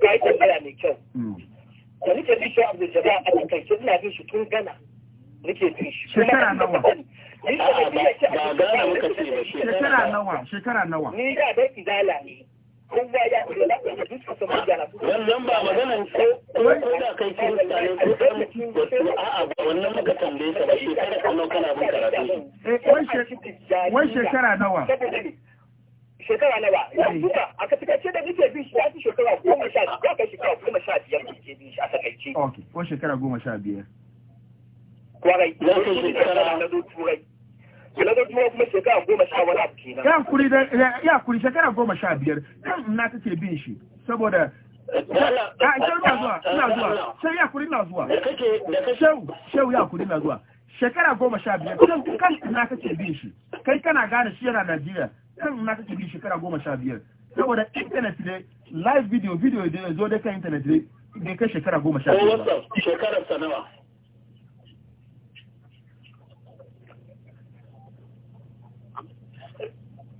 ka yi tambaya mai kyau da nake bin shi abu da a takaice ina bin shi tun gana nake bin shi shekara nawa ba gana muka ce ba shekara nawa shekara nawa ni da dai izala ne kowa ya fi da da gana ba ko ko da kai kirista ne ko kan wasu a'a wannan muka tambaye ka ba kana bin karatu eh, wai shekara nawa shekara nawa ba eh. a da nake bin shi ya fi shekara goma sha biyar ya kai shekara goma sha biyar da ke bin shi a ok ko shekara goma sha biyar kwarai ya kai shekara na turai goma sha biyar kan na bin shi saboda a ah, zuwa goma sha biyar kan kake bin shi kai kana gane shi yana Najeriya kan na kake bin shekara goma sha biyar saboda internet dai live video video dai zo da kan internet dai bai kai shekara goma sha biyar shekarar sanawa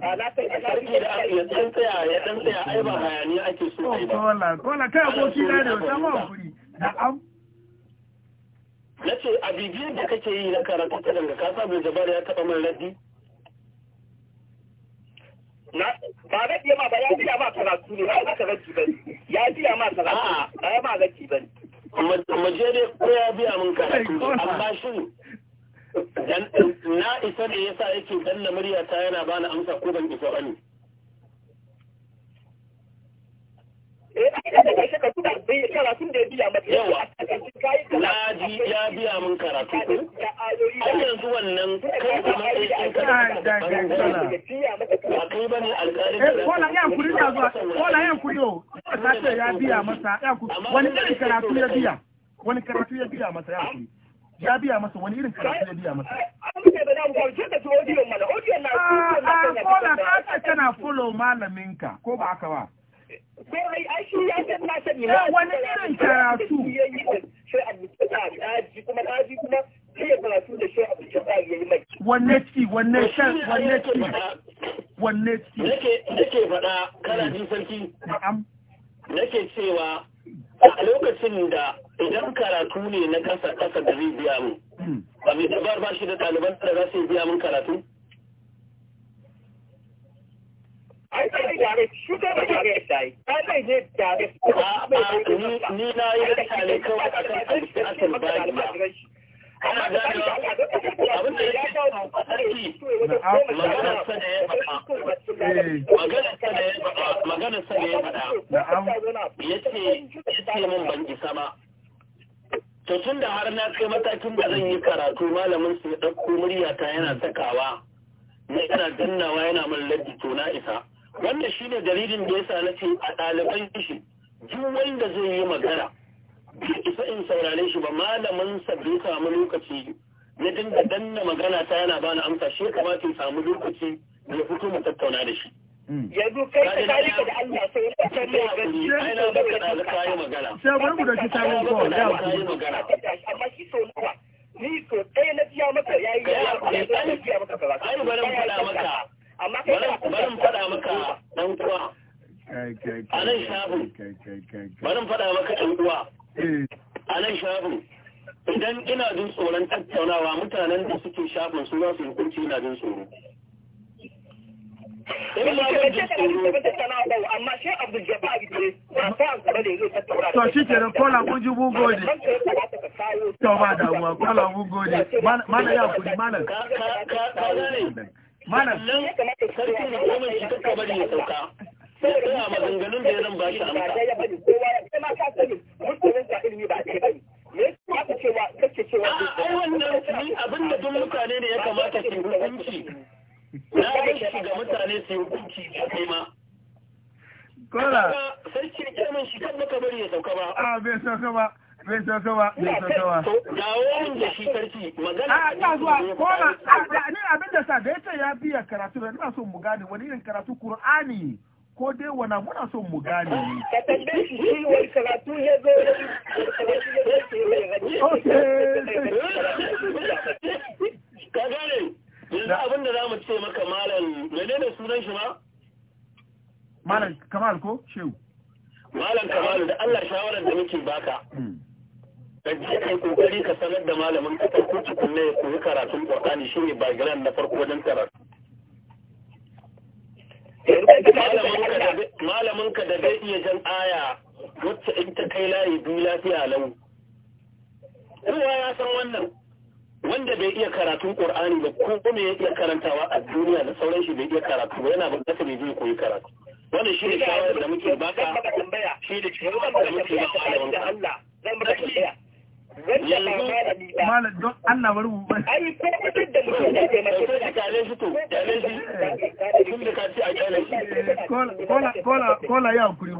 ya ɗan ya ɗan ai ba ake oh, ba. Kola kai aboki na da wata da am. Na ce a bibiyar da kake yi na karatu ta daga kasa bai jabar ya taɓa mai raddi. Ba raddi ma ba ya biya ma karatu ne ba ka raddi ba ya biya ma karatu ba ya ma raddi ba ne. ko ya biya min karatu amma shi na isa ne yasa yake danna murya ta yana ba bani amsa ko ban isa bane na ji ya biya min karatu ko ai yanzu wannan kai kuma aikin ka da ba kai bane alƙalin da ko la yan kuri da zuwa ko la yan kuri o ta ya biya masa yan kuri wani karatu ya biya wani karatu ya biya masa yan kuri ya biya masa wani irin karatu ya biya masa ah, ah, kola ka ce kana follow malaminka ko ba ka ba eh, wani irin karatu wanne ciki wanne shan wanne ciki wanne ciki nake faɗa kana jin sarki nake cewa a lokacin da idan karatu ne na kasa kasa da zai biya mu ba mai dabar ba shi da ɗaliban da za su biya mun karatu ni na yi da kawai a kan ba Ana gani abin da ya kawo tsarki eh. maganar sa da ya faɗa maganar min ban isa ba to tun da har na kai matakin da zan yi karatu malamin su ya ɗauko muryata yana sakawa na yana dannawa yana min laddi to na isa wannan shine dalilin da yasa na ce a ɗaliban shi duk wanda zai yi magana isa in saurare shi ba malamin sabbin bai samu lokaci ya dinga danna magana ta yana bani amsa shi ya kamata in samu lokaci ya fito mu tattauna da shi mm. yanzu kai ka kare ka da Allah sai ya san ne gaskiya ai na baka da kai magana sai bari mu da shi sabon ko da kai magana amma shi so nawa ni ko kai na biya maka yayi ya na biya maka ba. ai bari mu faɗa maka amma kai bari mu faɗa maka dan uwa a nan shafin bari mu faɗa maka dan uwa Hmm. a nan shafin idan ina jin tsoron tattaunawa mutanen da suke shafin su za su hukunci ina jin tsoro To shi kola kun ji To kola mun Mana ya kuri da kuma bari ya sauka. sai da ya maganganun da ya zan ba shi amsa ya bani kowa ya kai ma ka sani mutanen da ilimi ba kai bane me yasa cewa kake cewa ai wannan ni abinda duk mutane ne ya kamata su hukunci na bar shi ga mutane su hukunci ba kai ma kola sai shi kirmin shi kan maka bari ya sauka ba a ah, bai sauka ba bai sauka ba bai sauka ba dawo min da shi sarki magana a ah, ina zuwa kola ah, ni abin da sa da yace ya biya karatu da ina so mu gane wani irin karatu qur'ani ko dai wana muna son mu gane ne. Ka tambaye shi shi wani karatu ya zo ya Ka gane yanzu abin da za mu ce maka malam mene ne sunan shi ma? Malam Kamal ko Shehu? Malam Kamal da Allah shawarar da muke baka. Hmm. Ka ji kai kokari ka sanar da malamin ka farko tukunne ya koyi karatun Qur'ani shine background na farko wajen karatu. malaminka da zai iya jan aya wacce in ta kai layi biyu lafiya lau Kowa ya san wannan wanda bai iya karatun ƙur'ani ba ko kuma ya iya karantawa a duniya da sauran shi bai iya karatu ba yana bukatar bai je koyi karatu wannan shi ne shawarar da muke baka shi da shawarar da muke baka da Allah zan malam don Allah bari ko fitar da mutum da ke mace da shi to shi tun da a shi kola kola kola ya kola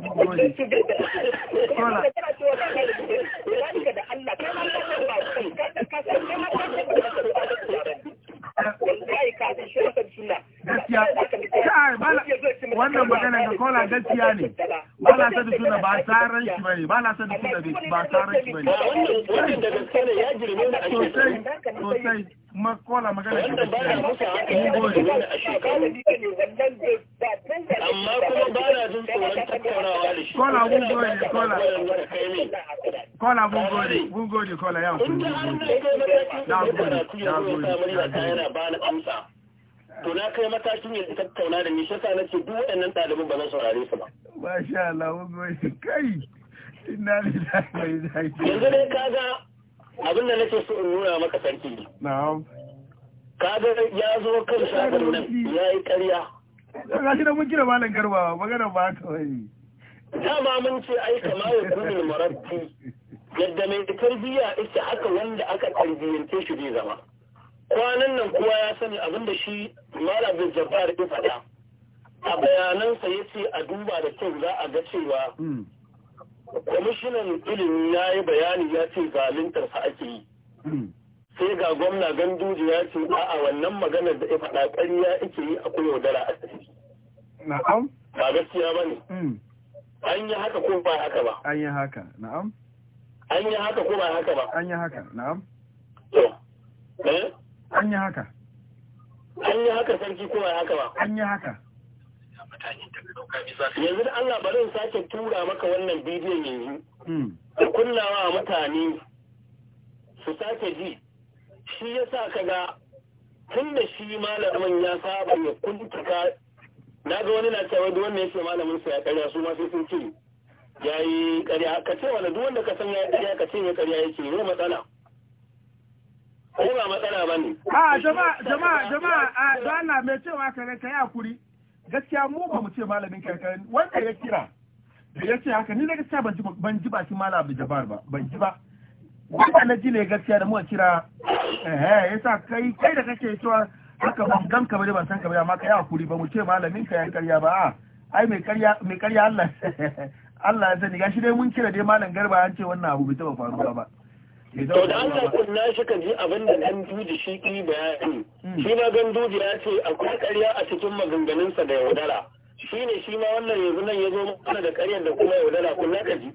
gaskiya kai bala wannan magana ga kola gaskiya ne bala da ba shi bane ba shi bane wannan wannan da gaskiya ne ya sosai kola magana gaskiya amma kuma ba na jin tsoron tattaunawa da shi kola gode kola kola ya gode ya gode ya gode yana ba ni amsa to na kai matakin yin tattauna da ni shi sa nace duk waɗannan ɗaliban ba zan saurare su ba masha Allah mun kai ne za inna yi zaki yanzu dai ga abin da nake so in nuna maka sarki na'am ga ya zo kan shafin nan ya yayi ƙarya ga shi na mun kira malam garba magana ba haka bane dama mun ce ai kama ya gudun marabbi yadda mai tarbiyya ita haka wanda aka tarbiyyance shi zai zama kwanan nan kuwa ya sani abinda shi mara bin jabbar ya faɗa a bayanansa ya ce a duba da kyau za a ga cewa hmm. kwamishinan ilimi ya yi bayani ya ce sa ake yi hmm. sai ga gwamna ganduji ya ce a'a wannan maganar da ya faɗa ƙarya ake yi akwai yaudara a ciki na'am ba gaskiya ba ne hmm. an yi haka ko ba haka ba an yi haka na'am an yi haka ko ba haka ba an yi haka na'am to eh an yi haka an yi haka sarki ko ya haka ba an yi haka yanzu da Allah bari sake tura maka wannan bidiyon yanzu da hmm. kunnawa mutane su sake ji shi ya sa ka ga tun da shi malamin ya saba ya kuntuka na ga wani na cewa duk wanda ya ce malamin sa ya karya su ma sai sun ce ya yi karya ka ce wani duk wanda ka san ya karya ka ce ya karya ya ce ne matsala ko ba matsala ba ne a jama'a jama'a jama'a mai cewa ka ne kai hakuri gaskiya mu ba mu ce malamin karkara wanda ya kira da ya ce haka ni na gaskiya ban ji ba ji bakin malam Abdul Jabbar ba ban ji ba wanda na ji ne gaskiya da muka kira eh, ya sa kai kai da kake cewa haka ban gan ka bare ban san ka bare amma kai kuri ba mu ce malamin ka yan karya ba ai mai karya mai karya Allah Allah ya sani gashi dai mun kira dai malam Garba an ce wannan abu bai taba faruwa ba To da Allah kun na shi ji abin da Ganduji shi ki bayani. Hmm. Shi ma Ganduji ya ce akwai ƙarya a cikin maganganunsa da yaudara. Shi ne shi ma wannan yanzu nan ya zo mana da ƙaryar da kuma yaudara kun na ji.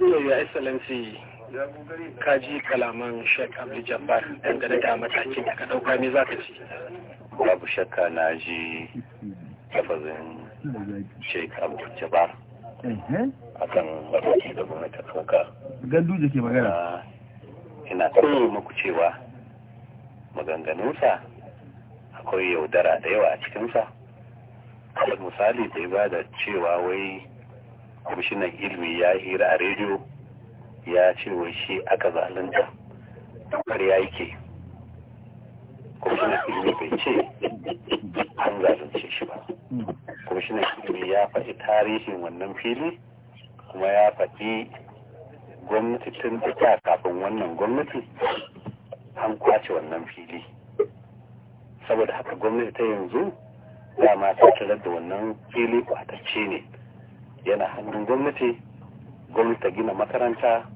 ya excellency kaji kalaman shek abdul jabbar dangane da matakin da ka dauka me za ka ci babu shakka na ji tafazin shek abdul jabbar a kan mataki da gwamnati ta ɗauka. gandu da ke magana ina kuma muku cewa maganganunsa akwai yaudara da yawa a cikinsa misali da ya ba da cewa wai kwamishinan ilimi ya hira a rediyo ya ce wai shi aka zalunta tukar ya yake kwamishinan ilimi bai ce an zalunce shi ba kwamishinan ilimi ya faɗi tarihin wannan fili kuma ya faɗi gwamnati tun da kafin wannan gwamnati an kwace wannan fili saboda haka gwamnati ta yanzu dama ta tarar da wannan fili kwatacce ne yana hannun gwamnati gwamnati ta gina makaranta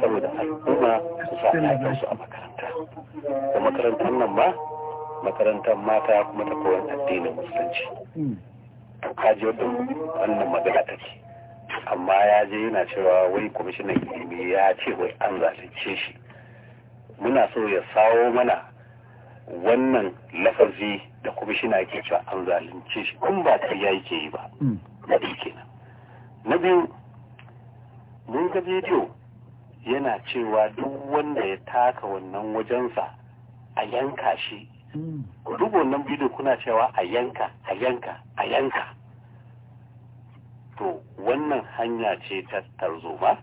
saboda al'umma su sa su a makaranta da makarantar nan ma makarantar mata kuma ta koyar addinin musulunci ka ji wadda wannan magana take amma ya je yana cewa wai kwamishinan ilimi ya ce wai an zalunce shi muna so ya sawo mana wannan lafazi da kwamishina ke cewa an zalunce shi kun ba ta yayi yi ba da kenan na biyu mun ga bidiyo yana cewa duk wanda ya taka wannan wajensa a yanka shi duk wannan bidiyo kuna cewa a yanka a yanka a yanka to wannan hanya ce ta tarzoma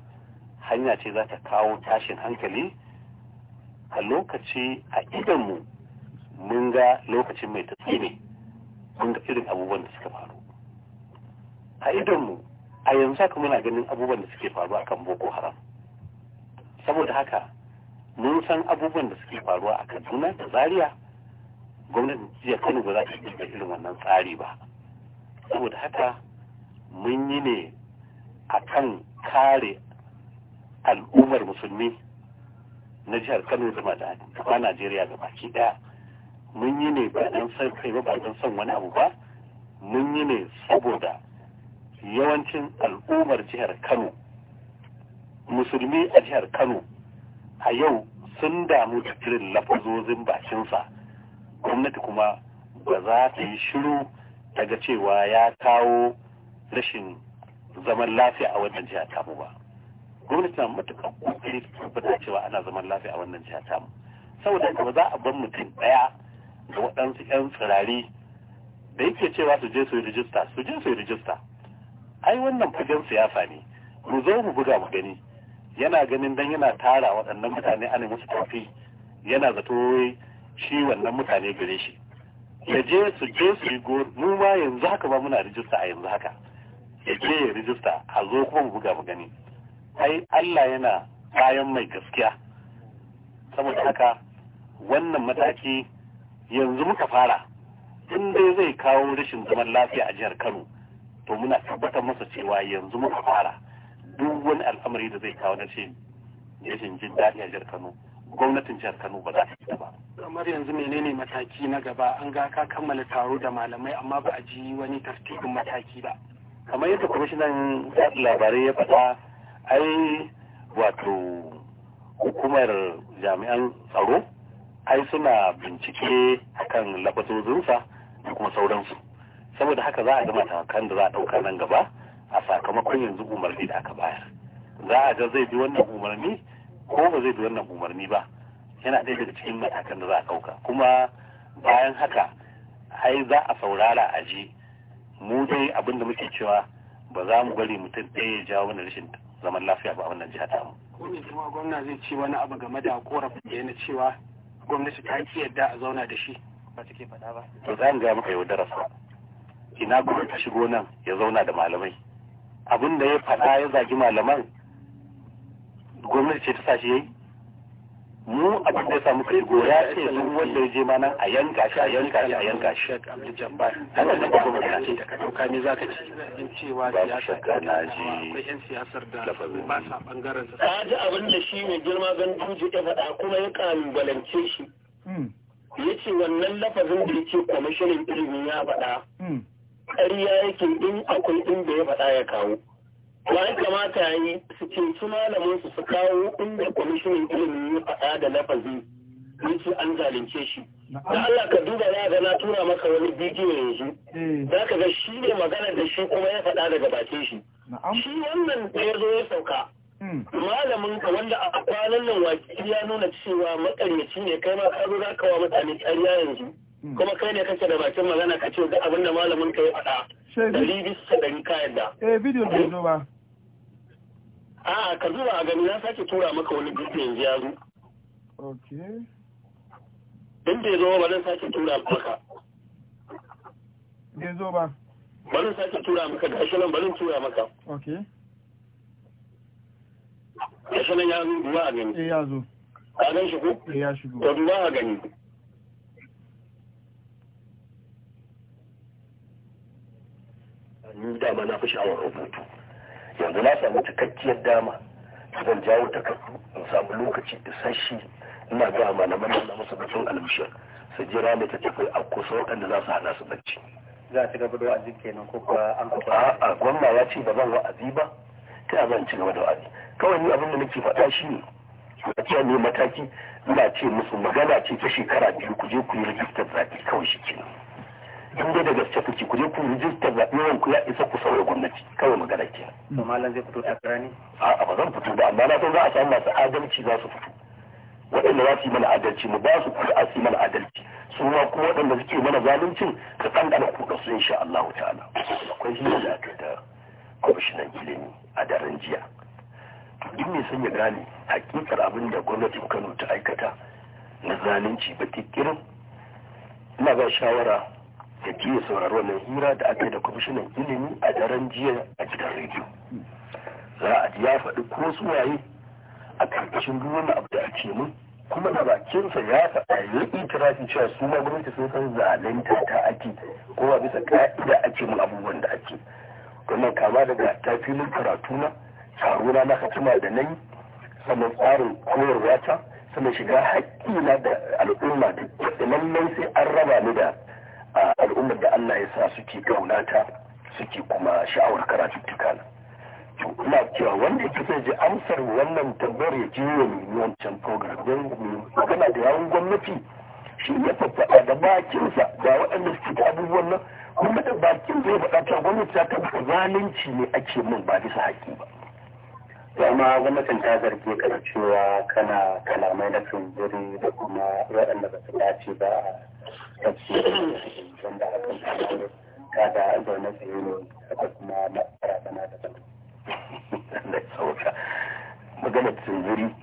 hanya ce za ta kawo tashin hankali a lokaci a idanmu mun ga lokacin mai tatsi ne mun ga irin abubuwan da suka faru a idanmu a yanzu haka muna ganin abubuwan da suke faruwa kan boko haram saboda haka mun san abubuwan da suke faruwa a kaduna da zaria gwamnatin jiya kano ba za ta iya irin wannan tsari ba saboda haka mun yi ne a kan kare al'ummar musulmi na jihar kano da ma najeriya ga baki daya mun yi ne ba don san kai ba ba don son wani abu ba mun yi ne saboda yawancin al'ummar jihar kano musulmi a jihar kano a yau sun damu da irin lafazozin bakinsa gwamnati kuma ba za ta yi shiru daga cewa ya kawo rashin zaman lafiya a wannan jihar tamu ba gwamnati na matuƙar kokari da cewa ana zaman lafiya a wannan jihar tamu saboda ba za a bar mutum ɗaya da waɗansu 'yan tsirari da yake cewa su je su yi rijista su je su yi rijista ai wannan fagen siyasa ne mu zo mu buga mu gani yana ganin dan yana tara waɗannan mutane ana musu tafi yana zato shi wannan mutane gare shi ya je su je su yi go mu ma yanzu haka ba muna rijista a yanzu haka ya je ya rijista a zo kuma mu buga mu gani ai Allah yana bayan mai gaskiya saboda haka wannan mataki yanzu muka fara in dai zai kawo rashin zaman lafiya a jihar Kano to muna tabbatar masa cewa yanzu muka fara duk wani al'amari da zai kawo na ce rashin jin daɗi a jihar Kano gwamnatin jihar Kano ba za ta yi ba. Kamar yanzu menene mataki na gaba an ga ka kammala taro da malamai amma ba a ji wani tartibin mataki ba. Kamar yadda kwamishinan yaɗa labarai ya faɗa ai wato hukumar jami'an tsaro ai suna bincike akan labatozinsa da kuma sauransu. saboda haka za a ga matakan da za a ɗauka nan gaba a sakamakon yanzu umarni da aka bayar za a ga zai bi wannan umarni ko ba zai bi wannan umarni ba yana ɗaya daga cikin matakan da za a ɗauka kuma bayan haka ai za a saurara a ji mu dai abin da muke cewa ba za mu bari mutum ɗaya ya jawo wani rashin zaman lafiya ba a wannan jiha tamu. Wani kuma gwamna zai ce wani abu game da korafin da yana cewa gwamnati ta ki yadda a zauna da shi ba take faɗa ba. To za mu gaya muka yi darasa. ina gudun ta shigo nan ya zauna da malamai abin da ya faɗa ya zagi malaman gwamnati ce ta sa shi yayi mu abin da ya samu kai goya ce sun wanda ya je mana a yanka shi a yanka shi a yanka shi haka nan kuma ce ka dauka ne zaka ci in cewa na ji akwai yan siyasar da ba sa bangaren sa ji abin da shi mai girma ban ya faɗa kuma ya kalubalance shi hmm. yace wannan lafazin da yake kwamishinan ilimi ya faɗa hmm. ƙarya yake in akwai inda ya faɗa ya kawo ba ya kamata ya yi su ce su malamin su su kawo inda kwamishinan ilimi ya faɗa da lafazi mun ce an zalunce shi da Allah ka duba ya ga na tura maka wani bidiyo yanzu eh. za ka ga shi ne magana da shi kuma ya faɗa daga bakin shi shi wannan da ya zo ya sauka hmm. malamin ka wanda a kwanan nan waki ya nuna cewa makaryaci ne kai ma ka zo za ka wa mutane ƙarya yanzu Hmm. kuma kai ne kake da bakin magana ka ce ga abin da malamin ka ya faɗa dari bisa dari ka yadda eh bidiyon da zo ba a ka zuwa a gani na sake tura maka wani bidiyo yanzu ya zo okay din ya zo ba zan sake tura maka ya zo ba bari sake tura maka da nan balin tura maka okay gashi nan ya zo duwa a gani eh ya zo a gan shigo eh ya shigo to duwa a gani ni dama na fi sha'awar rubutu yanzu na samu cikakkiyar dama zan jawo takardu in samu lokaci isasshe ina ga malaman na musu batun albishir su jira da ta tafi a kusa waɗanda za su hana su bacci za a ci gaba da wa'azi kenan ko kuwa an kafa a'a gwamna ya ce ba zan wa'azi ba ta zan ci gaba da wa'azi kawai ni abin da nake faɗa shi ne gaskiya ne mataki ina ce musu magana ce ta shekara biyu ku je ku yi rijistar zaɓe kawai shi kenan in da gaske kuke ku je ku rijista zaɓen ku ya isa ku sauya gwamnati kawai magana ke. to malam zai fito da ne. a'a ba zan fito ba amma na san za a samu masu adalci za su fito waɗanda za su yi mana adalci mu ba su a su yi mana adalci su ma kuma waɗanda suke mana zaluncin ka ɗanɗana kuɗa su insha Allah ta'ala akwai hira da aka da kwamishinan ilimi a daren jiya duk mai sanya gane hakikar abin da gwamnatin Kano ta aikata na zalunci ba kirin ina ba shawara ya je sauraro mai hira da aka yi da kwamishinan ilimi a daren jiya a gidan rediyo za a ya faɗi ko waye a karkashin ruwan abu da ake mun kuma da bakinsa ya faɗa ya yi cewa su ma gwamnati sun san zalunta ta ake ko ba bisa ka'ida ake mun abubuwan da ake wannan kama daga ta filin karatu na taro na na hatima da nan sannan tsarin koyarwa ta sannan shiga haƙƙi na da al'umma da lallai sai an raba ni da al'ummar da Allah ya sa suke gaunata suke kuma sha'awar karatuttuka na ina cewa wanda ya kusa ji amsar wannan tambayar ya je wa nemi wancan program don magana da yawun gwamnati shi ya faɗa da bakinsa ga waɗanda suke da abubuwan nan kuma da bakin zai faɗa cewa gwamnati ta tabbata zalunci ne ake min ba bisa haƙi ba to amma gwamnatin ta zarge ka da cewa kana kalamai na tsundiri da kuma waɗanda ba su dace ba a tafsirin wanda hakan ta da zaune tsaye ne da kuma matsara bana da zama. da sauka maganar tsundiri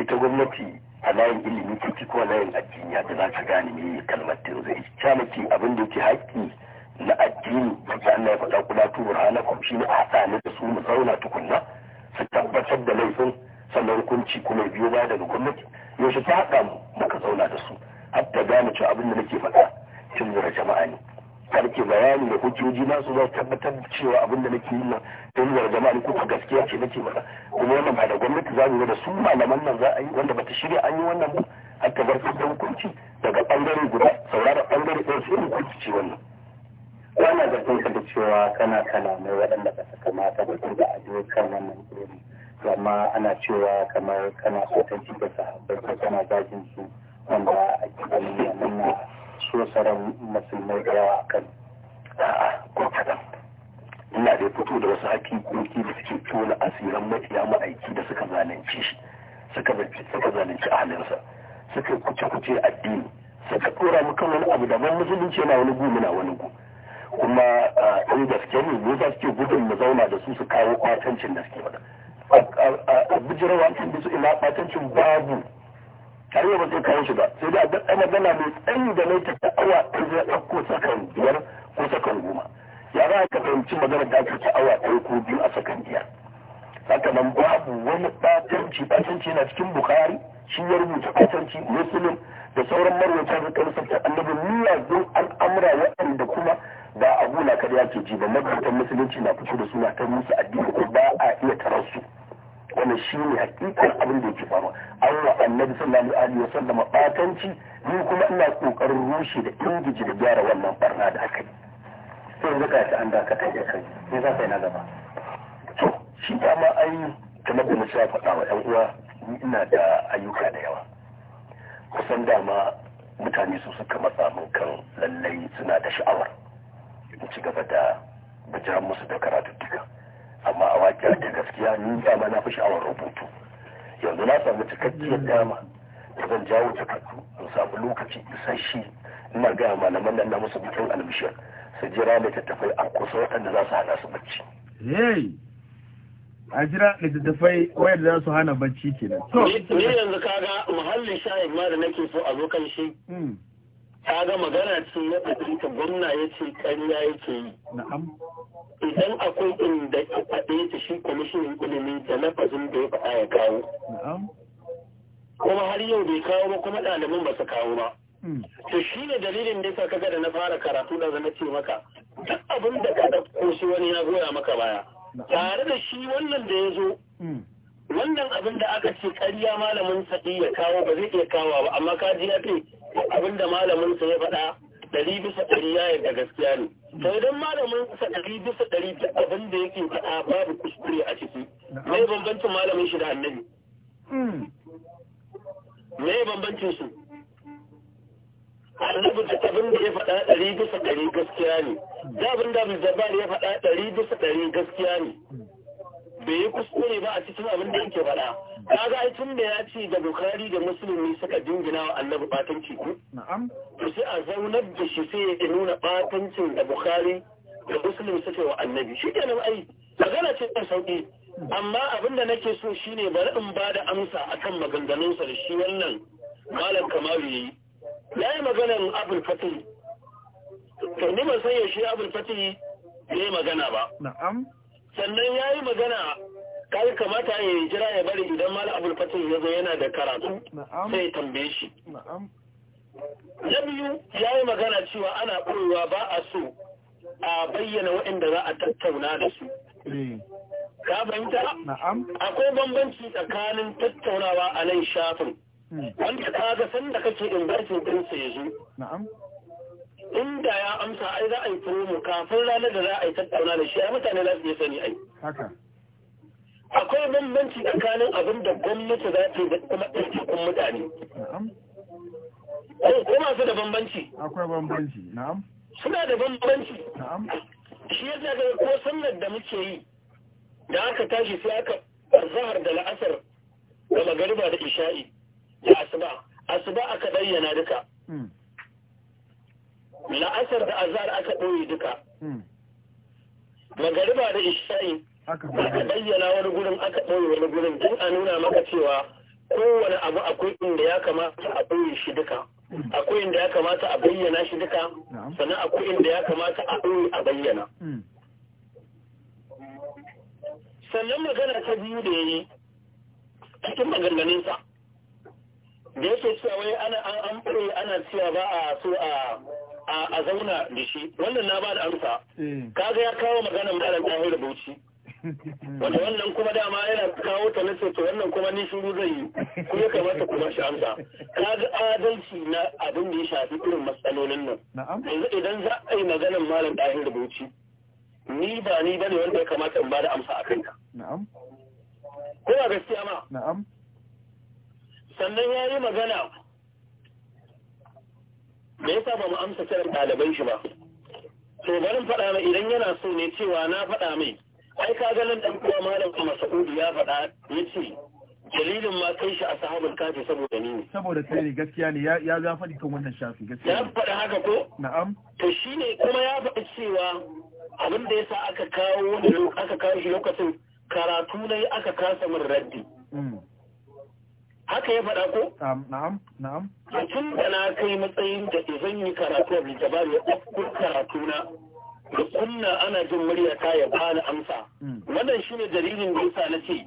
ita gwamnati a layin ilimi ciki ko layin addini ya za ta gane ne kalmar tsundiri mace abin da yake haƙƙi na addini ba ta ya faɗa kula tu kwamshi shine a tsanin da su mu zauna tukunna su tabbatar da laifin sannan hukunci kuma biyo baya daga gwamnati yaushe ta haɗa mu muka zauna da su ta gane cewa abin da nake faɗa cin zira jama'a ne karke bayani da hujjoji na su za su tabbatar da cewa abin da nake yi nan cin zira jama'a ne kuma gaskiya ce nake faɗa kuma wannan ba da gwamnati za mu da su malaman nan za a yi wanda bata shirya an yi wannan ba hatta zartar da hukunci daga ɓangare guda saurara ɓangare ɗaya sai hukunci ce wannan wannan da sun da cewa kana kalamai waɗanda ba su kamata ba tun da a kan wannan irin amma ana cewa kamar kana sotanci da sahabbai ko kana zagin su wanda a cikin ya na so saran musulmai da yawa kan ko kaɗan ina da fito da wasu hakikoki da suke tona asirin maƙiya ma'aiki da suka zalunci shi suka zalunci ahalinsa suka kuce-kuce addini suka ɗora mu kan wani abu daban musulunci yana wani gu muna wani gu kuma in gaske ne mu za su gudun mu zauna da su su kawo kwatancin da suke faɗa a bijirawa kan bisu ina kwatancin babu har yau ba zai kawo shi ba sai da a magana mai tsayi da mai ta awa ɗaya zai ɗauko sakan biyar ko sakan goma ya za ka fahimci magana da ake ta awa ɗaya ko biyu a sakan biyar haka nan babu wani ɓatanci ɓatanci yana cikin bukari shi ya rubuta ɓatanci musulun da sauran marwata da sabta annabi zo al'amura waɗanda kuma ba a kada ya ke ji ba mabautan musulunci na fito da suna ta musu addini ko ba a iya tarar su wannan shi ne hakikar abin da yake faruwa an wa annabi sallallahu alaihi wa sallam batanci ni kuma ina kokarin rushe da ingiji da gyara wannan barna da aka yi sai yanzu ta an dakata ya kai ne za ka yi na gaba to shi dama ai kamar da na sha faɗa wa 'yan uwa ni ina da ayyuka da yawa kusan dama mutane su suka matsa min kan lallai suna da sha'awar in ci gaba da bijiran musu da karatu duka, amma a waƙiya da gaskiya ni dama na fi sha'awar rubutu yanzu na samu cikakkiyar dama da zan jawo takardu in samu lokaci isasshe ina gaya malaman nan na musu bikin albishir su jira tattafai a kusa waɗanda za su hana su bacci. a jira littattafai da za su hana bacci nan. ni yanzu kaga muhallin shayin ma da nake so abokan shi hmm. Ka ga magana ce ya fahimta gwamna ya ce ƙarya ke yi idan akwai inda ya faɗe ta shi kwamishinan ilimi da lafazin da ya faɗa ya kawo kuma har yau bai kawo ba kuma ɗaliban ba su kawo ba hmm. to shi ne dalilin da yasa kaga da na fara karatu da zama ce maka duk abin da ka ɗauko shi wani ya goya maka baya tare da shi wannan da ya zo hmm. wannan abin da aka ce ƙarya malamin sa'i ya kawo ba zai iya kawo ba amma ka ji ya ce abinda malamin sa ya faɗa ɗari bisa ɗari ya yarda gaskiya ne to idan malamin sa ɗari bisa ɗari duk abin da yake faɗa babu kuskure a ciki me bambancin malamin shi da annabi me bambancin su annabi da abin da ya faɗa ɗari bisa ɗari gaskiya ne da abin da ya faɗa ɗari bisa ɗari gaskiya ne bai yi kuskure ba a cikin abin da yake faɗa kaga ai tun da ya ce da bukari da musulmi suka dingina wa annabi batanci ku to sai a zaunar da shi sai ya nuna batancin da bukari da musulmi suka wa annabi shi kenan ai magana ce ta sauki amma abin da nake so shine bari in ba da amsa akan maganganunsa da shi wannan malam kamaru yayi ya yi maganan abul fatih to ni ban san yaushe abul fatih ya yi magana ba na'am sannan ya yi magana kai kamata ya jira ya bari idan mal abul ya zo yana da karatu sai ya tambaye shi na biyu ya yi magana cewa ana ɓoyewa ba a so a bayyana waɗanda za a tattauna da su eh. ka fahimta akwai bambanci tsakanin tattaunawa a nan shafin hmm. wanda ka ga sanda kake ingarcin ɗinsa ya zo inda ya amsa ai za a yi promo kafin ranar da za a yi tattauna da shi ai mutane za su yi sani ai akwai bambanci tsakanin abin da gwamnati za ta yi da kuma ɗaiɗaikun mutane ko masu da bambanci akwai bambanci na'am suna da bambanci na'am shi yadda ga ko sanar da muke yi da aka tashi sai aka zahar da la'asar da magariba da isha'i da asuba asuba aka bayyana duka hmm. la'asar da azar aka ɓoye duka hmm. magariba da isha'i a bayyana wani gurin aka ɓoye wani gurin duk a nuna maka cewa kowane abu akwai inda ya kamata a ɓoye shi duka hmm. akwai inda ya kamata a bayyana shi duka sannan akwai inda ya kamata a ɓoye a bayyana hmm. sannan magana ta biyu da ya yi cikin maganganunsa da yake cewa wai ana an ɓoye ana cewa ba a so a a zauna da shi wannan na ba da amsa eh. kaga ya kawo magana malam alaƙa da bauchi wanda wannan kuma dama yana kawo ta na to wannan kuma ni shuru zai yi ku ya kamata kuma shi amsa kaga adalci na abin da ya shafi irin matsalolin nan yanzu idan za a yi maganar malam ɗahi da bauchi ni ba ni bane wanda ya kamata in ba da amsa a kanka na'am ko ba gaskiya ma na'am sannan ya yi magana me yasa ba mu amsa kiran ɗalibai shi ba to barin faɗa mai idan yana so ne cewa na faɗa mai ai ka ga nan dan kuwa malam sa'udu ya faɗa ce dalilin ma kai shi a sahabar kafi saboda ni ne saboda kai ne gaskiya ne ya ya faɗi kan wannan shafi gaskiya ya faɗa haka ko na'am to shine kuma ya faɗi cewa abin da yasa aka kawo aka kawo shi lokacin karatu ne aka kasa min raddi mm. haka ya faɗa ko? na'am na'am tun da na kai matsayin da zan yi karatu a littabar ya ɗaukar karatu na da kunna ana jin murya ta ya na amsa hmm. wannan shi ne dalilin da yasa na ce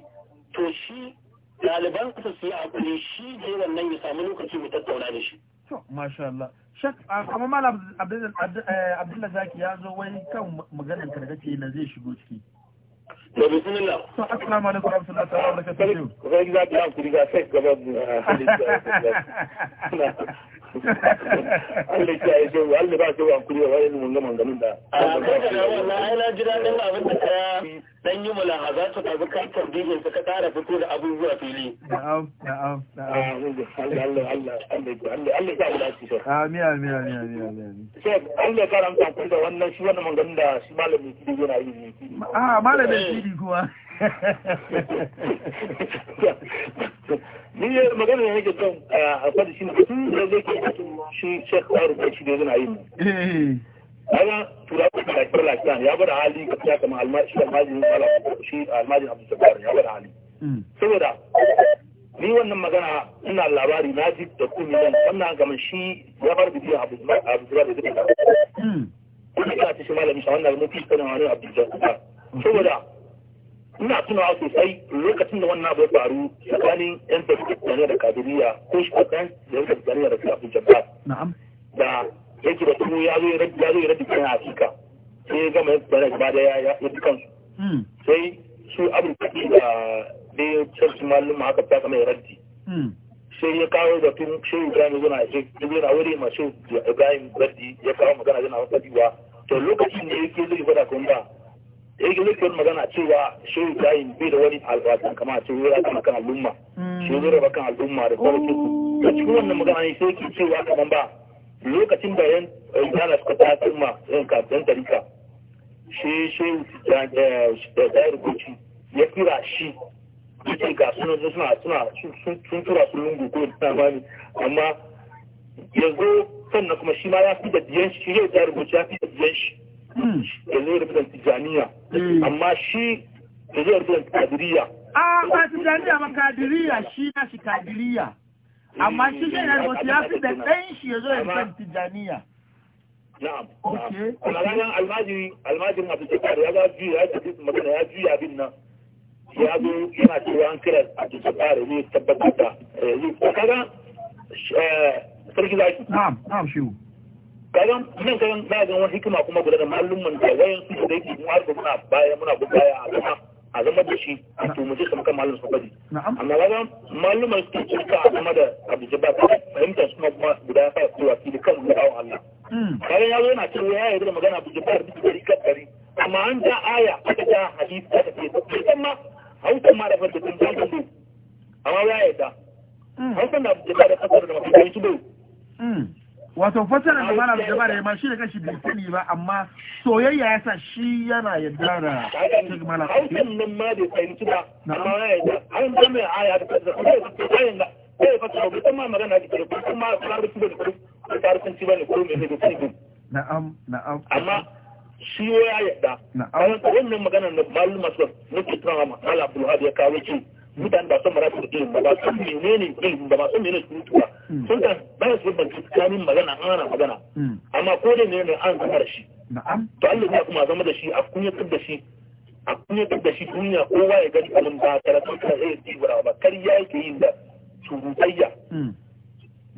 to shi ɗaliban su su yi hakuri shi je wannan ya samu lokaci mu tattauna da shi to masha Allah shak malam abdullahi eh, zaki ya zo wai kan maganar karkace na zai shigo ciki Allah ya kara fito da wannan shi wannan da shi yana yi ah, malamin alhaji kuwa? ni ne magana da kan a fadi shi ne da zai ke shi shek tsaro da shi ne zana yi eh. ana tura ku da kira ya bada hali ka ta kama almaji almaji shi almaji abu da ya bada hali mm. saboda ni wannan magana ina labari na ji da kuma nan wannan gama shi ya bar biyan abu abu sabar da duka kuma mm. ta shi malami shi wannan mutum kana wani abu sabar saboda ina tunawa sosai lokacin da wannan abu ya faru tsakanin yan tafiya da kadiriya ko shi kadan da yan tafiya da kafin jama'a na'am da yake da tunu ya zo ya rabu ya zo ya rabu kan afirka sai ya gama yan tafiya gaba da ya yi kansu hmm. sai su abin kaɗi da da ya canci malum haka ta kama ya raddi hmm. sai ya kawo da tun shehu ibrahim zuna ya ce yana wuri ma shehu ibrahim raddi ya kawo magana yana wata biwa to lokacin da ya ke zai fada kuma yake nufin magana cewa shehu ibrahim bai da wani alfatan kama ce wura kama kan al'umma mm. shi wura ba kan al'umma da sarki da cikin wannan magana ne sai ke cewa kaman ba lokacin da yan yana eh, suka ta al'umma yan kafin tarika shi shehu ta yi goci ya kira shi yake ga suna suna suna sun tura su lungu ko da bani amma yanzu sannan kuma shi ma ya fi da diyan shi shehu da dayar ya fi da diyan shi yanzu ya rufe tijaniya hmm. amma shi da zai rufe kadiriya a ah, ba tijaniya ba kadiriya shi na shi kadiriya amma shi shi na rubuta ya fi da shi ya zo ya rufe tijaniya na'am kuma ranar almajiri almajirin abu jikar ya ga juya ya tafi magana ya juya bin nan ya zo yana cewa an kira abu jikar ne tabbatar da yanzu eh, kaga eh, sarki zaki na'am na'am shi kaga nan kaga na ga wani hikima kuma guda da mallumin da wayan su da yake mu arba muna baya muna bu baya a zama a zama da shi to mu je kamar mallum su bari amma kaga mallumin su ke ka a zama da abu jaba ka fahimta su kuma guda ya su kowa fi kan mu dawo Allah hmm. kaga ya zo yana cewa ya yarda da magana abu jaba da dari kan dari amma an ta aya aka ta hadisi aka ce sai ma hausa ma da farko tun ta gudu amma ya da hmm. hausa na abu jaba da kasar da mafi kai su bai hmm. wato fasara da mana da bara ma shi da kashi bai sani ba amma soyayya ya sa shi yana yadda da shi mala nan ma bai fahimci ba amma ya yadda an aya da ko ayin da fasara magana da kuma da ko ba ne ko da na'am na'am amma shi ya yadda na'am wannan magana da ma Allah Abdul Hadi ya kawo mutane ba san marasar ilimi ba ba san menene ilimi ba ba san menene surutu ba hmm. sun kan baya su rubuta tsakanin magana ana magana hmm. amma ko dai ne an zama da shi to Allah ya kuma zama da shi a kunyatar da shi a kunyatar da shi duniya kowa ya gani abin ba da kan zai yi ba kar ya yake yin da surutayya hmm.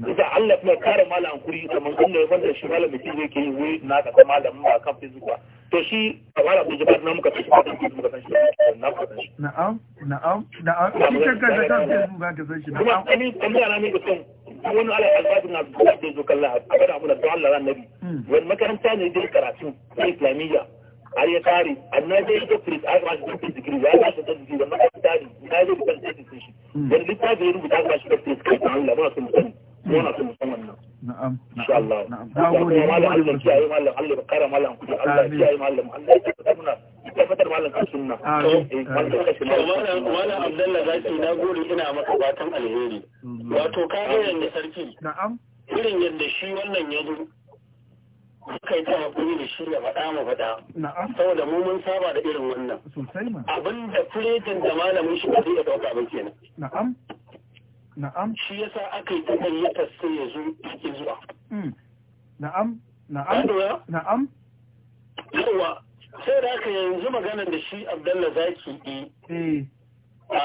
bisa Allah kuma kare malam kuri kamar inda ya fanta shi malam mutum zai ke yi wuri na ka san malam ba kan fizuwa to shi kamar Abu Jabbar na muka tafi kan fizuwa muka san shi na muka na na'am na'am na'am shi kanka da kan fizuwa ka san shi kuma ani kuma na ne kusan wani ala albadu na da zo kallon abin abu da Allah ran nabi hmm. wani makaranta ne da karatu islamiyya har ya kare annan dai ita a ba shi da digiri ya ba shi da makaranta ne ya zo da kan shi hmm. wani littafi rubuta ba shi da firis Allah ba su yana su musamman nan na'am insha Allah na'am kuma mallam Allah ya yi mallam Allah ya kara mallam kuma Allah ya yi mallam Allah ya kara muna ya fatar mallam kan sunna eh, mallam mallam Abdullah zaki na gode ina maka fatan alheri mm-hmm. wato ka ga yanda sarki irin yadda shi wannan ya zo kai ta hakuri da shi ya faɗa ma faɗa. Saboda mu mun saba da irin wannan. Abin da fuletin da malamin shi ba zai iya ɗauka ba kenan. na'am shi yasa aka yi ta gayyatar sai ya zo zuwa hmm. na'am na'am na'am yawa sai da aka yanzu magana da shi abdallah zaki eh. a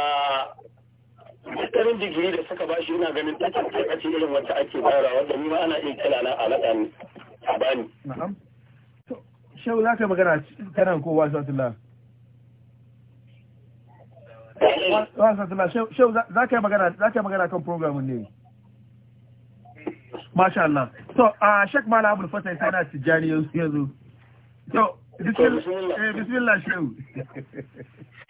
digiri da suka bashi yana ganin irin wacce ake bayarwa ni ma ana iya kila na alaƙa ne na'am shau za ka magana kowa Shau za ka yi magana kan programin ne. Masha Allah. So, a uh, Shek Mala Abul Fatai sai na tijjani yanzu. So, eh, bismillah Shehu.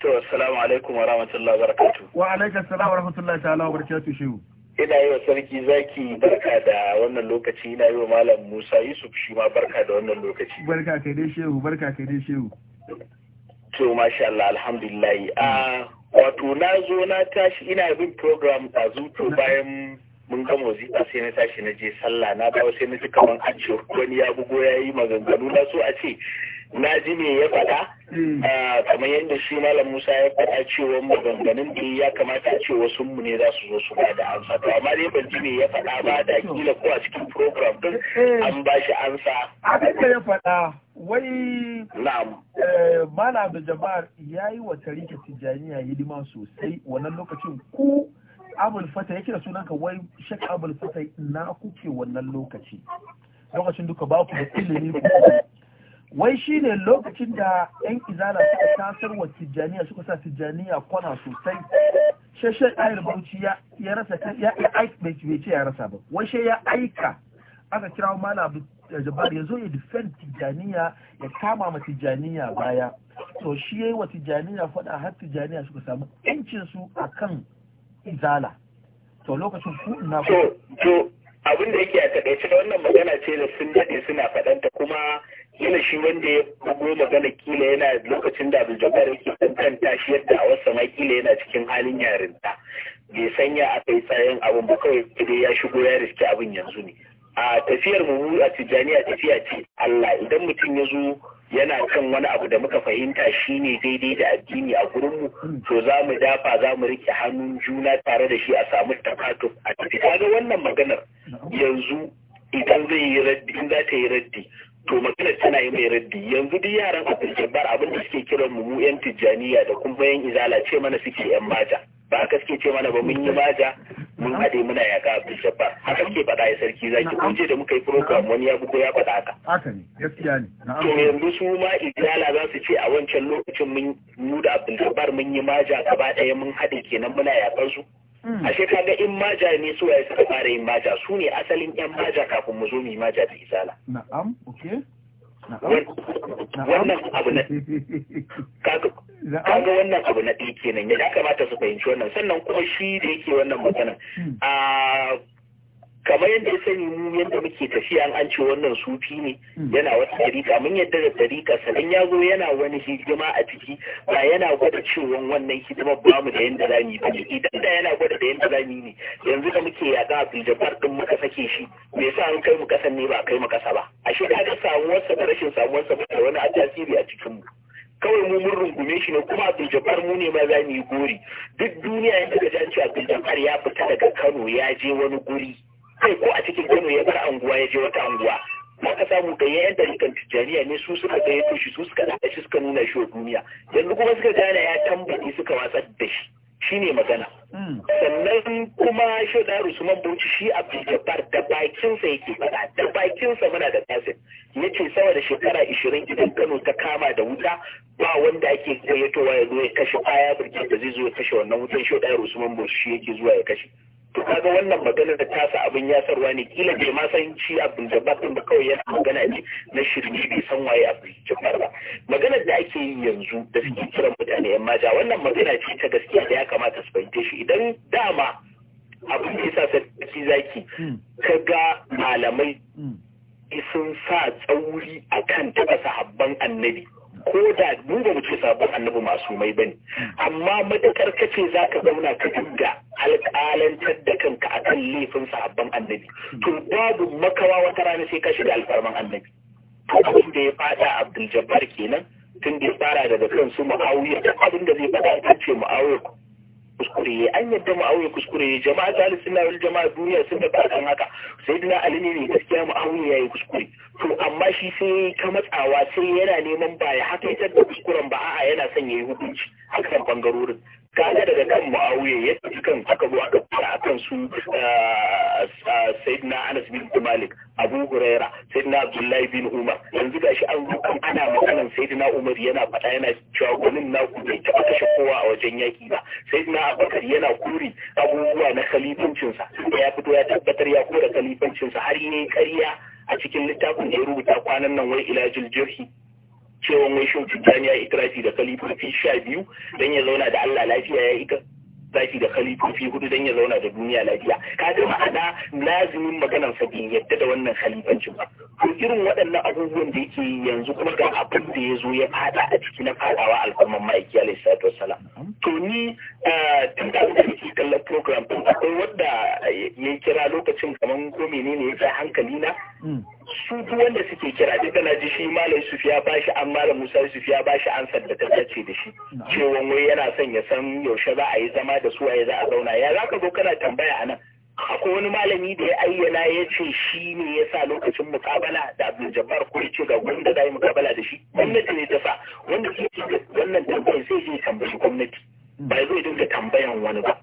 To, assalamu alaikum wa rahmatullahi wa barakatuh. Wa alaikum salam wa rahmatullahi ta'ala wa barakatuh Shehu. Ina yi wa sarki zaki barka da wannan lokaci, ina yi wa Malam Musa Yusuf shi ma barka da wannan lokaci. Barka kai dai Shehu, barka kai dai Shehu. to masha Allah alhamdulillah a ah, wato na zo na tashi ina bin program ɗazu zuto bayan mun gama wazifa sai na tashi na je sallah na dawo sai na ji kamar an ce wani ya bugo ya yi maganganu na so a ce na ji me ya faɗa hmm. ah, kamar yadda shi malam Musa ya faɗa cewa maganganun da ya kamata a ce wasu mu ne za su zo su bada amsa to amma dai ban ji me ya faɗa ba da kila ko a cikin program din eh, eh. an ba shi amsa abin da ya faɗa wai na'am eh, malam da jama'ar yayi wa tarika tijaniya hidima sosai wannan lokacin ku abul fata ya kira sunanka wai shek abul fata na kuke wannan lokaci lokacin duka ba ku da ilimi wai shi ne lokacin da yan izala suka tasar wa tijjaniya suka sa tijjaniya kwana sosai shashen ayar bauchi ya rasa ta. ya aika bai ce ya rasa ba wai shi ya aika aka kira mala abu jabbar ya zo ya defend tijjaniya ya kama ma tijjaniya baya to shi yayi wa tijjaniya faɗa har tijjaniya suka samu yancin su akan izala to lokacin ku na to to abin da yake a takaice wannan magana ce da sun dade suna faɗanta kuma kila shi wanda ya bugo magana kila yana lokacin da Abdul Jabbar yake tantanta shi yadda a wasu ma kila yana cikin halin yarinta bai sanya a kai tsayin abin ba kawai dai ya shigo ya riske abin yanzu ne a tafiyar mu a Tijjaniya tafiya ce Allah idan mutum ya zo yana kan wani abu da muka fahimta shi ne daidai da addini a gurinmu to za mu dafa za mu rike hannun juna tare da shi a samu takatu a tafi ga wannan maganar yanzu idan zai yi raddi in za ta yi raddi to magana tana yi mai raddi yanzu duk yaran abin jabbar abin da suke kiran mu yan tijjaniya da kuma yan izala ce mana suke yan maja ba haka suke ce mana ba mun yi maja mun haɗe muna yaƙa abin jabbar haka suke faɗa ya sarki zaki ki je da muka yi program wani ya buko ya faɗa haka haka ne gaskiya ne to yanzu su ma izala za su ce a wancan lokacin mun mu da abin jabbar mun yi maja gaba ɗaya mun haɗe kenan muna yaƙar su Hmm. ashe kaga in maja ne su waye suka fara yin maja su ne asalin yan maja kafin mu zo mu yi maja da isala na'am okay wannan abu na kaga wannan abu na ɗaya kenan ya kamata su fahimci wannan sannan kuma shi da yake wannan maganan hmm. a ah, kamar yadda ya sani mu yadda muke tafiya an ce wannan sufi ne hmm. yana wata dariƙa mun yadda da dariƙa sannan ya zo yana wani hidima a ciki ba yana gwada cewa wannan hidima ba mu da yadda zamu ba ne idan da yana gwada da yadda zamu ne yanzu da muke yaƙa Abdul Jabbar din muka sake shi me yasa an kai mu kasan ne ba kai mu kasa ba ashe kaga samuwarsa da rashin samuwarsa ba da wani a tasiri a cikin mu kawai mu mun rungume shi ne kuma Abdul Jabbar mu ne ma za mu yi gori duk duniya yadda ga an ce Abdul Jabbar ya fita daga Kano ya je wani guri kai ko a cikin Kano ya bar anguwa ya je wata anguwa ba ka samu da yayan dalikan tijjaniya ne su suka ga ya shi su suka da shi suka nuna shi wa duniya yanzu kuma suka gane ya tambaye suka watsar da shi shine magana hmm. sannan kuma shi da Usman Bauchi shi Abdul Jabbar da bakinsa yake faɗa da bakinsa muna da kasin yace sama da shekara ishirin idan Kano ta kama da wuta ba wanda ake gayyatowa ya zo ya kashe baya burki da zai zo ya kashe wannan wutan shi da Usman Bauchi shi yake zuwa ya kashe to kaga wannan magana da tasa abin ya sarwa ne kila bai ma san shi abin jabbar din da kawai yana magana ne na shirme bai san waye abin jabbar ba maganar da ake yi yanzu da suke kiran mutane yan mata wannan magana ce ta gaskiya da ya kamata su fahimce shi idan dama abin da yasa sarki zaki hmm. ga malamai hmm. sun sa tsauri akan taɓa sahabban annabi ko da mu ba mu ce sabon annabi masu mai bane amma matakar kace za ka zauna ka dinga alƙalantar da kanka akan laifin sabon annabi to babu makawa wata rana sai ka shiga alfarman annabi to abin da ya fada Abdul Jabbar kenan tun da fara daga kansu su Muawiya abin da zai fada kan ce Muawiya kuskure an yadda auye kuskure jama'a ta suna wani jama'a duniya sun da kan haka sai dina ali ne ne gaskiya ma'auya ya yi kuskure to amma shi sai ka matsawa sai yana neman ba ya haka da kuskuren ba a'a yana son ya yi hukunci kan bangarorin kaga daga kan a ya tafi kan aka zo aka fara akan su ah, ah, sayyidina anas bin malik abu huraira sayyidina abdullahi bin umar yanzu gashi an zo kan ana maganan sayyidina umar yana faɗa yana cewa gwanin na ku bai taɓa kashe kowa a wajen yaki ba sayyidina abubakar yana kuri abubuwa na khalifancinsa ya fito ya tabbatar ya kura khalifancinsa har yi ƙarya a cikin littafin da ya rubuta kwanan nan wai ilajul jirhi cewa mai shi tijjani ya itirafi da kalifofi sha biyu don ya zauna da Allah lafiya ya zafi da kalifofi hudu don ya zauna da duniya lafiya ka ga ma'ana lazimin maganar sa bai yadda da wannan halifancin ba to irin waɗannan abubuwan da yake yanzu kuma ga abin da ya zo ya fada a ciki na faɗawa al'umman ma'aiki alaihi salatu wassalam to ni tun da aka yi kallon program akwai wanda ya kira lokacin kamar ko menene ya hankali na hmm. su wanda suke kira duk da naji shi malam sufiya ba shi an malam musa sufiya ba shi an sanda ta da shi cewa wai yana son ya san yaushe za a yi zama da su waye za a zauna ya zaka zo kana tambaya anan akwai wani malami da ya ayyana ya ce shi ne ya sa lokacin mukabala da abin jabbar ko ce ga wanda za yi mukabala da shi gwamnati ne ta sa wanda ke wannan tambayar sai je tambayi gwamnati ba zai dinga tambayan wani ba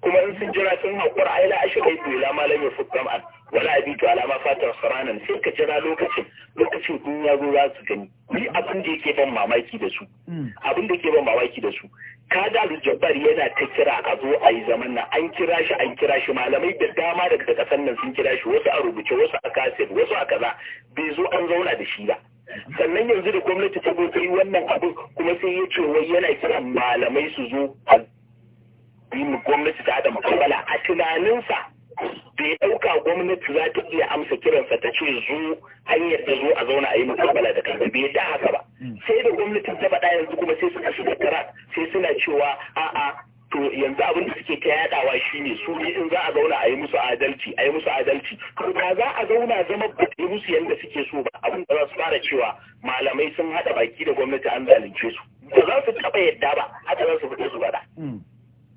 kuma in sun jira sun haƙura aila ashirai bila malam ya fukam an wala to alama fatar saranan sai ka jira lokacin lokacin in ya zo za su gani ni abin da yake ban mamaki da su hmm. abin da yake ban mamaki da su Ka da jabbar yana ta kira a zo a yi zaman nan an kira shi an kira shi malamai da dama daga kasan nan sun kira shi wasu a rubuce wasu a kasir wasu a kaza bai zo an zauna da shi ba sannan yanzu da gwamnati ta zo wannan abin kuma sai ya ce wai yana kiran malamai su zo a yi gwamnati ta da makamala a tunaninsa bai ɗauka gwamnati za ta iya amsa kiransa ta ce zo hanyar da zo a zauna a yi mukabala da kansa bai da haka ba hmm. sai da gwamnatin ta faɗa yanzu kuma sai suka shiga tara sai suna cewa a'a to yanzu abin da suke ta yadawa shine su ne in za a zauna a yi musu adalci a yi musu adalci to ba za a zauna zama ba ta musu yanda suke so ba abin da za su fara cewa malamai sun haɗa baki da gwamnati an zalunce su ba za su taɓa yadda ba haka za su fita su bada hmm.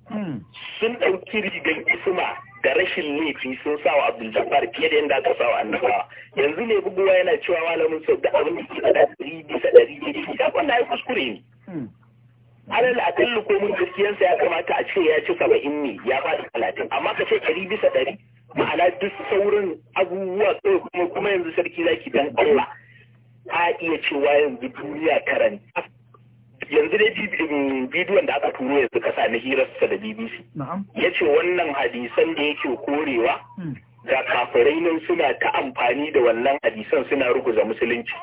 hmm. sun ɗauki rigar isma da rashin laifi sun sa wa Abdul Jabbar fiye da yadda aka sa wa annabawa yanzu ne buguwa yana cewa malamin sau da abin da ke da ɗari bisa ɗari ne da wannan ya kuskure ne hmm. alal akalli ko mun gaskiyansa ya kamata a ce ya ci saba'in ne ya faɗi talatin amma ka ce ɗari bisa ɗari ma'ana duk saurin abubuwa ɗaya kuma kuma yanzu sarki zaki dan Allah a iya cewa yanzu duniya karanta yanzu dai um, bidiyon da aka turo yanzu kasa na hirarsa da BBC ya ce wannan hadisan da yake korewa hmm. ga kafirai nan suna ta amfani da wannan hadisan suna ruguza musulunci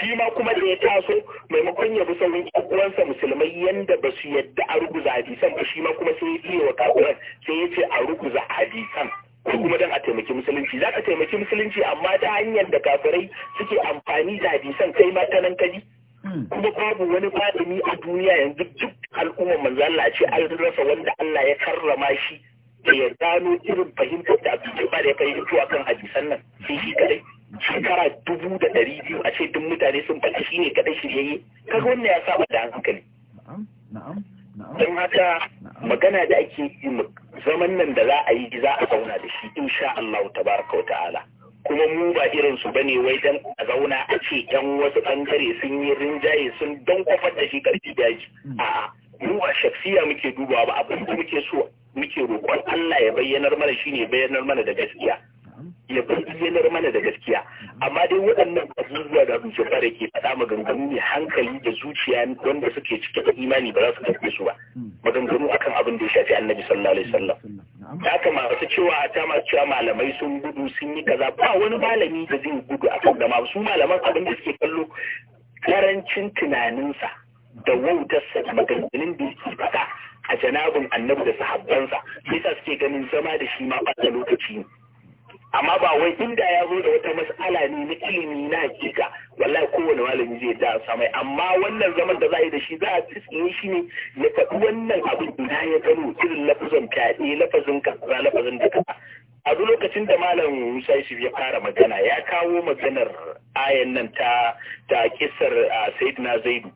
shi ma kuma da ya taso maimakon ya bi sauran uwansa musulmai yadda ba su yadda a ruguza hadisan ba shi ma kuma sai ya wa sai ya a ruguza hadisan ko kuma don a taimaki musulunci za ka taimaki musulunci amma ta hanyar da kafirai suke amfani da hadisan kai ma ta nan kaji Hmm. kuma babu wani malami a duniya yanzu duk al'ummar manzo Allah ce an rasa wanda Allah ya karrama shi da ya gano irin fahimtar da abin da ya fahimci a kan hadisan nan sai shi kadai shekara dubu da ɗari biyu a ce duk mutane sun faɗi shi ne kadai shiryayye kaga wannan ya saba da hankali don haka magana da ake yi zaman nan da za a yi za a zauna da shi insha Allah tabaraka wa ta'ala kuma mu ba irin su bane wai dan a zauna a ce yan wasu bangare sun yi rinjaye sun don kofar da shi karfi daji a mu ba shaksiya muke dubawa ba abin da muke so muke roƙon Allah ya bayyanar mana shine bayyanar mana da gaskiya ya bayyanar mana da gaskiya amma dai waɗannan abubuwa da abin da ke faɗa maganganu ne hankali da zuciya wanda suke cike da imani ba za su karɓe su ba maganganu akan abin da ya shafi annabi sallallahu alaihi wasallam ya masu cewa a ta masu cewa malamai sun gudu sun yi kaza ba wani malami da zai gudu a kan gama su malaman abin da suke kallo karancin tunaninsa da wautarsa da maganganun da yake faɗa a janabin annabi da sahabbansa sai suke ganin zama da shi ma ɓata lokaci ne amma ba wai inda ya zo da wata mas'ala ne na ilimi na hakika wallahi kowane malami zai da samai amma wannan zaman da za a yi da shi za a tsitsiye shi ne ya faɗi wannan abin ina ya gano irin lafazin fyaɗe lafazin kaza lafazin da kaza a duk lokacin da malam Musa Yusuf ya fara magana ya kawo maganar ayan nan ta ta kissar Sayyidina Zaidu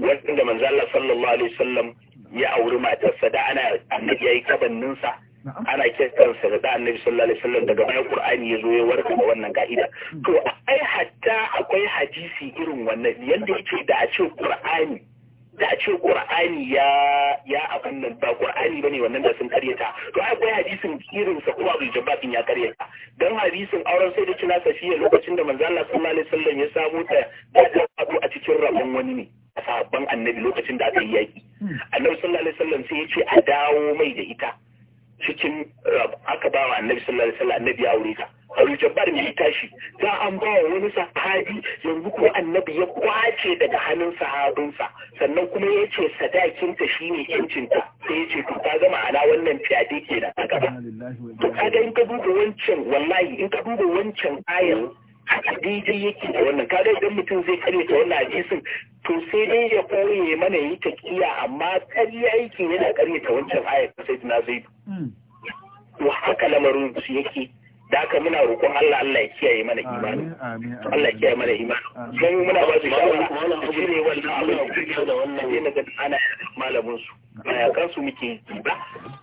wanda manzo Allah sallallahu alaihi wasallam ya auri matarsa da ana annabi yayi kabanninsa ana sa da annabi sallallahu alaihi wasallam daga bayan qur'ani yazo ya warka da wannan ka'ida hmm. to ai hatta akwai hadisi irin wannan yanda yake da a ce qur'ani da a ce qur'ani ya ya ba nan ba qur'ani bane wannan da sun karyata to akwai hadisin irin sa kuma Abu Jabbabin ya karyata dan hadisin auren sai da kina safiya lokacin da manzo Allah sallallahu alaihi wasallam ya samu ta da abu a cikin rabon wani ne a sahabban annabi lokacin da aka yi yaki hmm. annabi sallallahu alaihi wasallam sai ya ce a dawo mai da ita cikin eh, aka ba wa annabi sallallahu alaihi wasallam annabi aure ka aure jabbar mai tashi za an ba wa wani sahabi yanzu kuma annabi ya kwace daga hannun sahabinsa sannan kuma ya ce sadakinta shine ta sai ya ce to ta zama ana wannan fiyade kenan aka ba. to kaga in ka duba wancan wallahi in ka duba wancan ayar haka yake da wannan kada idan mutum zai ta wannan hadisin to sai dai ya koye mana yi ta kiya amma tsari aiki yana ta wancan ayat sai na zai hmm. to haka lamarin su yake da muna roƙon Allah Allah ya kiyaye mana imani Allah ya kiyaye mana imani sai muna ba su shawara su ne wannan Allah ya kiyaye da wannan ne daga ana malamin su kan su muke yi ba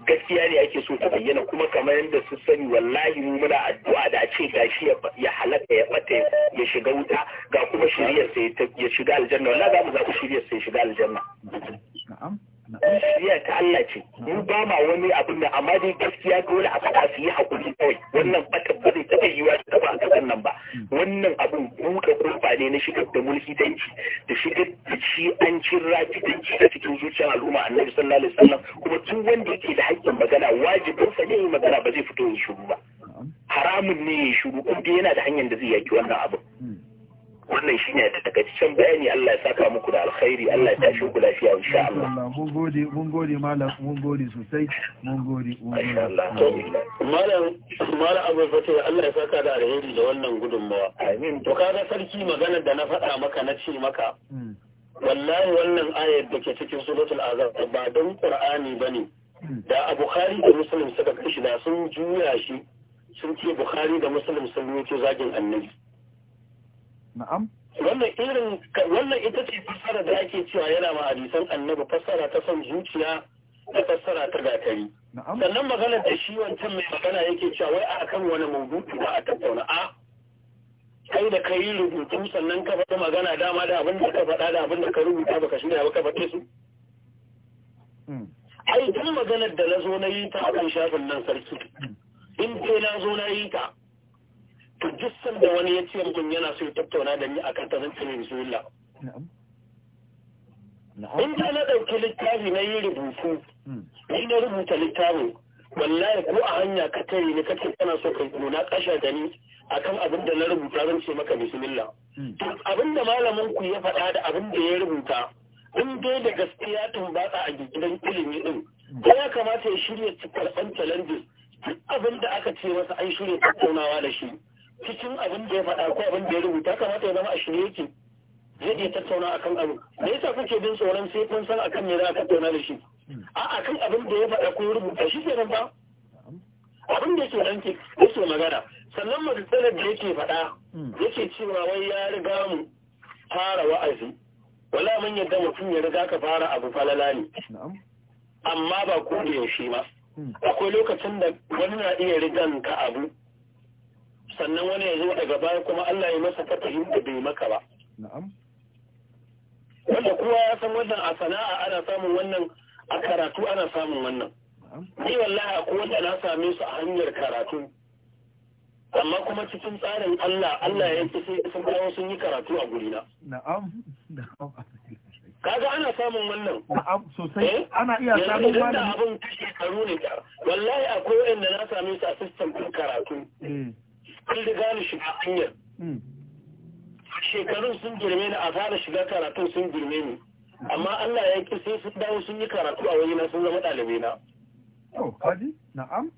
gaskiya ne ake so ta bayyana kuma kamar yadda su sani wallahi mu muna addu'a da a ce gashi ya halaka ya bata ya shiga wuta ga kuma shiriyar sai ya shiga aljanna wallahi za mu zaɓi shiriyar sai ya shiga aljanna shari'a ta Allah ce mun ba ma wani abin da amma dai gaskiya dole a faɗa su yi haƙuri kawai wannan bata ba zai taɓa ta taɓa a kasan nan ba hmm. wannan abin buɗe ƙofa ne na shigar da mulki mulkitanci da shigar da shi an cin rakitanci a cikin zuciyar al'umma annabi sallallahu alaihi wasallam kuma tun wanda yake da haƙƙin magana wajibinsa ne yi magana ba zai fito ya shiru ba haramun ne ya shiru kuma yana da hanyar da zai yaki wannan abin hmm. wannan shi ne da takaitaccen bayani Allah ya saka muku da alkhairi Allah ya tashi ku lafiya insha Allah mun mun gode malam mun gode sosai mun gode mun gode malam malam Abu Fatih Allah ya saka da alheri da wannan gudunmawa amin to sarki magana da na faɗa maka na ce maka hmm. wallahi wannan ayar da ke cikin suratul azab ba don qur'ani bane hmm. da a Khari da Muslim suka kashi da sun juya shi sun ce Bukhari da Muslim sun yi zagin annabi na'am wannan irin wannan ita ce fassara da ake cewa yana ma hadisan annabi fassara ta son zuciya da fassara ta gatari sannan magana da shi wancan mai magana yake cewa wai a kan wani maudu'i ba a tattauna a kai da kai rubutu sannan ka faɗi magana dama da abin da ka faɗa da abin da ka rubuta baka shirya ba ka faɗe su hmm. ai duk maganar da na zo na yi ta a kan shafin nan sarki hmm. in dai na zo na yi ta to duk sanda wani ya ce mun yana so ya tattauna da ni a ta zan zuwa in da na ɗauki littafi na yi rubutu hmm. ni na rubuta littafin wallahi ko a hanya ka tare ni kace kana so ka nuna ƙasha da ni akan abin da na rubuta zan ce maka bismillah hmm. abin da malamin ku ya faɗa da abin da ya rubuta in dai da gaskiya tun ba a gidan ilimi din hmm. ko ya kamata ya shirya karɓan challenges duk abin da aka ce masa an shirya tattaunawa da shi cikin abin da ya faɗa ko abin da ya rubuta kamata ya zama a shirye yake zai iya tattauna akan abu me yasa kuke bin tsoron sai kun san akan me za a tattauna da shi a akan abin da ya faɗa ko ya rubuta shi kenan ba abin da yake ranke yake magana sannan mu da yake faɗa yake cewa wai ya riga mu fara wa'azi wala mun yadda mutum ya riga ka fara abu falala ne amma ba ko da yaushe ba hmm. akwai lokacin da wani na iya rigan ka abu sannan wani ya zo daga baya kuma Allah ya masa fatahin da bai maka ba na'am wanda kowa ya san wannan a sana'a ana samun wannan a karatu ana samun wannan ni wallahi akwai wanda na same su a hanyar karatu amma kuma cikin tsarin Allah Allah ya yanke sai sun kawo sun yi karatu a gurina na'am kaga ana samun wannan na'am sosai eh? ana iya samun wannan da abin kashi karu ne wallahi akwai wanda na same su a system din karatu eh. sun riga ni shiga hanyar hmm. shekarun sun girme ni a fara shiga karatun sun girme ni amma Allah ya ki sai sun dawo sun yi karatu a wajena sun zama ɗalibai na. Oh, kaji? Na'am?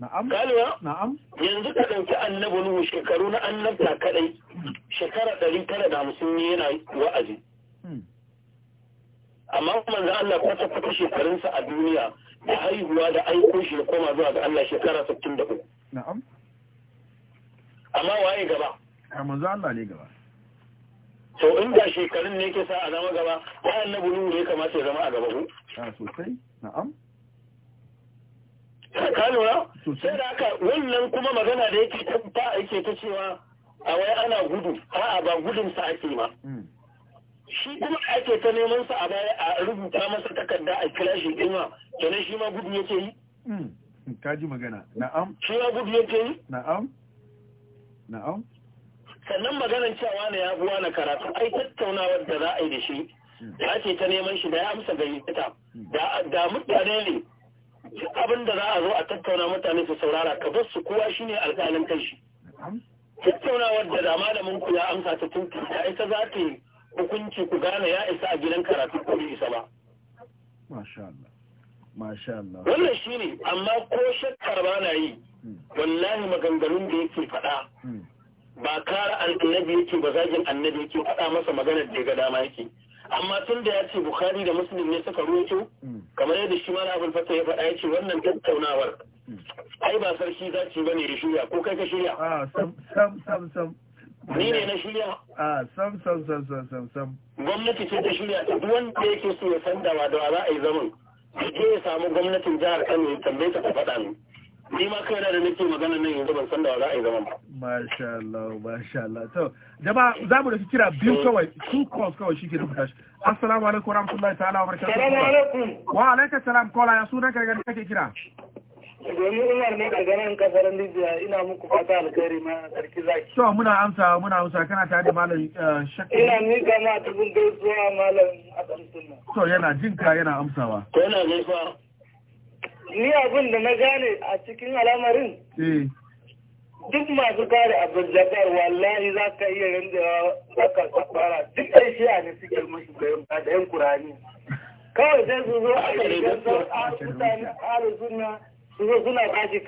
Na'am? Galiwa? Na'am? Yanzu ka ɗauki annabi Nuhu shekaru na annabta kaɗai shekara ɗari tara da hamsin ne yana wa'azi. Hmm. Amma manzo Allah kwata kwata shekarunsa a duniya da haihuwa da aiko shi da koma zuwa ga Allah shekara sittin da uku. Na'am? amma waye gaba a manzo Allah ne gaba to in da shekarun ne ke sa a zama gaba bayan na bulu ne kamata ya zama a gaba ku a sosai na'am ka lura sai da haka wannan kuma magana da yake ta yake ta cewa a wai ana gudu a'a ba gudun sa ake ma mm. shi kuma ake ta neman sa a baya a rubuta masa takarda a kira shi to ne shi ma gudu yake yi mm. ka ji magana na'am shi ma gudu yake yi na'am na'am sannan maganan cewa ne ya buwa na karatu ai tattaunawar da za a yi da shi ya ce ta neman shi da ya amsa ta da mutane ne abin da za a zo a tattauna mutane su saurara ka bar su kowa shine alƙalin kai shi tattaunawar da dama da mun ya amsa ta tuntu ya isa za ta yi hukunci ku gane ya isa a gidan karatu ko bai isa ba masha Allah masha Allah wannan shine amma ko shakkar ba na yi wallahi maganganun da yake faɗa ba kara annabi yake ba zagin annabi yake faɗa masa maganar da ya ga dama yake amma tun da ya ce bukhari da muslim ne suka ruwaito kamar yadda shi mala abin fata ya fada ya ce wannan tattaunawar ai ba sarki zaci ba ya shirya ko kai ka shirya ah, ni ne na shirya a ah, sam sam sam sam sam sam gwamnati ce ta shirya ta duk wanda yake so ya san da wa da za a yi zaman ya je ya samu gwamnatin jihar kano ya tambaye ta ta faɗa ni ni ma kai da nake magana nan yanzu ban san da za a yi zaman ba masha Allah masha Allah to jama'a za mu da kira biyu kawai two calls kawai shi ke da mutashi assalamu alaikum rahmatullahi ta'ala wa barakatuh assalamu alaikum wa alaikum salam kola ya sunan ka ga kake kira domin umar ne daga nan kasar libya ina muku fata alkhairi ma sarki zaki to muna amsa muna amsa kana tare da malam eh, shakki ina ni ga ma tubun gaisuwa malam asan sunna to yana jinka yana amsawa Ko yana gaisuwa ni abin da na gane a cikin al'amarin eh. duk masu kare abin jabar wallahi za ka iya ranzawa za ka duk ɗan shi, ne suke musu bayan ba da yan kurani kawai sai su zo a ƙarshen mutane ahalu suna su zo suna ba shi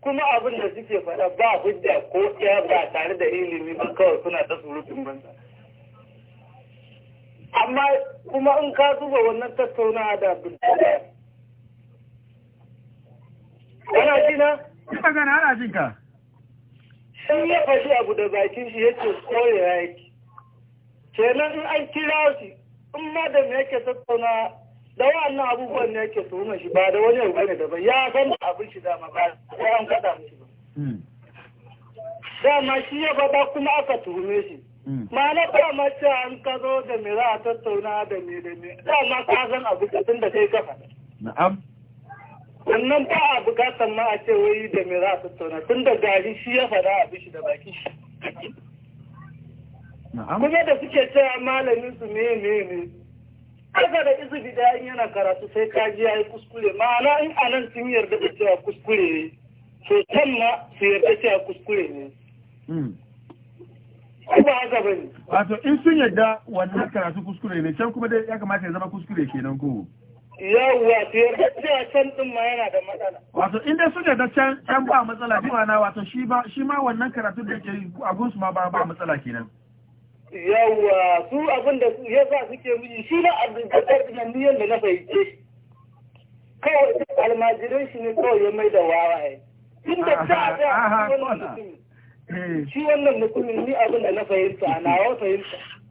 kuma abin da suke faɗa ba hujja ko ɗaya ba tare da ilimi ba kawai suna ta surutun banza amma kuma in ka zuba wannan tattaunawa da abin da ana jina? Ina gana ana jinka. Sun ya fashi abu da bakin shi yake kore ya yake. Kenan in an kira shi, in ma da me yake tattauna da wa'annan abubuwan ne yake tuhumar shi ba da wani abu bane daban ya san abin shi dama ba ya an kada mishi ba. Hmm. Dama shi ya bada kuma aka tuhume shi. Hmm. Ma'ana ba ma ce an ka zo da me za a tattauna da me da me dama ka san abu da tun da kai kafa. Na'am. sannan ba a bukatar ma a ce wai da me za a tattauna tun da gari shi ya faɗa a bishi da baki shi kuma da suke cewa malamin su me ne. ne kaga da izubi da in yana karatu sai kaji ya yi kuskure ma'ana in a nan sun yarda da cewa kuskure ne to can ma su yarda cewa kuskure ne hmm. haka ba ne wato in sun yarda wannan karatu kuskure ne can kuma dai ya kamata ya zama kuskure kenan ko yawwa to yarda cewa can din ma yana da matsala wato inda suka da can can ba matsala bi na wato shi ba shi ma wannan karatu da ke a su ma ba ba matsala kenan yawwa su abin da ya sa suke miji shi na abdulkadar nan ni yanda na fahimce kawai almajirin shi ne kawai ya mai da wawaye eh. inda ta da eh. shi wannan mutumin ni abin da na fahimta a nawa fahimta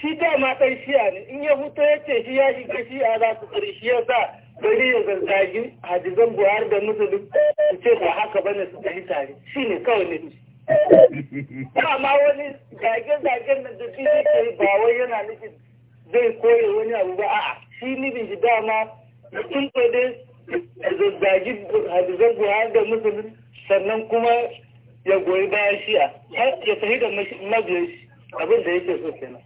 shi dama ɗan shiya ne in ya fito ya ce shi ya shiga shiya za su tsari shi ya sa bari ya zazzagi hadizan buhari da musulun su ce ba haka bane su tafi tare shi ne kawai ne ba ma wani zage-zagen da duk ne ba wai yana nufin zai koya wani abu ba a'a shi nufin shi dama mutum ɗaya zazzagi hadizan buhari da musulun sannan kuma ya goyi bayan shiya ya sahi da mabiyan abin da yake so kenan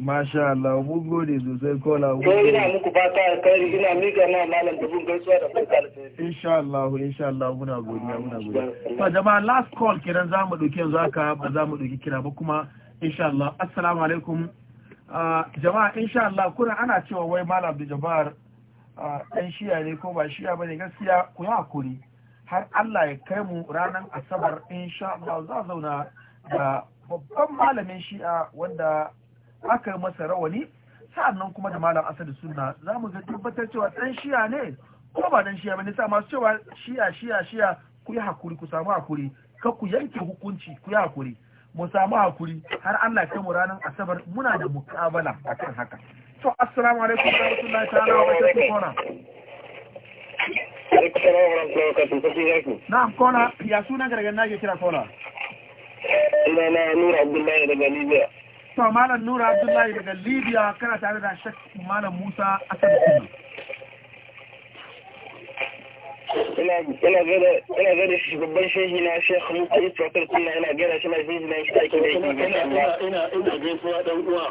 Masha Allah, mun gode sosai kola. Ko ina muku fata alkhairi ina miƙa na malam dubun gaisuwa da kai alkhairi. Insha Allah, insha Allah muna godiya, muna godiya. Ba jama'a last call kiran za mu ɗauki yanzu haka ba za mu ɗauki kira ba kuma insha Allah. Assalamu alaikum. Ah, jama'a insha Allah kuna ana cewa wai malam da Jabbar ah, ɗan shiya ne ko ba shiya bane gaskiya ku yi hakuri. Har Allah ya kai mu ranar Asabar insha Allah za zauna da babban malamin shi'a wanda aka yi masa rawani sa'annan kuma da malam asali sunna za mu ga tabbatar cewa dan shiya ne ko ba dan shiya bane sa masu cewa shiya shiya shiya ku yi hakuri ku samu hakuri ka ku yanke hukunci ku yi hakuri mu samu hakuri har Allah ya mu ranar asabar muna da mukabala akan haka to assalamu alaikum wa rahmatullahi ta'ala wa barakatuh kona Na'am kona ya suna Na nake kira kona Ina na Nura Abdullahi daga Libya سوى مالا نور عبد الله دغه ليبيا كان تعرض على شك مالا موسى اسد الدين انا انا انا غير شبان شي هنا شيخ ممكن تفكر كل هنا غير عشان عزيز ما يشتاك لي انا انا انا غير فوا دان كوا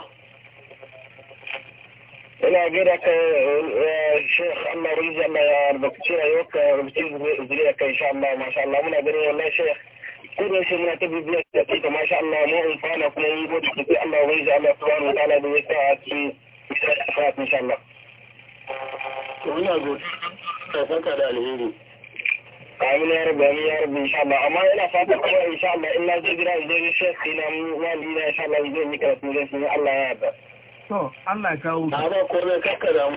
انا غيرك الشيخ اما ريزه ما يربك شي هيك ربتي زريك ان شاء الله ما شاء الله منا بني والله شيخ ko da yake muna ta bibiyar da kai da masha Allah mu amfana kuma yi gode da kai Allah wai da Allah subhanahu wataala da ya sa cikin fa'at insha Allah to ina godiya saka da alheri amin ya rabbi amin ya rabbi insha Allah amma ina fata kuma insha Allah in na je gida in je shek ina wani na insha Allah zai yi karatu da shi Allah ya yarda to Allah ya kawo ka ba ko ne kakka da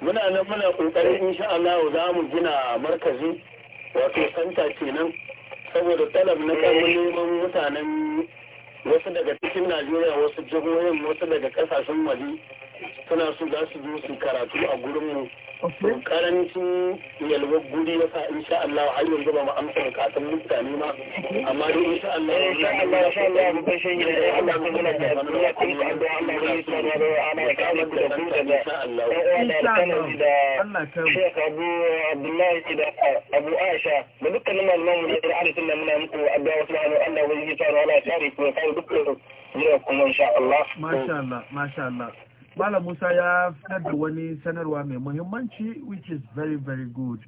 muna nan muna kokarin insha Allah za mu gina markazi wato santa kenan saboda talab na kamun eh. neman mutanen wasu daga cikin najeriya wasu jihohin wasu daga kasashen waje suna su za su zo su karatu a gurinmu karancin yalwar guri ya sa insha Allah har yanzu ba mu amsa bukatun mutane ma amma dai insha Allah eh, insha Allah insha Allah mu kai shi da Allah ku muna da ya kai da Allah ya yi sana da ana da kama da ku da insha Allah da kana da Sheikh Abu Abdullahi da Abu Aisha da dukkanin malaman mu da ahli sunna muna muku addu'a wa sallallahu Allah wa sallam ala shariku kai dukkan jira kuma insha Allah masha Allah masha Allah Malam Musa ya fitar da wani sanarwa mai muhimmanci which is very very good.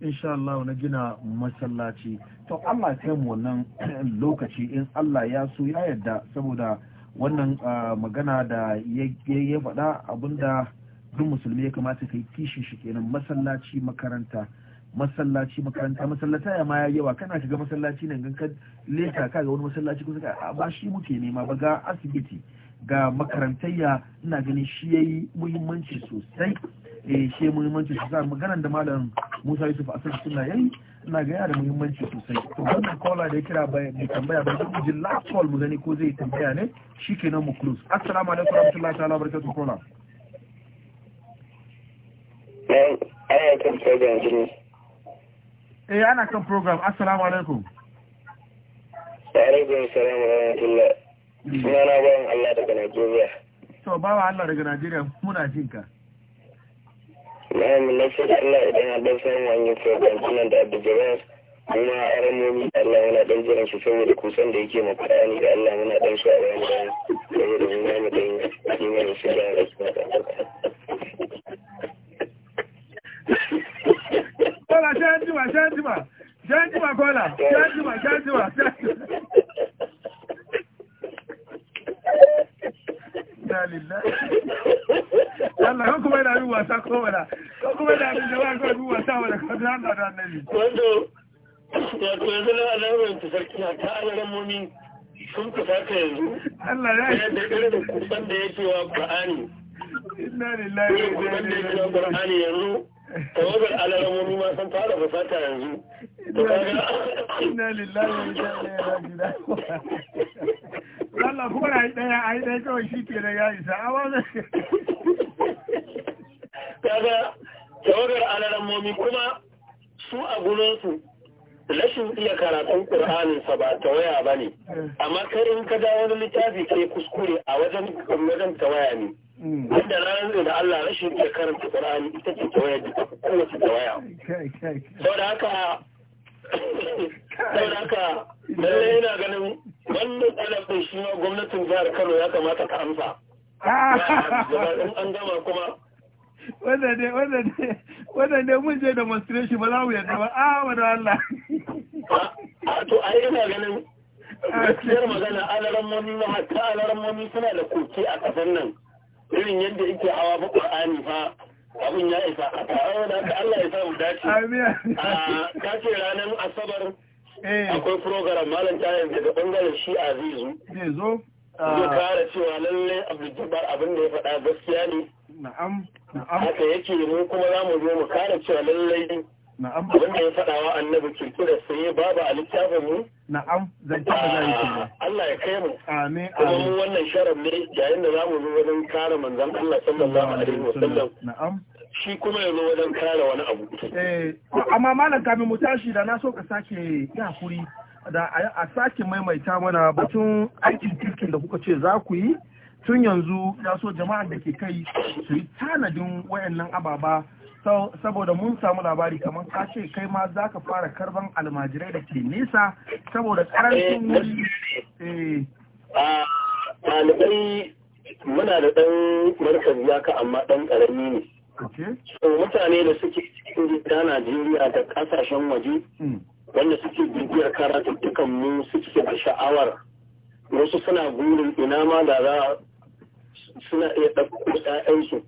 Insha Allah na gina masallaci. To Allah ya mu wannan lokaci in Allah ya so ya yarda saboda wannan ah, magana da ya faɗa abinda duk musulmi ya kamata kai kishi shi kenan masallaci makaranta masallaci makaranta masallata ya ma ya yawa kana shiga masallaci nan ganka ka leta ka ga wani masallaci kusa ah, ba shi muke nema ba ga asibiti ga makarantayya ina ganin shi ya yi muhimmanci sosai eh shi muhimmanci sosai maganar da malam Musa Yusuf sassu suna yayi ina ga yana da muhimmanci sosai to wannan kola da ya kira bai mu tambaya ba duk jin last call mu gani ko zai tambaya ne shikenan mu close assalamu alaikum warahmatullahi ta'ala barakatuh kola eh, eh, eh ana kan program assalamu alaikum. Wa alaikum assalam wa rahmatullah. Sunana bawan Allah daga Najeriya. To wa Allah daga Najeriya muna jin ka. Na'am na ce Allah idan a dan san wani program sunan da abu Abdul kuma aramomi Allah yana dan jiran shi saboda kusan da yake ma Qur'ani da Allah muna dan shi a wani da saboda mun ga dan imani shi da Kola shanjima shanjima shanjima kola shanjima shanjima shanjima inna lillahi Allah ko kuma ruwa ta ko wala ko kuma yana da jama'a ko ruwa ta wala ko da Allah da annabi wando ya ko yanzu na al'amarin ta sarki na ta alaran mumi sun kusa ka yanzu Allah ya yi da irin kusan da yake wa Qur'ani inna lillahi wa inna ilaihi raji'un yanzu tawagar alaramomi ma sun fara fusata yanzu lillahi wa ilaihi raji'un Allah ko rai daya ai dai kawai shi ke da ya isa amma kaga tawagar kuma su a gunansu rashin iya karatun ƙur'anin sa ba tawaya bane eh. amma in ka da wani littafi kai kuskure a wajen wajen tawaya ne Mm. wanda ranar da Allah rashin iya karanta Qur'ani ita ce tawaya da ta kowace tawaya saboda haka saboda haka lalle yana ganin wannan ɗalibin shi ma gwamnatin jihar Kano ya kamata ka amsa an gama kuma wannan ne mun je demonstration ba za mu yadda ba ah, a da Allah a to ai ina ganin gaskiyar magana alaran mami ma alaran suna da koke a kasar nan irin yadda yake hawa fa ƙwa'ani fa abin ya isa a tawo da Allah ya sa mu dace a kace ranar asabar eh. akwai program malam tayin daga bangaren shi a zai zo zai ah. kara cewa lalle abdul abin da ya faɗa gaskiya ne na'am na'am haka yake mu kuma za mu zo mu kara cewa lalle na'am abin da ya faɗa wa annabi kirkira sai babu a littafin mu na'am zan ta da yake Allah ya kai mu amin kuma mu wannan sharar ne yayin da mu zo wajen kare manzan Allah sallallahu alaihi wasallam na'am shi kuma ya zo wajen kare wani abu eh amma malam kamin mu tashi da na so ka sake yi hakuri da a sake maimaita mana batun aikin kirkin da kuka ce za ku yi tun yanzu ya so jama'ar da ke kai su yi tanadin wayannan ababa saboda mun samu labari kamar ka ce kai ma za ka fara karban almajirai da ke nesa saboda karancin eh, wuri eh. Eh, ɗalibai muna da ɗan markazi haka amma ɗan ƙarami ne so mutane da suke cikin gida najeriya da ƙasashen waje hmm. wanda suke bibiyar karatuttukan mu suke da sha'awar wasu suna burin ina ma da za suna iya ɗauko 'ya'yansu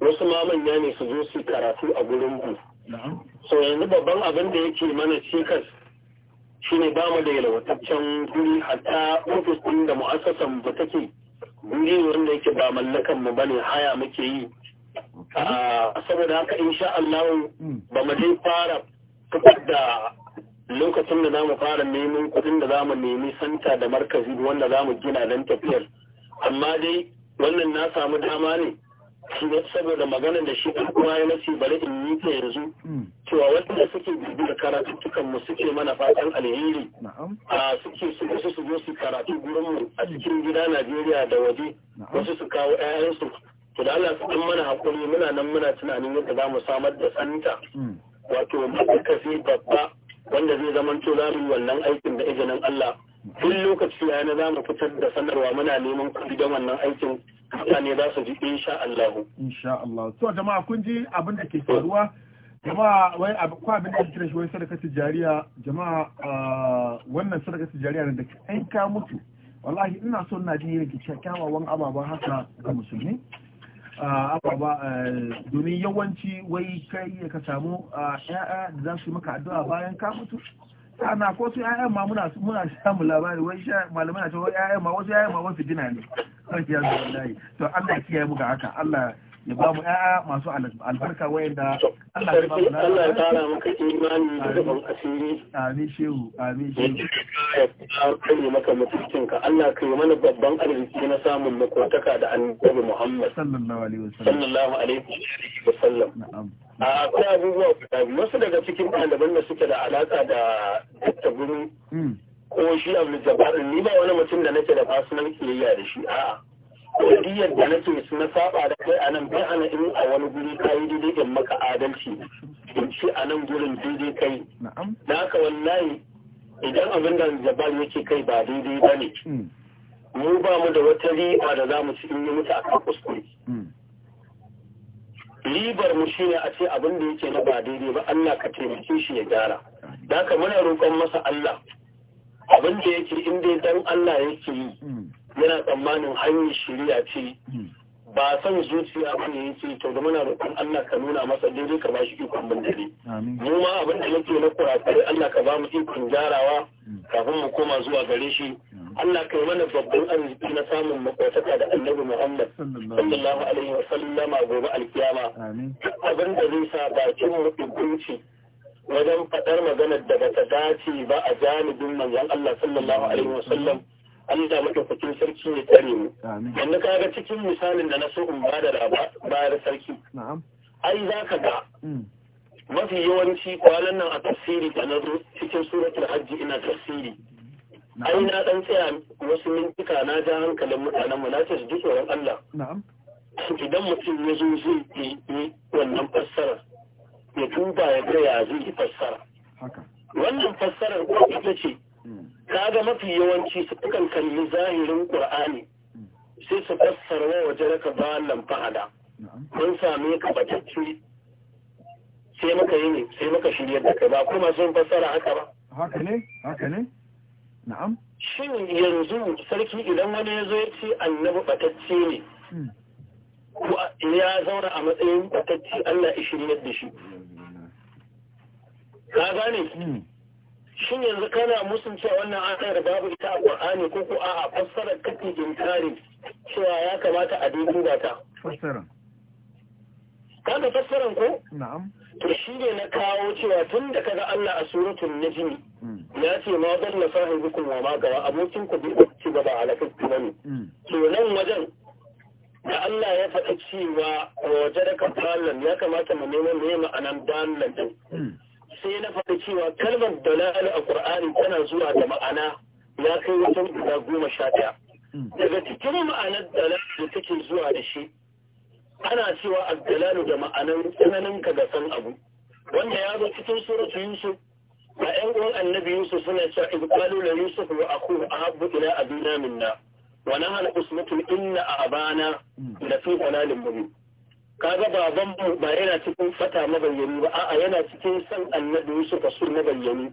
wasu ma ya ne su zo su karatu a gurin ku so yanzu babban abin da yake mana cikas shine ba mu da yalwataccen guri hatta ofis ɗin da mu'assasan ba take guri wanda yake ba mallakan mu bane haya muke yi ah, saboda haka insha Allah hmm. ba mu dai fara fitar da lokacin da zamu fara neman kudin da zamu nemi santa da markazi wanda zamu gina dan tafiyar amma dai wannan na samu dama ne saboda magana da shi ɗan kuma ya nace bari in yi ta yanzu mm. cewa da suke bibiyar karatuttukan mu suke mana fatan alheri a suke su wasu su zo su karatu gurin mu a cikin gida Najeriya da waje wasu su kawo 'ya'yansu to da Allah su ɗan mana hakuri muna nan muna tunanin yadda za mu samar da santa mm. wato matakafi babba wanda zai zamanto za mu yi wannan aikin da izinin Allah duk lokaci ya na za mu fitar da sanarwa muna neman kuɗi don wannan aikin mutane za su ji insha Allah insha Allah to jama'a kun ji abin da ke faruwa jama'a wai ko abin da kira shi wai sadaka tijariya jama'a wannan sadaka tijariya da kai ka mutu wallahi ina son na ji yake kyakkyawan ababa haka ga musulmi ababa domin yawanci wai kai ka samu ƴaƴa da za su maka addu'a bayan ka mutu sana ko su ƴaƴan ma muna muna samu labari wai sha malamai na cewa ƴaƴan ma wasu ƴaƴan ma wasu dina ne kan kiyaye wallahi to Allah kiyaye mu ga haka Allah ya ba mu ƴaƴa masu albarka wayanda Allah ya ba mu Allah ya tara maka imani da gaban asiri amin shehu amin shehu ya kare maka mutuncin ka Allah kai mana babban arziki na samun makotaka da annabi Muhammad sallallahu alaihi wasallam sallallahu alaihi wasallam na'am akwai abubuwa guda biyu wasu daga cikin ɗaliban da suke da alaƙa da tattabiru mm. ko shi abu jabarin ni ba wani mutum da nake da fasinan kiyayya da shi a'a wadiyar da nake su na saba da kai a nan bai ana in a wani guri ka yi daidai in maka adalci in ci a nan gurin daidai kai. Na haka wallahi idan abin da Jabal yake kai ba daidai ba ne. Hmm. Mu ba mu da wata riba da za mu ci in yi mutu a kan kuskure. Hmm. ribar mu shine a ce abin da yake na ba daidai ba Allah ka taimake shi ya gyara da haka muna roƙon masa Allah abin da yake in dai dan Allah yake yi hmm. yana tsammanin hanyar shirya ce hmm. ba san zuciya ba ne yake to da muna roƙon Allah ka nuna masa daidai ka ba shi ikon bin dare mu ma abin da yake na kurakare Allah ka ba mu ikon gyarawa hmm. kafin mu koma zuwa gare shi hmm. Allah ka yi mana babban arziki na samun makwataka da Annabi Muhammad sallallahu alaihi wa sallama gobe alkiyama abin da zai sa bakin mu ibunci wajen faɗar maganar da bata dace ba a janibin manzon Allah sallallahu alaihi wa sallam Allah madaukakin sarki ya tare mu yanzu ga cikin misalin da na so in ba da bayar sarki ai za ka ga mm. mafi yawanci kwanan nan a tafsiri da na zo cikin suratul hajji ina tafsiri ai na dan tsaya wasu mintika na ja hankalin mutanen mu na ce su ji tsoron Allah idan mutum ya zo zai yi wannan fassara ya tuba ya ga ya zai yi fassara wannan fassarar ko ita ce kaga mafi yawanci su kan kalli zahirin qur'ani sai su fassara wa waje ka ba lan fahada mun same ka batacci sai muka yi ne sai muka shirya da kai ba kuma sun fassara haka ba haka ne haka ne na'am shin yanzu sarki idan wani ya zo ya ce annabi batacce ne hmm. ya zauna a matsayin batacce Allah ya shirya da shi ka gane hmm. shin yanzu kana musunta wannan ayar babu ita a Qur'ani ko ko a'a fassarar kake jinkari cewa ya kamata a duba ta fassara kana fassaran ko na'am to shi ne na kawo cewa tun da kaga Allah a suratul najm hmm. ya ce ma dalla sahibukum wa ma gawa abokin ku bi ci gaba ala fitnan hmm. to nan wajen da Allah ya faɗa cewa wajadaka dalan ya kamata mu neman ne ma'anan dalan din hmm. sai na faɗi cewa kalmar Dalalu a ƙur'ani tana zuwa da ma'ana ya kai wajen guda goma sha ɗaya. Daga cikin ma'anar dalal da take zuwa da shi ana cewa As-Dalalu da ma'anar tsananin ka ga san abu. Wanda ya zo cikin suratu Yusuf A ƴan uwan annabi Yusuf suna cewa ibqalu Yusuf wa akhuhu ahabbu ila abina minna wa nahal usmatu inna abana da fi dalalin mubin. kaga baban mu ba yana cikin fata mabayyani ba a'a yana cikin san annabi Yusuf su mabayyani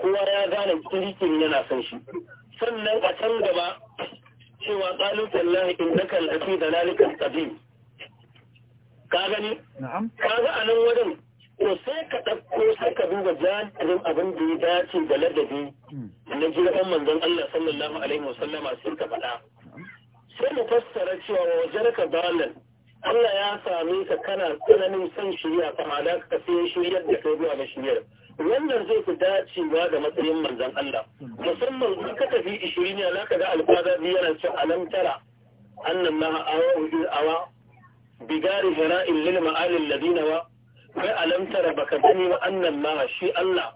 kowa ya gane kirkin yana san shi sannan a can gaba cewa qalu tallahi innaka lafi dalalikal qadim ka gani kaga anan wajen to sai ka ɗauko sai ka duba jami'in abin da ya dace da ladabi na jirgin manzon Allah sallallahu alaihi wasallama sai ka faɗa sai mu fassara cewa wajen ka dalan Allah ya same ka kana tsananin son shirya kama da ka sai shiryar da kai zuwa ga shiryar wannan zai fi dacewa da matsayin manzon Allah musamman in ka tafi ishirin ne za ga alfaza biyu yana cin alamtara annan na awa hujur awa bigari hira'in lil ma'alin ladina wa kai alamtara baka gani ba annan ma shi Allah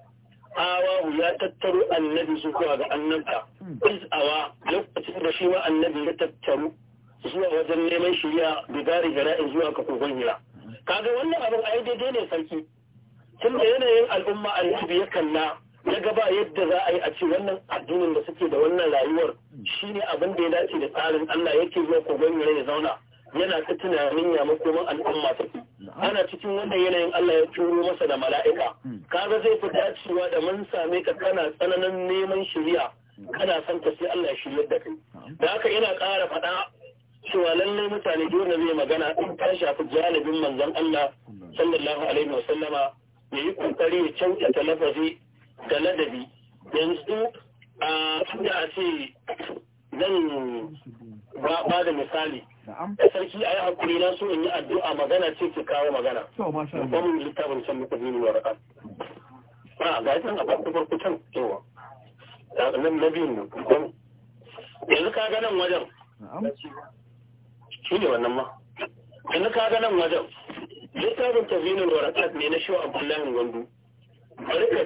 awahu ya tattaru annabi su kuwa ga annabta iz awa lokacin da shi wa annabi ya tattaru. zuwa wajen neman shirya bidari jara'in zuwa ka kogon hira kaga wannan abin yi daidai ne sarki tun da yanayin al'umma annabi ya kalla ya gaba yadda za a yi a ce wannan addinin da suke da wannan rayuwar shine abin da ya dace da tsarin Allah yake zuwa kogon hira ya zauna yana ta tunanin ya makoman al'umma take ana cikin wannan yanayin Allah ya turo masa da mala'ika kaga zai fi dacewa da mun same ka kana tsananin neman shirya kana son ka sai Allah ya shiryar da kai da haka yana ƙara faɗa cewa lallai mutane dole na zai magana in ta shafi jalibin manzan Allah sallallahu alaihi wasallama ya yi kokari ya kyautata lafazi da ladabi yanzu a cikin a ce zan ba da misali da sarki a yi hakuri na so in yi addu'a magana ce ki kawo magana ba mu littafin san muka zini wa a ga a farko farko can yawa yanzu ka ganin wajen shi ne wannan ma yanzu ka ga nan wajen littafin tazinin warakat ne na shi abdullahi gwandu bari ka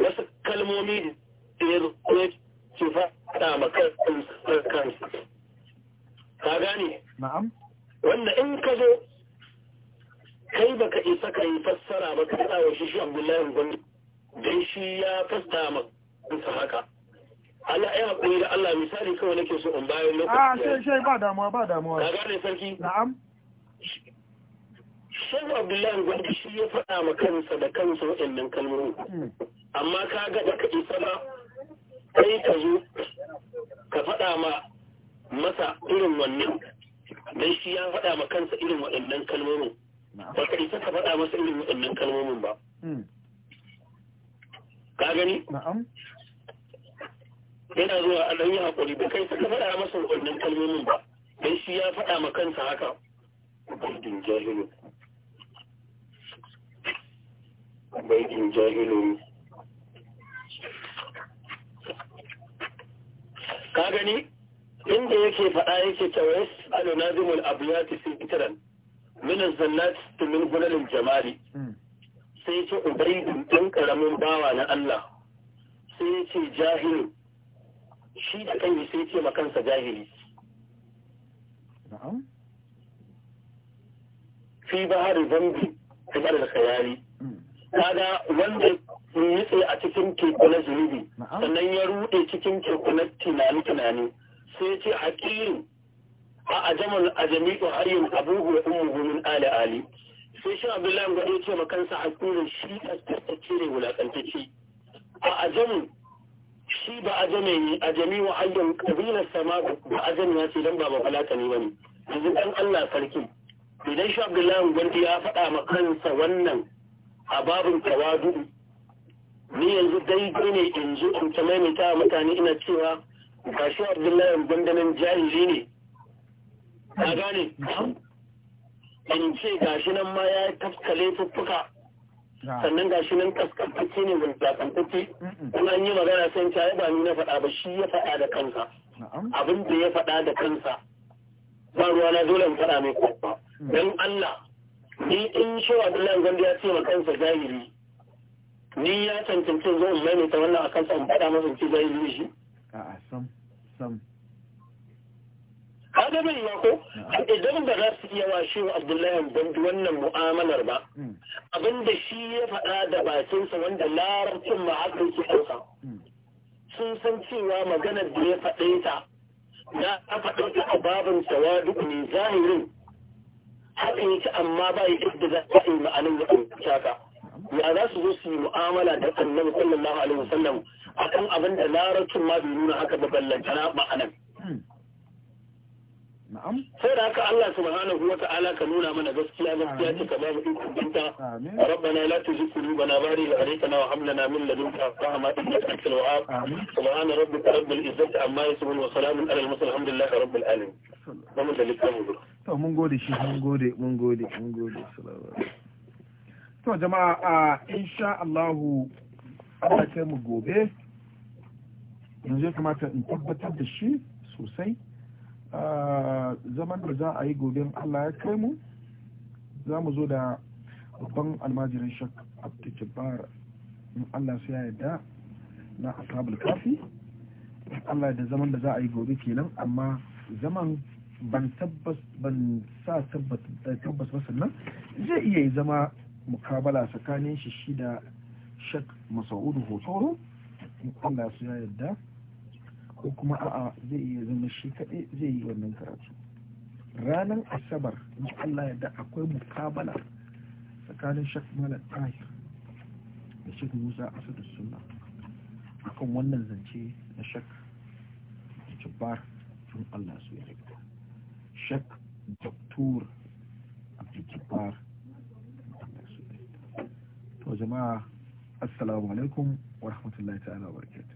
wasu kalmomi da ya zuwa su faɗa ma kansu ka gane wanda in ka zo kai baka isa ka yi fassara ba ka wa shi shi abdullahi gwandu dan shi ya fassara ma kansa haka Allah ya haƙuri da Allah misali kawai nake so in bayan lokaci. Ah, A sai sai ba damuwa ba damuwa. Ka gane sarki? Na'am. Shehu Abdullahi Gwaji shi ya faɗa ma kansa da kansa waɗannan kalmomi. Hmm. Amma ka ga baka isa ba kai ka zo ka faɗa ma masa irin wannan dan shi ya faɗa ma kansa irin waɗannan kalmomin. Ba ka isa ka faɗa masa irin waɗannan kalmomin ba. Hmm. Ka gani? Na'am. yana zuwa a ɗan yi haƙuri ba kai suka faɗa masa wannan kalmomin ba dan shi ya faɗa ma kansa haka baidin jahilu baidin jahilu ka gani inda yake faɗa yake tawais alu nazimul abyati sitran min az-zannat min gunal jamali hmm. sai ce ubaidin ɗan ƙaramin bawa na Allah sai ce jahilu shi da kan yi sai ce ma kansa jahili fi bahari zambi fi kamar da khayali mm. kaga wanda nitse a cikin teku na zunubi sannan ya rude cikin teku na tunani tunani sai ce haƙirin a ajamal ajamitu har yin abubuwa ummuhu min ali ali sai shi abdullahi ga ya ce ma kansa haƙirin shi kaskantacce ne wulaƙantacce a ajamu shi ba a jame a jami wa hayyan kabilar sama ba a jami ya ce dan ba falata ne bane yanzu dan Allah sarki idan shi Abdullahi gwanti ya faɗa ma kansa wannan a babin tawadu ni yanzu dai ne in ji in ta maimaita mutane ina cewa ga shi Abdullahi Gwandi jahili ne ka gane in ce gashi nan ma ya tafkale fuffuka sannan ga shi nan kaskantacce ne wulakantacce kuma an yi magana sai ya ba ni na faɗa ba shi ya faɗa da kansa abin da ya faɗa da kansa ba ruwa na dole in faɗa mai kofa mm. don Allah ni in shi wa Allah zan ya ce ma kansa jahili ni ya cancanci zo in ta wannan a kansa in faɗa masa in ce jahili shi a'a sam sam ka ga bin ko idan ba za su iya washe wa abdullahi bandu wannan mu'amalar ba hmm. abinda shi ya faɗa da bakinsa wanda larabcin ma haka yake ɗauka hmm. sun san cewa maganar da ya faɗe ta na a faɗe ta a babin ne zahirin haka yake amma ba ya da za a yi ma'anin ya ɗauka ka ya za su zo su yi mu'amala da annabi sallallahu alaihi wasallam akan abin da larabcin ma bai nuna haka ba ballantana ma'anar Na'am. Sai da haka Allah subhanahu wa ta'ala ka nuna mana gaskiya gaskiya ce ka ba mu iko binta. Amin. Rabbana la na bari da idh na wa hab na min ladunka rahma innaka antal wahhab. Subhana rabbika rabbil izzati amma yasifun wa salamun alal mursalin alhamdulillahi rabbil alamin. Ba mu da littafin To mun gode shi mun gode mun gode mun gode. To jama'a insha Allah Allah kai mu gobe. Yanzu ya kamata in tabbatar da shi sosai. zaman da za a yi gobe Allah ya kai mu za mu zo da babban almajirin shak abdujabbar in Allah su ya yadda na ashabul kafi Allah da zaman da za a yi gobe kenan amma zaman ban tabbas ban sa tabbas eh, ba sannan zai iya yi zama mukabala tsakanin shi shi da shak masa'udu hotoro in Allah su ya yadda. ko kuma a'a zai iya zama shi kaɗai zai yi wannan karatu ranar asabar in Allah ya da akwai mukabala tsakanin shek malam tahir da shek musa asadu suna akan wannan zance na shak da jabbar tun Allah su ya rikta shek doktor jabbar to jama'a assalamu alaikum wa rahmatullahi ta'ala wa barakatuh